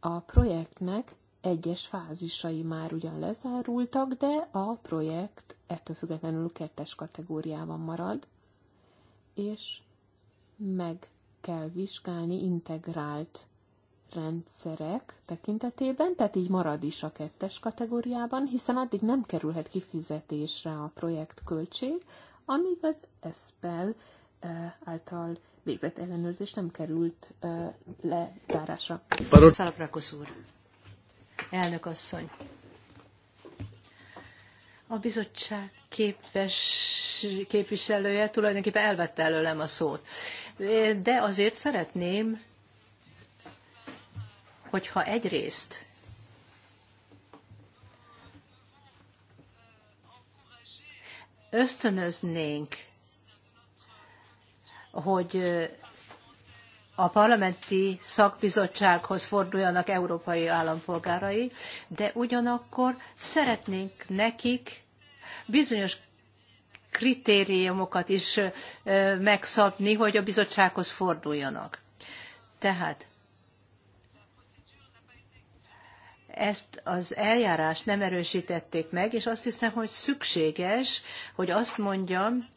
a projektnek egyes fázisai már ugyan lezárultak, de a projekt ettől függetlenül kettes kategóriában marad, és meg kell vizsgálni integrált rendszerek tekintetében, tehát így marad is a kettes kategóriában, hiszen addig nem kerülhet kifizetésre a projekt költség, amíg az ESPEL eh, által végzett ellenőrzés nem került uh, lezárásra. Szalaprakosz úr, elnök asszony. A bizottság képes, képviselője tulajdonképpen elvette előlem a szót. De azért szeretném, hogyha egyrészt ösztönöznénk hogy a parlamenti szakbizottsághoz forduljanak európai állampolgárai, de ugyanakkor szeretnénk nekik bizonyos kritériumokat is megszabni, hogy a bizottsághoz forduljanak. Tehát ezt az eljárást nem erősítették meg, és azt hiszem, hogy szükséges, hogy azt mondjam,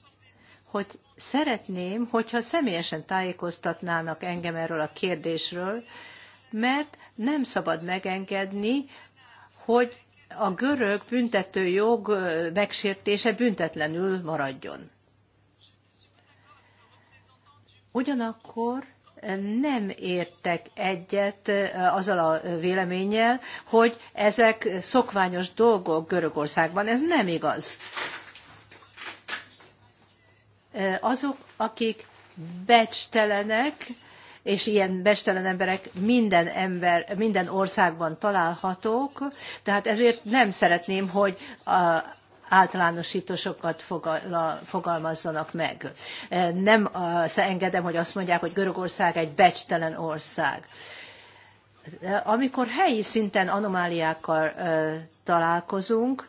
hogy Szeretném, hogyha személyesen tájékoztatnának engem erről a kérdésről, mert nem szabad megengedni, hogy a görög büntető jog megsértése büntetlenül maradjon. Ugyanakkor nem értek egyet azzal a véleménnyel, hogy ezek szokványos dolgok Görögországban. Ez nem igaz. Azok, akik becstelenek, és ilyen bestelen emberek minden, ember, minden országban találhatók, tehát ezért nem szeretném, hogy a, általánosítósokat fogalmazzanak meg. Nem engedem, hogy azt mondják, hogy Görögország egy becstelen ország. Amikor helyi szinten anomáliákkal találkozunk,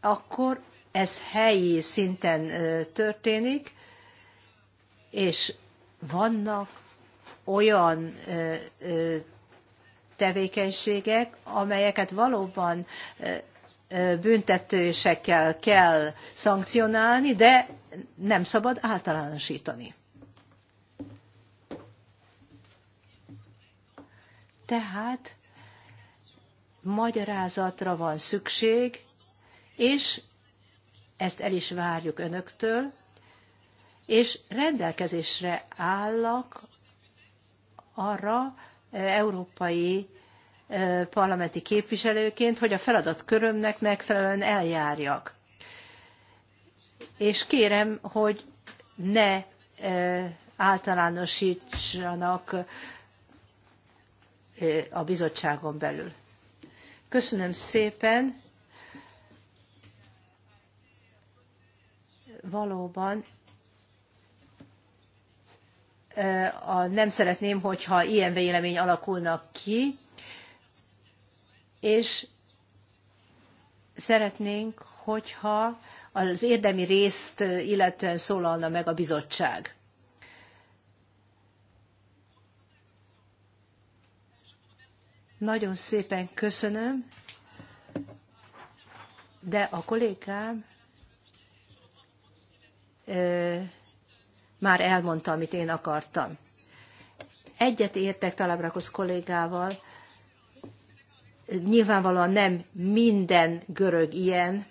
akkor ez helyi szinten történik, és vannak olyan tevékenységek, amelyeket valóban büntetősekkel kell szankcionálni, de nem szabad általánosítani. Tehát magyarázatra van szükség, és ezt el is várjuk önöktől, és rendelkezésre állnak arra eh, európai eh, parlamenti képviselőként, hogy a feladatkörömnek megfelelően eljárjak. És kérem, hogy ne eh, általánosítsanak a bizottságon belül. Köszönöm szépen, valóban a, nem szeretném, hogyha ilyen vélemény alakulnak ki, és szeretnénk, hogyha az érdemi részt illetően szólalna meg a bizottság. Nagyon szépen köszönöm, de a kollégám már elmondta, amit én akartam. Egyet értek Talabrakos kollégával, nyilvánvalóan nem minden görög ilyen.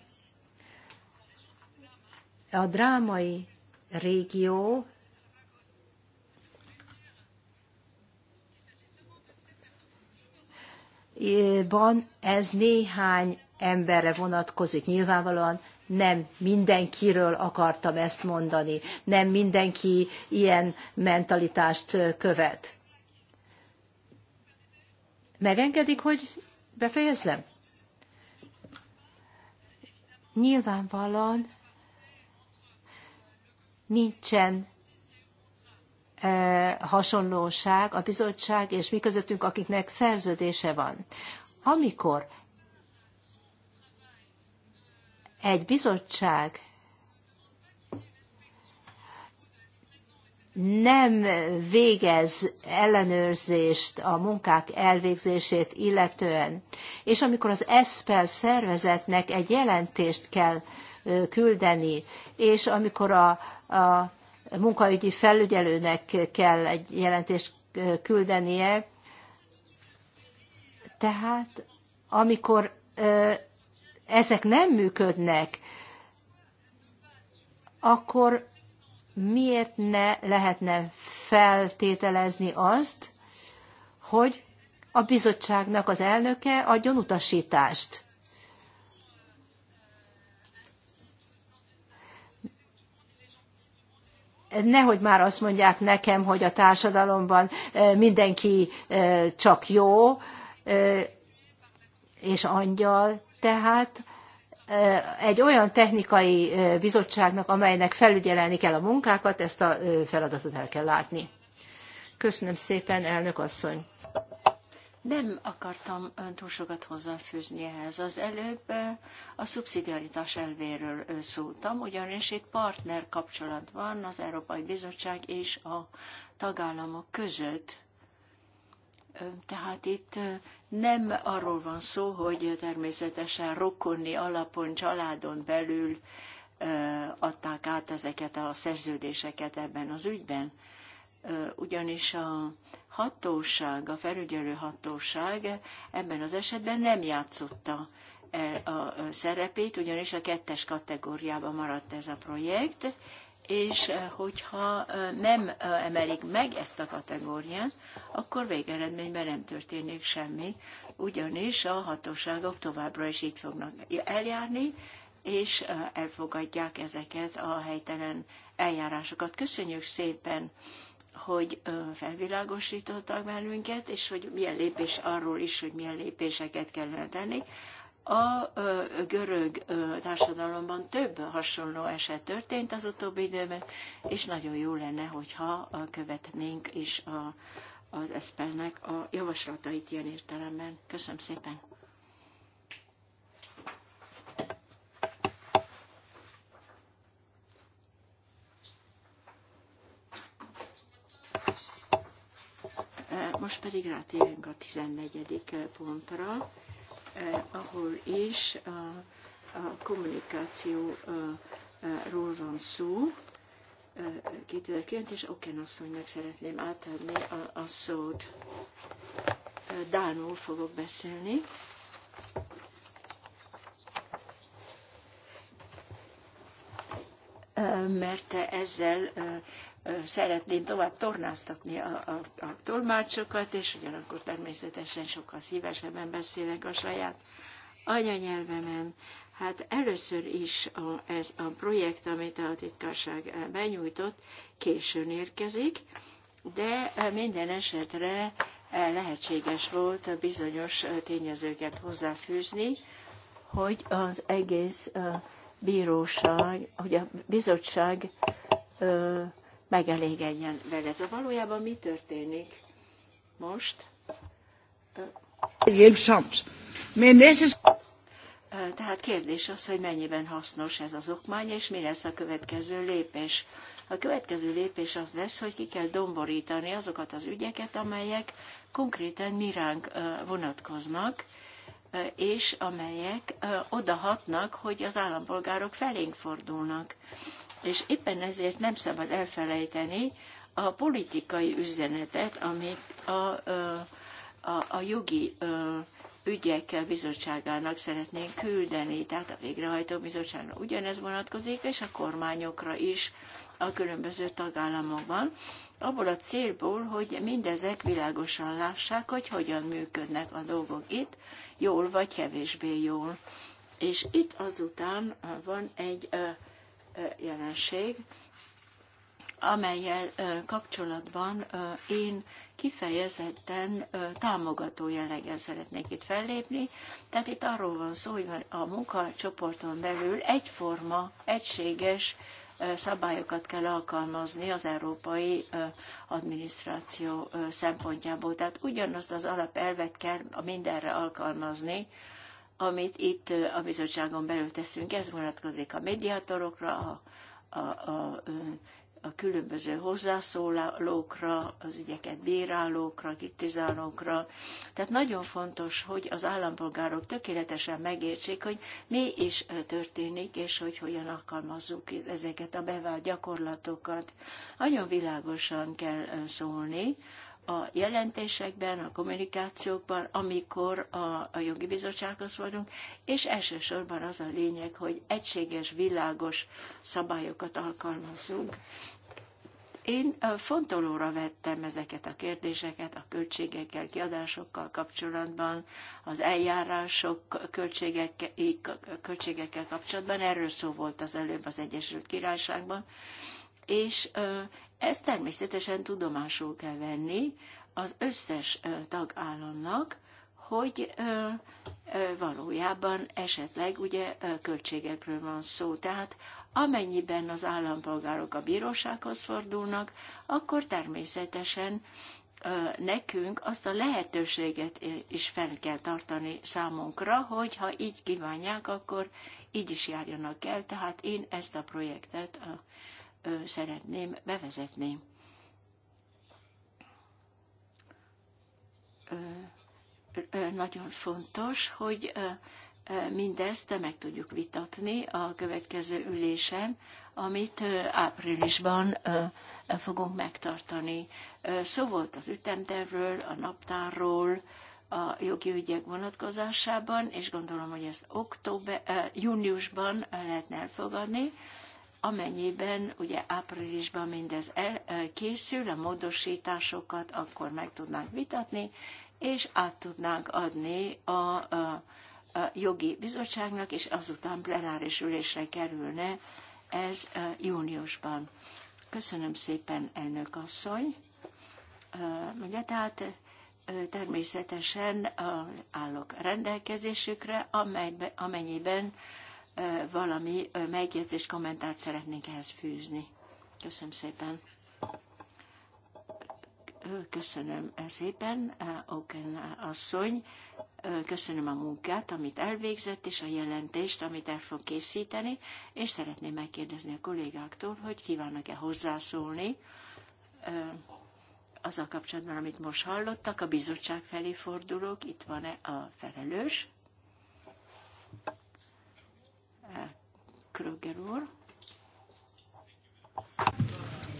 A drámai régió van, ez néhány emberre vonatkozik. Nyilvánvalóan nem mindenkiről akartam ezt mondani, nem mindenki ilyen mentalitást követ. Megengedik, hogy befejezzem? Nyilvánvalóan nincsen hasonlóság a bizottság és mi közöttünk, akiknek szerződése van. Amikor egy bizottság nem végez ellenőrzést a munkák elvégzését illetően. És amikor az ESPEL szervezetnek egy jelentést kell küldeni, és amikor a, a munkaügyi felügyelőnek kell egy jelentést küldenie, tehát amikor ezek nem működnek, akkor miért ne lehetne feltételezni azt, hogy a bizottságnak az elnöke adjon utasítást. Nehogy már azt mondják nekem, hogy a társadalomban eh, mindenki eh, csak jó eh, és angyal, tehát egy olyan technikai bizottságnak, amelynek felügyelni kell a munkákat, ezt a feladatot el kell látni. Köszönöm szépen, elnök asszony. Nem akartam túl sokat hozzáfűzni ehhez. Az előbb a szubszidiaritás elvéről szóltam, ugyanis itt partner kapcsolat van az Európai Bizottság és a tagállamok között tehát itt nem arról van szó, hogy természetesen rokonni alapon, családon belül adták át ezeket a szerződéseket ebben az ügyben, ugyanis a hatóság, a felügyelő hatóság ebben az esetben nem játszotta a szerepét, ugyanis a kettes kategóriában maradt ez a projekt, és eh, hogyha eh, nem eh, emelik meg ezt a kategóriát, akkor végeredményben nem történik semmi, ugyanis a hatóságok továbbra is így fognak eljárni, és elfogadják ezeket a helytelen eljárásokat. Köszönjük szépen, hogy felvilágosítottak bennünket, és hogy milyen lépés arról is, hogy milyen lépéseket kellene tenni. A görög társadalomban több hasonló eset történt az utóbbi időben, és nagyon jó lenne, hogyha követnénk is a, az eszpelnek a javaslatait ilyen értelemben. Köszönöm szépen! Most pedig rátérünk a 14. pontra. Eh, ahol is a, a kommunikációról van szó. 2009, eh, és Oken asszonynak szeretném átadni a, a szót. Eh, Dánul fogok beszélni. mert ezzel szeretném tovább tornáztatni a, a, a tolmácsokat, és ugyanakkor természetesen sokkal szívesebben beszélek a saját anyanyelvemen. Hát először is a, ez a projekt, amit a titkárság benyújtott, későn érkezik, de minden esetre lehetséges volt a bizonyos tényezőket hozzáfűzni, hogy az egész bíróság, hogy a bizottság megelégedjen vele. De valójában mi történik most? Tehát kérdés az, hogy mennyiben hasznos ez az okmány, és mi lesz a következő lépés. A következő lépés az lesz, hogy ki kell domborítani azokat az ügyeket, amelyek konkrétan ránk vonatkoznak, és amelyek odahatnak, hogy az állampolgárok felénk fordulnak. És éppen ezért nem szabad elfelejteni a politikai üzenetet, amit a, a, a jogi ügyekkel bizottságának szeretnénk küldeni, tehát a végrehajtó bizottságra ugyanez vonatkozik, és a kormányokra is a különböző tagállamokban, abból a célból, hogy mindezek világosan lássák, hogy hogyan működnek a dolgok itt, jól vagy kevésbé jól. És itt azután van egy jelenség, amelyel kapcsolatban én kifejezetten támogató jelleggel szeretnék itt fellépni. Tehát itt arról van szó, hogy a munkacsoporton belül egyforma, egységes szabályokat kell alkalmazni az európai adminisztráció szempontjából. Tehát ugyanazt az alapelvet kell mindenre alkalmazni, amit itt a bizottságon belül teszünk, ez vonatkozik a mediátorokra, a, a, a, a különböző hozzászólókra, az ügyeket bírálókra, kritizálókra. Tehát nagyon fontos, hogy az állampolgárok tökéletesen megértsék, hogy mi is történik, és hogy hogyan alkalmazzuk ezeket a bevált gyakorlatokat. Nagyon világosan kell szólni a jelentésekben, a kommunikációkban, amikor a, a jogi bizottsághoz vagyunk, és elsősorban az a lényeg, hogy egységes, világos szabályokat alkalmazzunk. Én fontolóra vettem ezeket a kérdéseket a költségekkel, kiadásokkal kapcsolatban, az eljárások költségekkel, költségekkel kapcsolatban. Erről szó volt az előbb az Egyesült Királyságban és ezt természetesen tudomásul kell venni az összes tagállamnak, hogy valójában esetleg ugye költségekről van szó. Tehát amennyiben az állampolgárok a bírósághoz fordulnak, akkor természetesen nekünk azt a lehetőséget is fel kell tartani számunkra, hogy ha így kívánják, akkor így is járjanak el. Tehát én ezt a projektet szeretném bevezetni. Nagyon fontos, hogy mindezt meg tudjuk vitatni a következő ülésen, amit áprilisban fogunk megtartani. Szó volt az ütemtervről, a naptárról, a jogi ügyek vonatkozásában, és gondolom, hogy ezt október, júniusban lehetne elfogadni amennyiben ugye áprilisban mindez elkészül, a módosításokat akkor meg tudnánk vitatni, és át tudnánk adni a, a, a jogi bizottságnak, és azután plenáris ülésre kerülne ez júniusban. Köszönöm szépen, elnök asszony. Ugye, tehát természetesen állok rendelkezésükre, amennyiben valami megjegyzés, kommentát szeretnénk ehhez fűzni. Köszönöm szépen. Köszönöm szépen, Oken asszony. Köszönöm a munkát, amit elvégzett, és a jelentést, amit el fog készíteni, és szeretném megkérdezni a kollégáktól, hogy kívánnak-e hozzászólni azzal kapcsolatban, amit most hallottak. A bizottság felé fordulók. itt van-e a felelős? Kröger úr.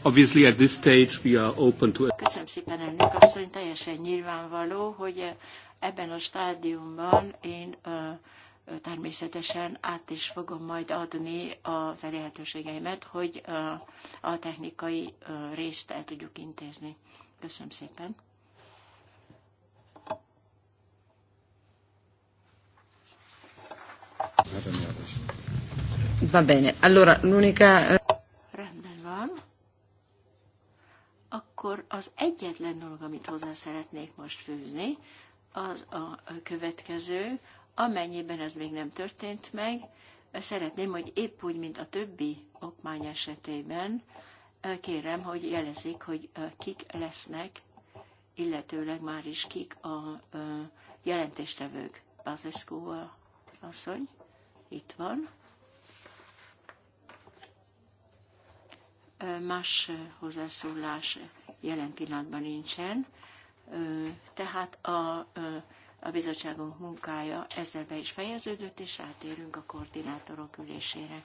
Obviously at this stage we are open to... Köszönöm szépen, elnök asszony, teljesen nyilvánvaló, hogy ebben a stádiumban én természetesen át is fogom majd adni az elérhetőségeimet, hogy a technikai részt el tudjuk intézni. Köszönöm szépen. Va bene, allora l'unica... Eh, Rendben van. Akkor az egyetlen dolog, amit hozzá szeretnék most főzni. az a következő, amennyiben ez még nem történt meg, szeretném, hogy épp úgy, mint a többi okmány esetében, eh, kérem, hogy jelezik, hogy eh, kik lesznek, illetőleg már is kik a jelentéstevők. Bazescu asszony. Itt van. Más hozzászólás jelen pillanatban nincsen, tehát a, a bizottságunk munkája ezzel be is fejeződött, és rátérünk a koordinátorok ülésére.